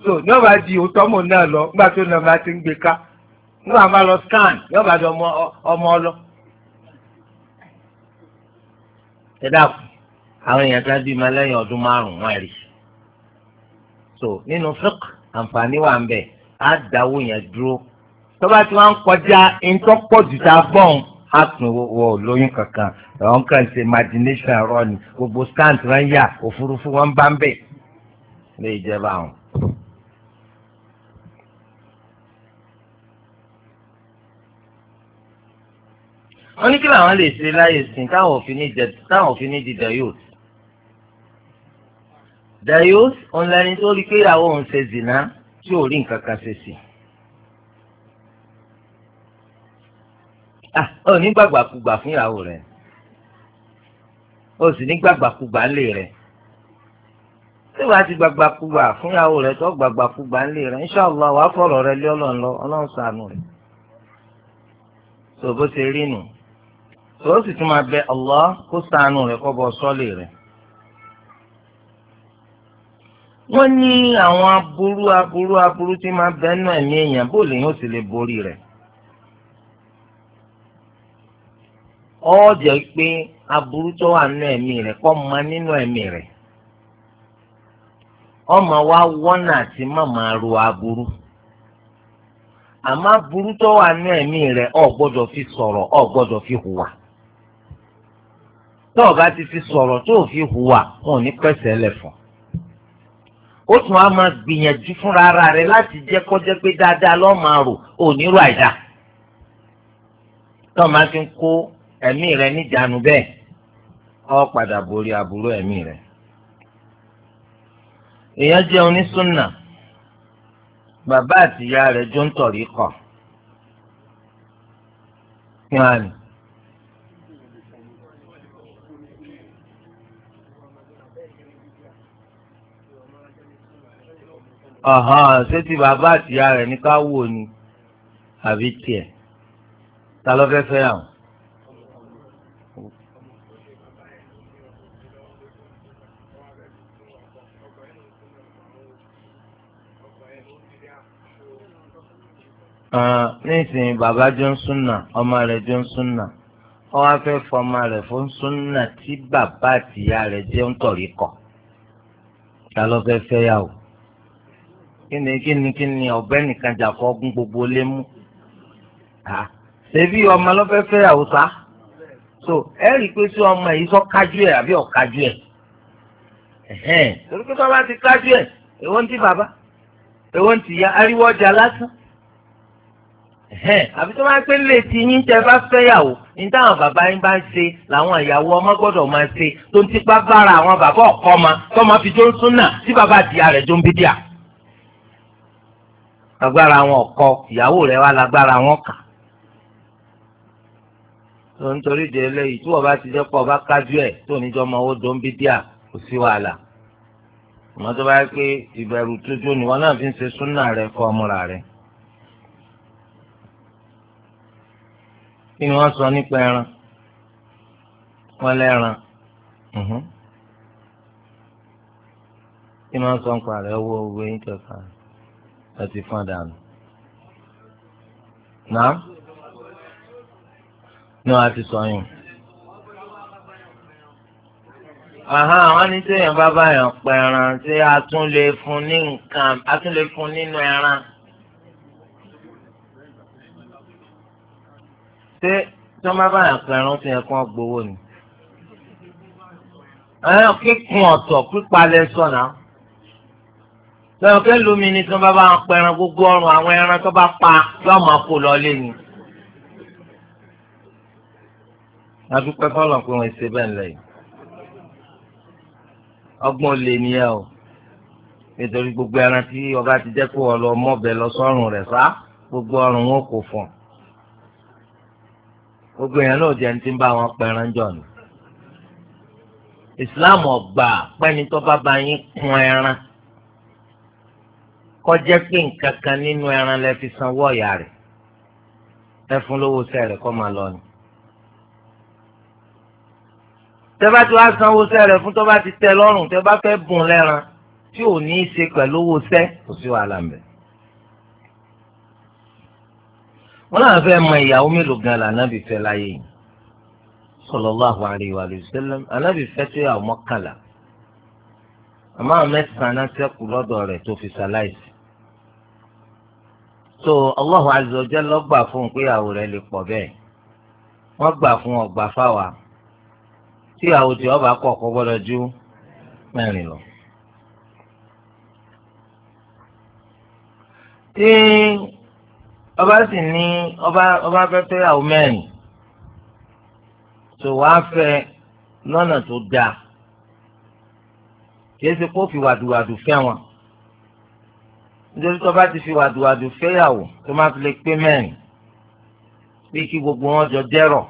so ní ọba di òótọ́ mò náà lọ nígbà tó nàbà ti ń gbé ká nígbà máa lọ scan ní ọba di ọmọ ọmọ ọlọ. ẹ dákun àwọn èèyàn tá a bí ma lẹ́yìn ọdún márùn-ún wọn rí so nínú fúk àǹfààní wà ń bẹ á dáwó yẹn dúró tọ́ba tí wọ́n ń kọjá ìtọ́pọ̀jù tá a bọ̀ ń á tún wọ lóyún kankan àwọn kan ṣe imagination rọ ni gbogbo stand wọn yà òfurufú wọn bá ń bẹ lè jẹba àwọn. wọ́n ní kí làwọn lè ṣe láyè sìn táwọn òfin ní jẹ táwọn òfin ní di dayos dayos ọ̀nlẹ́ni tó rí pé ìyàwó òun ṣe zìnà tí ò rí nǹkan kan ṣe sí. Ah, ó ní gbàgbàkúgbà fún ìyàwó rẹ̀ ó sì ní gbàgbàkúgbà ńlẹ̀ rẹ̀ tí wàá ti gbàgbàkúgbà fún ìyàwó rẹ̀ tó gbàgbàkúgbà ńlẹ̀ rẹ̀ inṣàlá wàá fọ̀rọ̀ rẹ̀ lé ọlọ́run lọ ọlọ́run ṣàánú rẹ̀. sọ bó rí nù. ó sì tún máa bẹ Allah kó ṣàánú rẹ̀ kó bọ́ sọ́ọ̀lì rẹ̀. aburu ní àwọn aburú aburú aburú tí máa bẹ nù ẹ̀mí èèyàn bó lèyìn ó sì lè borí rẹ̀. ó jẹ́ pé aburú tó wà nù ẹ̀mí ma wa wọnà àti ma ro aburú àmọ́ aburú tó wà nù ẹ̀mí fi sọrọ, ọ gbọdọ fi hùwà. tó o bá ti fi sọ̀rọ̀ tó o fi hùwà wọn ò ní pẹ̀sẹ̀ lẹ̀ fún. ó tún á máa gbìyànjú fúnra ara rẹ láti jẹ́ kọ́jẹ́ pé dáadáa lọ́ọ́ máa rò àìdá. tó o máa fi ń kó ẹ̀mí rẹ níjànú bẹ́ẹ̀ o padà borí aburú ẹ̀mí rẹ. èèyàn jẹ́ onísùnnà bàbá àtìyá rẹ̀ jọ ń tọ̀rí kọ̀ kí wọ́n á ní. ọ̀hán ṣé ti bàbá àtìyá rẹ̀ ní ká wò ni àbí tiẹ̀ ta ló fẹ́ fẹ́ àwọn. nísìnyí bàbá jọ ń súnà ọmọ rẹ̀ jọ ń súnà ó wá fẹ́ fọmọ rẹ̀ fún súnà tí bàbá àtìyá rẹ̀ jẹ́ ń tọ̀rí kọ̀ ta ló fẹ́ fẹ́ yà wò kíni kíni kíni ọ̀bẹ nìkan jà fọ́gún gbogbo lé mú ṣebí ọmọ lọ́fẹ́fẹ́ àwùsá so ẹ rí i pé sí ọmọ yìí sọ kájú ẹ àbí ọ̀kájú ẹ torí pé bàbá ti kájú ẹ èwo ń ti bàbá èwo ń ti ya ariwo ọjà lásán àbí tó máa pé lè ti yín tẹ bá fẹ́yàwó ní táwọn bàbá yín bá ń ṣe làwọn ìyàwó ọmọ gbọ́dọ̀ máa ṣe tó ń tipa bára àwọn bàbá ọ̀kọ́ ma tọ́mọ fi jó ń súnà tí bàbá àti ìyá jó ń bídíà agbára wọn kọ ìyàwó rẹ̀ wá lágbára wọn kà tó ń torí de eléyìí tí wọ́n bá ti jẹ́ pọ̀ bá kájú ẹ̀ tó níjọ́ ọmọ owó dó ń bí díà kò sí wàhálà àmọ́ tó bá yẹ pé ìbẹ̀rù tójú ni wọ́n náà fi ń ṣe súnà rẹ̀ kọ́ ọmọra rẹ̀. kí ni wọ́n sọ nípa ẹran wọ́n lẹ́ran kí ni wọ́n sọ nípa rẹ̀ owó owó yín tẹ̀ka rẹ̀ ẹ ti fọ́n dànù. Nàá ní wọ́n á ti sọ yùn. Àhán àwọn ní sẹ́yìn bá báyàn pẹ̀ràn tí a tún lè fún ní nǹkan a tún lè fún nínú ẹran. Ṣé tí wọ́n bá báyàn pẹ̀ràn ti yẹ kí wọ́n gbowó ni? Ẹ̀rọ kíkun ọ̀tọ̀ pípalẹ̀ sọ̀nà lọ́yọ̀ kẹ́ lómi ni tí wọ́n bá bá ń pa ẹran gbogbo ọrùn àwọn ẹran tó bá pa yóò máa kó lọ lé ni. adúpẹ́ fọlọ́ pé wọ́n ṣe bẹ́ẹ̀ lẹ́yìn ọgbọ́n lè ní ẹ o nítorí gbogbo ẹran tí ọba ti jẹ́ kó ọlọ mọ́bẹ lọ sọ́rùn rẹ̀ sá gbogbo ọrùn wọn kò fọ̀ gbogbo èèyàn náà jẹ́ ní ti ń bá wọn pẹran jọ ni Islam ọgbà pẹ́ni tó bá bá yín kun ẹran kọjá pé nǹkan kan nínú ẹran lẹ fi sanwó ọ̀yà rẹ̀ ẹ fún lówó sẹ́rẹ̀ kọ́ máa lọ ni. tẹ́bá tí wàá sanwó sẹ́rẹ̀ fún tọ́ba ti tẹ́ lọ́rùn tẹ́bá fẹ́ bùn lẹ́ran tí ò ní í ṣe pẹ̀lú owó sẹ́ kò sí wàhálà ń bẹ̀. wọ́n náà fẹ́ mọ ìyàwó mélòó gan-an lànàbì fẹ́ láyé yìí sallallahu alayhi wa sallam ànábì fẹ́ tó yàwó mọ́kànlá àmọ́ àwọn án náà lọ́dọ̀ rẹ̀ tó fi ṣaláìsí so Allahu azza wa jalla gbà fún un pé ìyàwó rẹ̀ lè pọ̀ bẹ́ẹ̀ wọ́n gbà fún ọgbà fáwa tí ìyàwó tí ọba kọ̀ kọ́ gbọ́dọ̀ ju mẹ́rin lọ. tí ọba sì ní ọba fẹ́ fẹ́ ìyàwó mẹ́rin tó wàá fẹ́ lọ́nà tó dáa kì í ṣe kó fi wàdùwàdù fẹ́ wọn nítorí tó bá ti fi wàdùwàdù fẹ́yàwó tó máa fi lè pé mẹ́rin bí kí gbogbo wọn jọ jẹ́rọ̀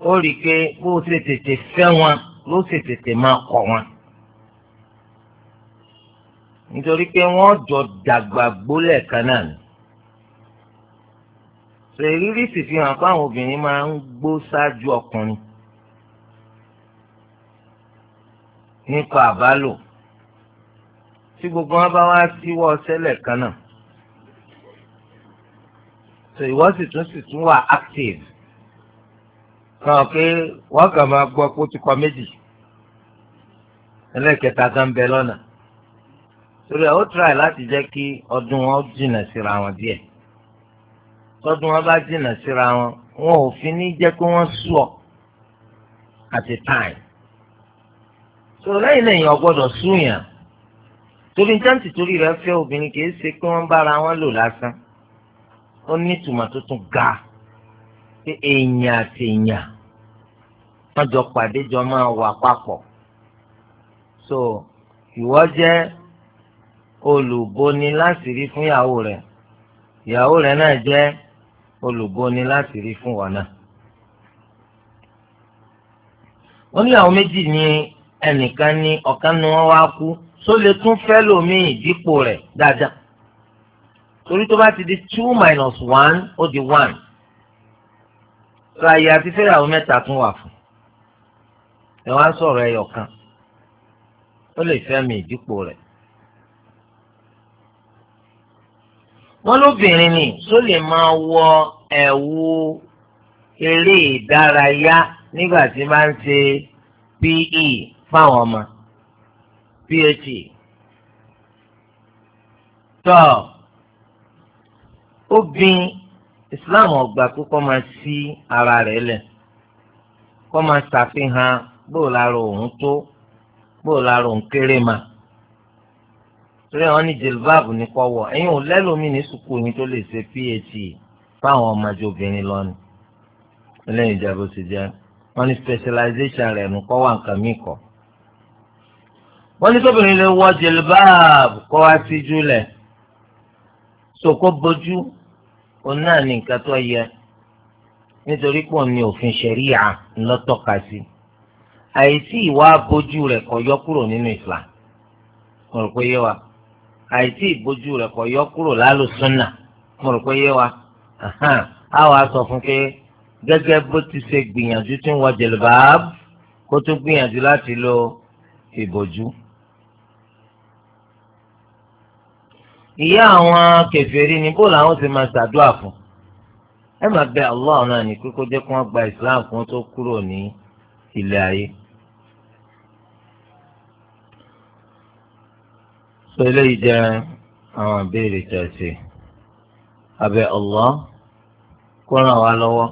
ó rí i pé bó o ṣe tètè fẹ́ wọn ló ṣe tètè máa kọ̀ wọn nítorí pé wọ́n jọ dàgbà gbólẹ̀ kan náà ni ṣèrírí sì fi hàn pé obìnrin máa ń gbó ṣáájú ọkùnrin nípa àbálò tí gbogbo wọn bá wá síwọ́ sẹ́lẹ̀ kan náà so ìwọ sì tún sì tún wà active kàn pé wọ́n kàn máa gbọ́ pé ó ti kọ méjì ẹlẹ́kẹta gan bẹ lọ́nà torí ẹ̀ ó try láti jẹ́ kí ọdún wọn jìnnà síra wọn díẹ̀ tọdún wọn bá jìnnà síra wọn wọn ò fi ní jẹ́ kí wọ́n sú ọ àti time so lẹ́yìn lẹ́yìn ọgbọ́dọ̀ súyàn torí jáǹtì torí rẹ̀ fẹ́ obìnrin kì í ṣe pé wọ́n bára wọn lò lásán ó ní ìtumọ̀ tó tún ga pé èèyàn àti èèyàn wọ́n jọ pàdé jọ máa wà papọ̀ so ìwọ jẹ́ olùboni láti rí fún ìyàwó rẹ̀ ìyàwó rẹ̀ náà jẹ́ olùboni láti rí fún wọn náà. wọ́n ní àwọn méjì ní ẹnìkan ní ọ̀kan ni wọ́n wá kú tó lè tún fẹ́ lòmíì dípò rẹ̀ dáadáa torí tó bá ti di two minus one ó di one láàyè àti fẹ́yàwó mẹ́ta tún wà fún ẹ wá sọ̀rọ̀ ẹyọ kan ó lè fẹ́ mi ìdípò rẹ̀. wọ́n lóbìnrin ni tó lè máa wọ ẹ̀wù eré ìdárayá nígbà tí máa ń ṣe PE fáwọn ọmọ ph tọ obìnrin islam ọgbà kó kọ́ máa sí ara rẹ̀ lẹ̀ kọ́ máa ṣàfihàn bóò lára òun tó bóò lára òun kéré ma torí àwọn ní jilbab ní kọ́ wọ̀ ẹ̀yin ò lẹ́lòmíì ní sùkúù yín tó lè ṣe ph fáwọn ọmọdé obìnrin lọ́nìí ẹlẹ́yin ìjàbọ̀ sì jẹ́ wọ́n ní specialization rẹ̀ nù kọ́ wà nǹkan mí wọ́n ní tóbìnrin lè wọ jìlbáàbù kọ́ wá síjú lẹ̀ sòkò bojú òun náà ní nǹkan tó yẹ nítorí pọ̀ ní òfin ṣẹ̀ríà ńlọ́tọ́ka sí àìsí ìwà bojú rẹ̀ kọ́ yọ kúrò nínú ìfà mo rò pé yé wa àìsí ìbojú rẹ̀ kọ́ yọ kúrò lálùsùnà mo rò pé yé wa a wà sọ fún pé gẹ́gẹ́ bó ti ṣe gbìyànjú tí ń wọ jìlbáàbù kó tó gbìyànjú láti lo ìbojú. E ìyá àwọn kèfèrí ni bó làwọn ti máa ṣàdúrà fún ẹ máa bẹ Allah náà ní kókó jẹ́ kí wọ́n gba Islam kí wọ́n tó kúrò ní ilé ayé. sọ eléyìí jẹ́ àwọn àbẹ̀rẹ̀ tẹ̀sí abẹ Allah kó ràn wá lọ́wọ́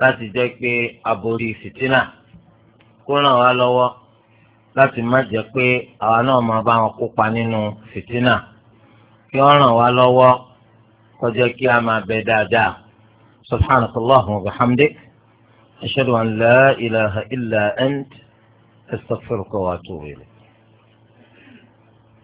láti jẹ́ pé aborí fìtínà kó ràn wá lọ́wọ́ láti má jẹ́ pé àwa náà máa bá wọn kópa nínú fìtínà. No kí ó ràn wá lọ́wọ́ kó jẹ́ kí a máa bẹ dáadáa subhanaka allahumma wa bihamdik ashhadu an la ilaha illa ant astaghfiruka wa atubu ilayk.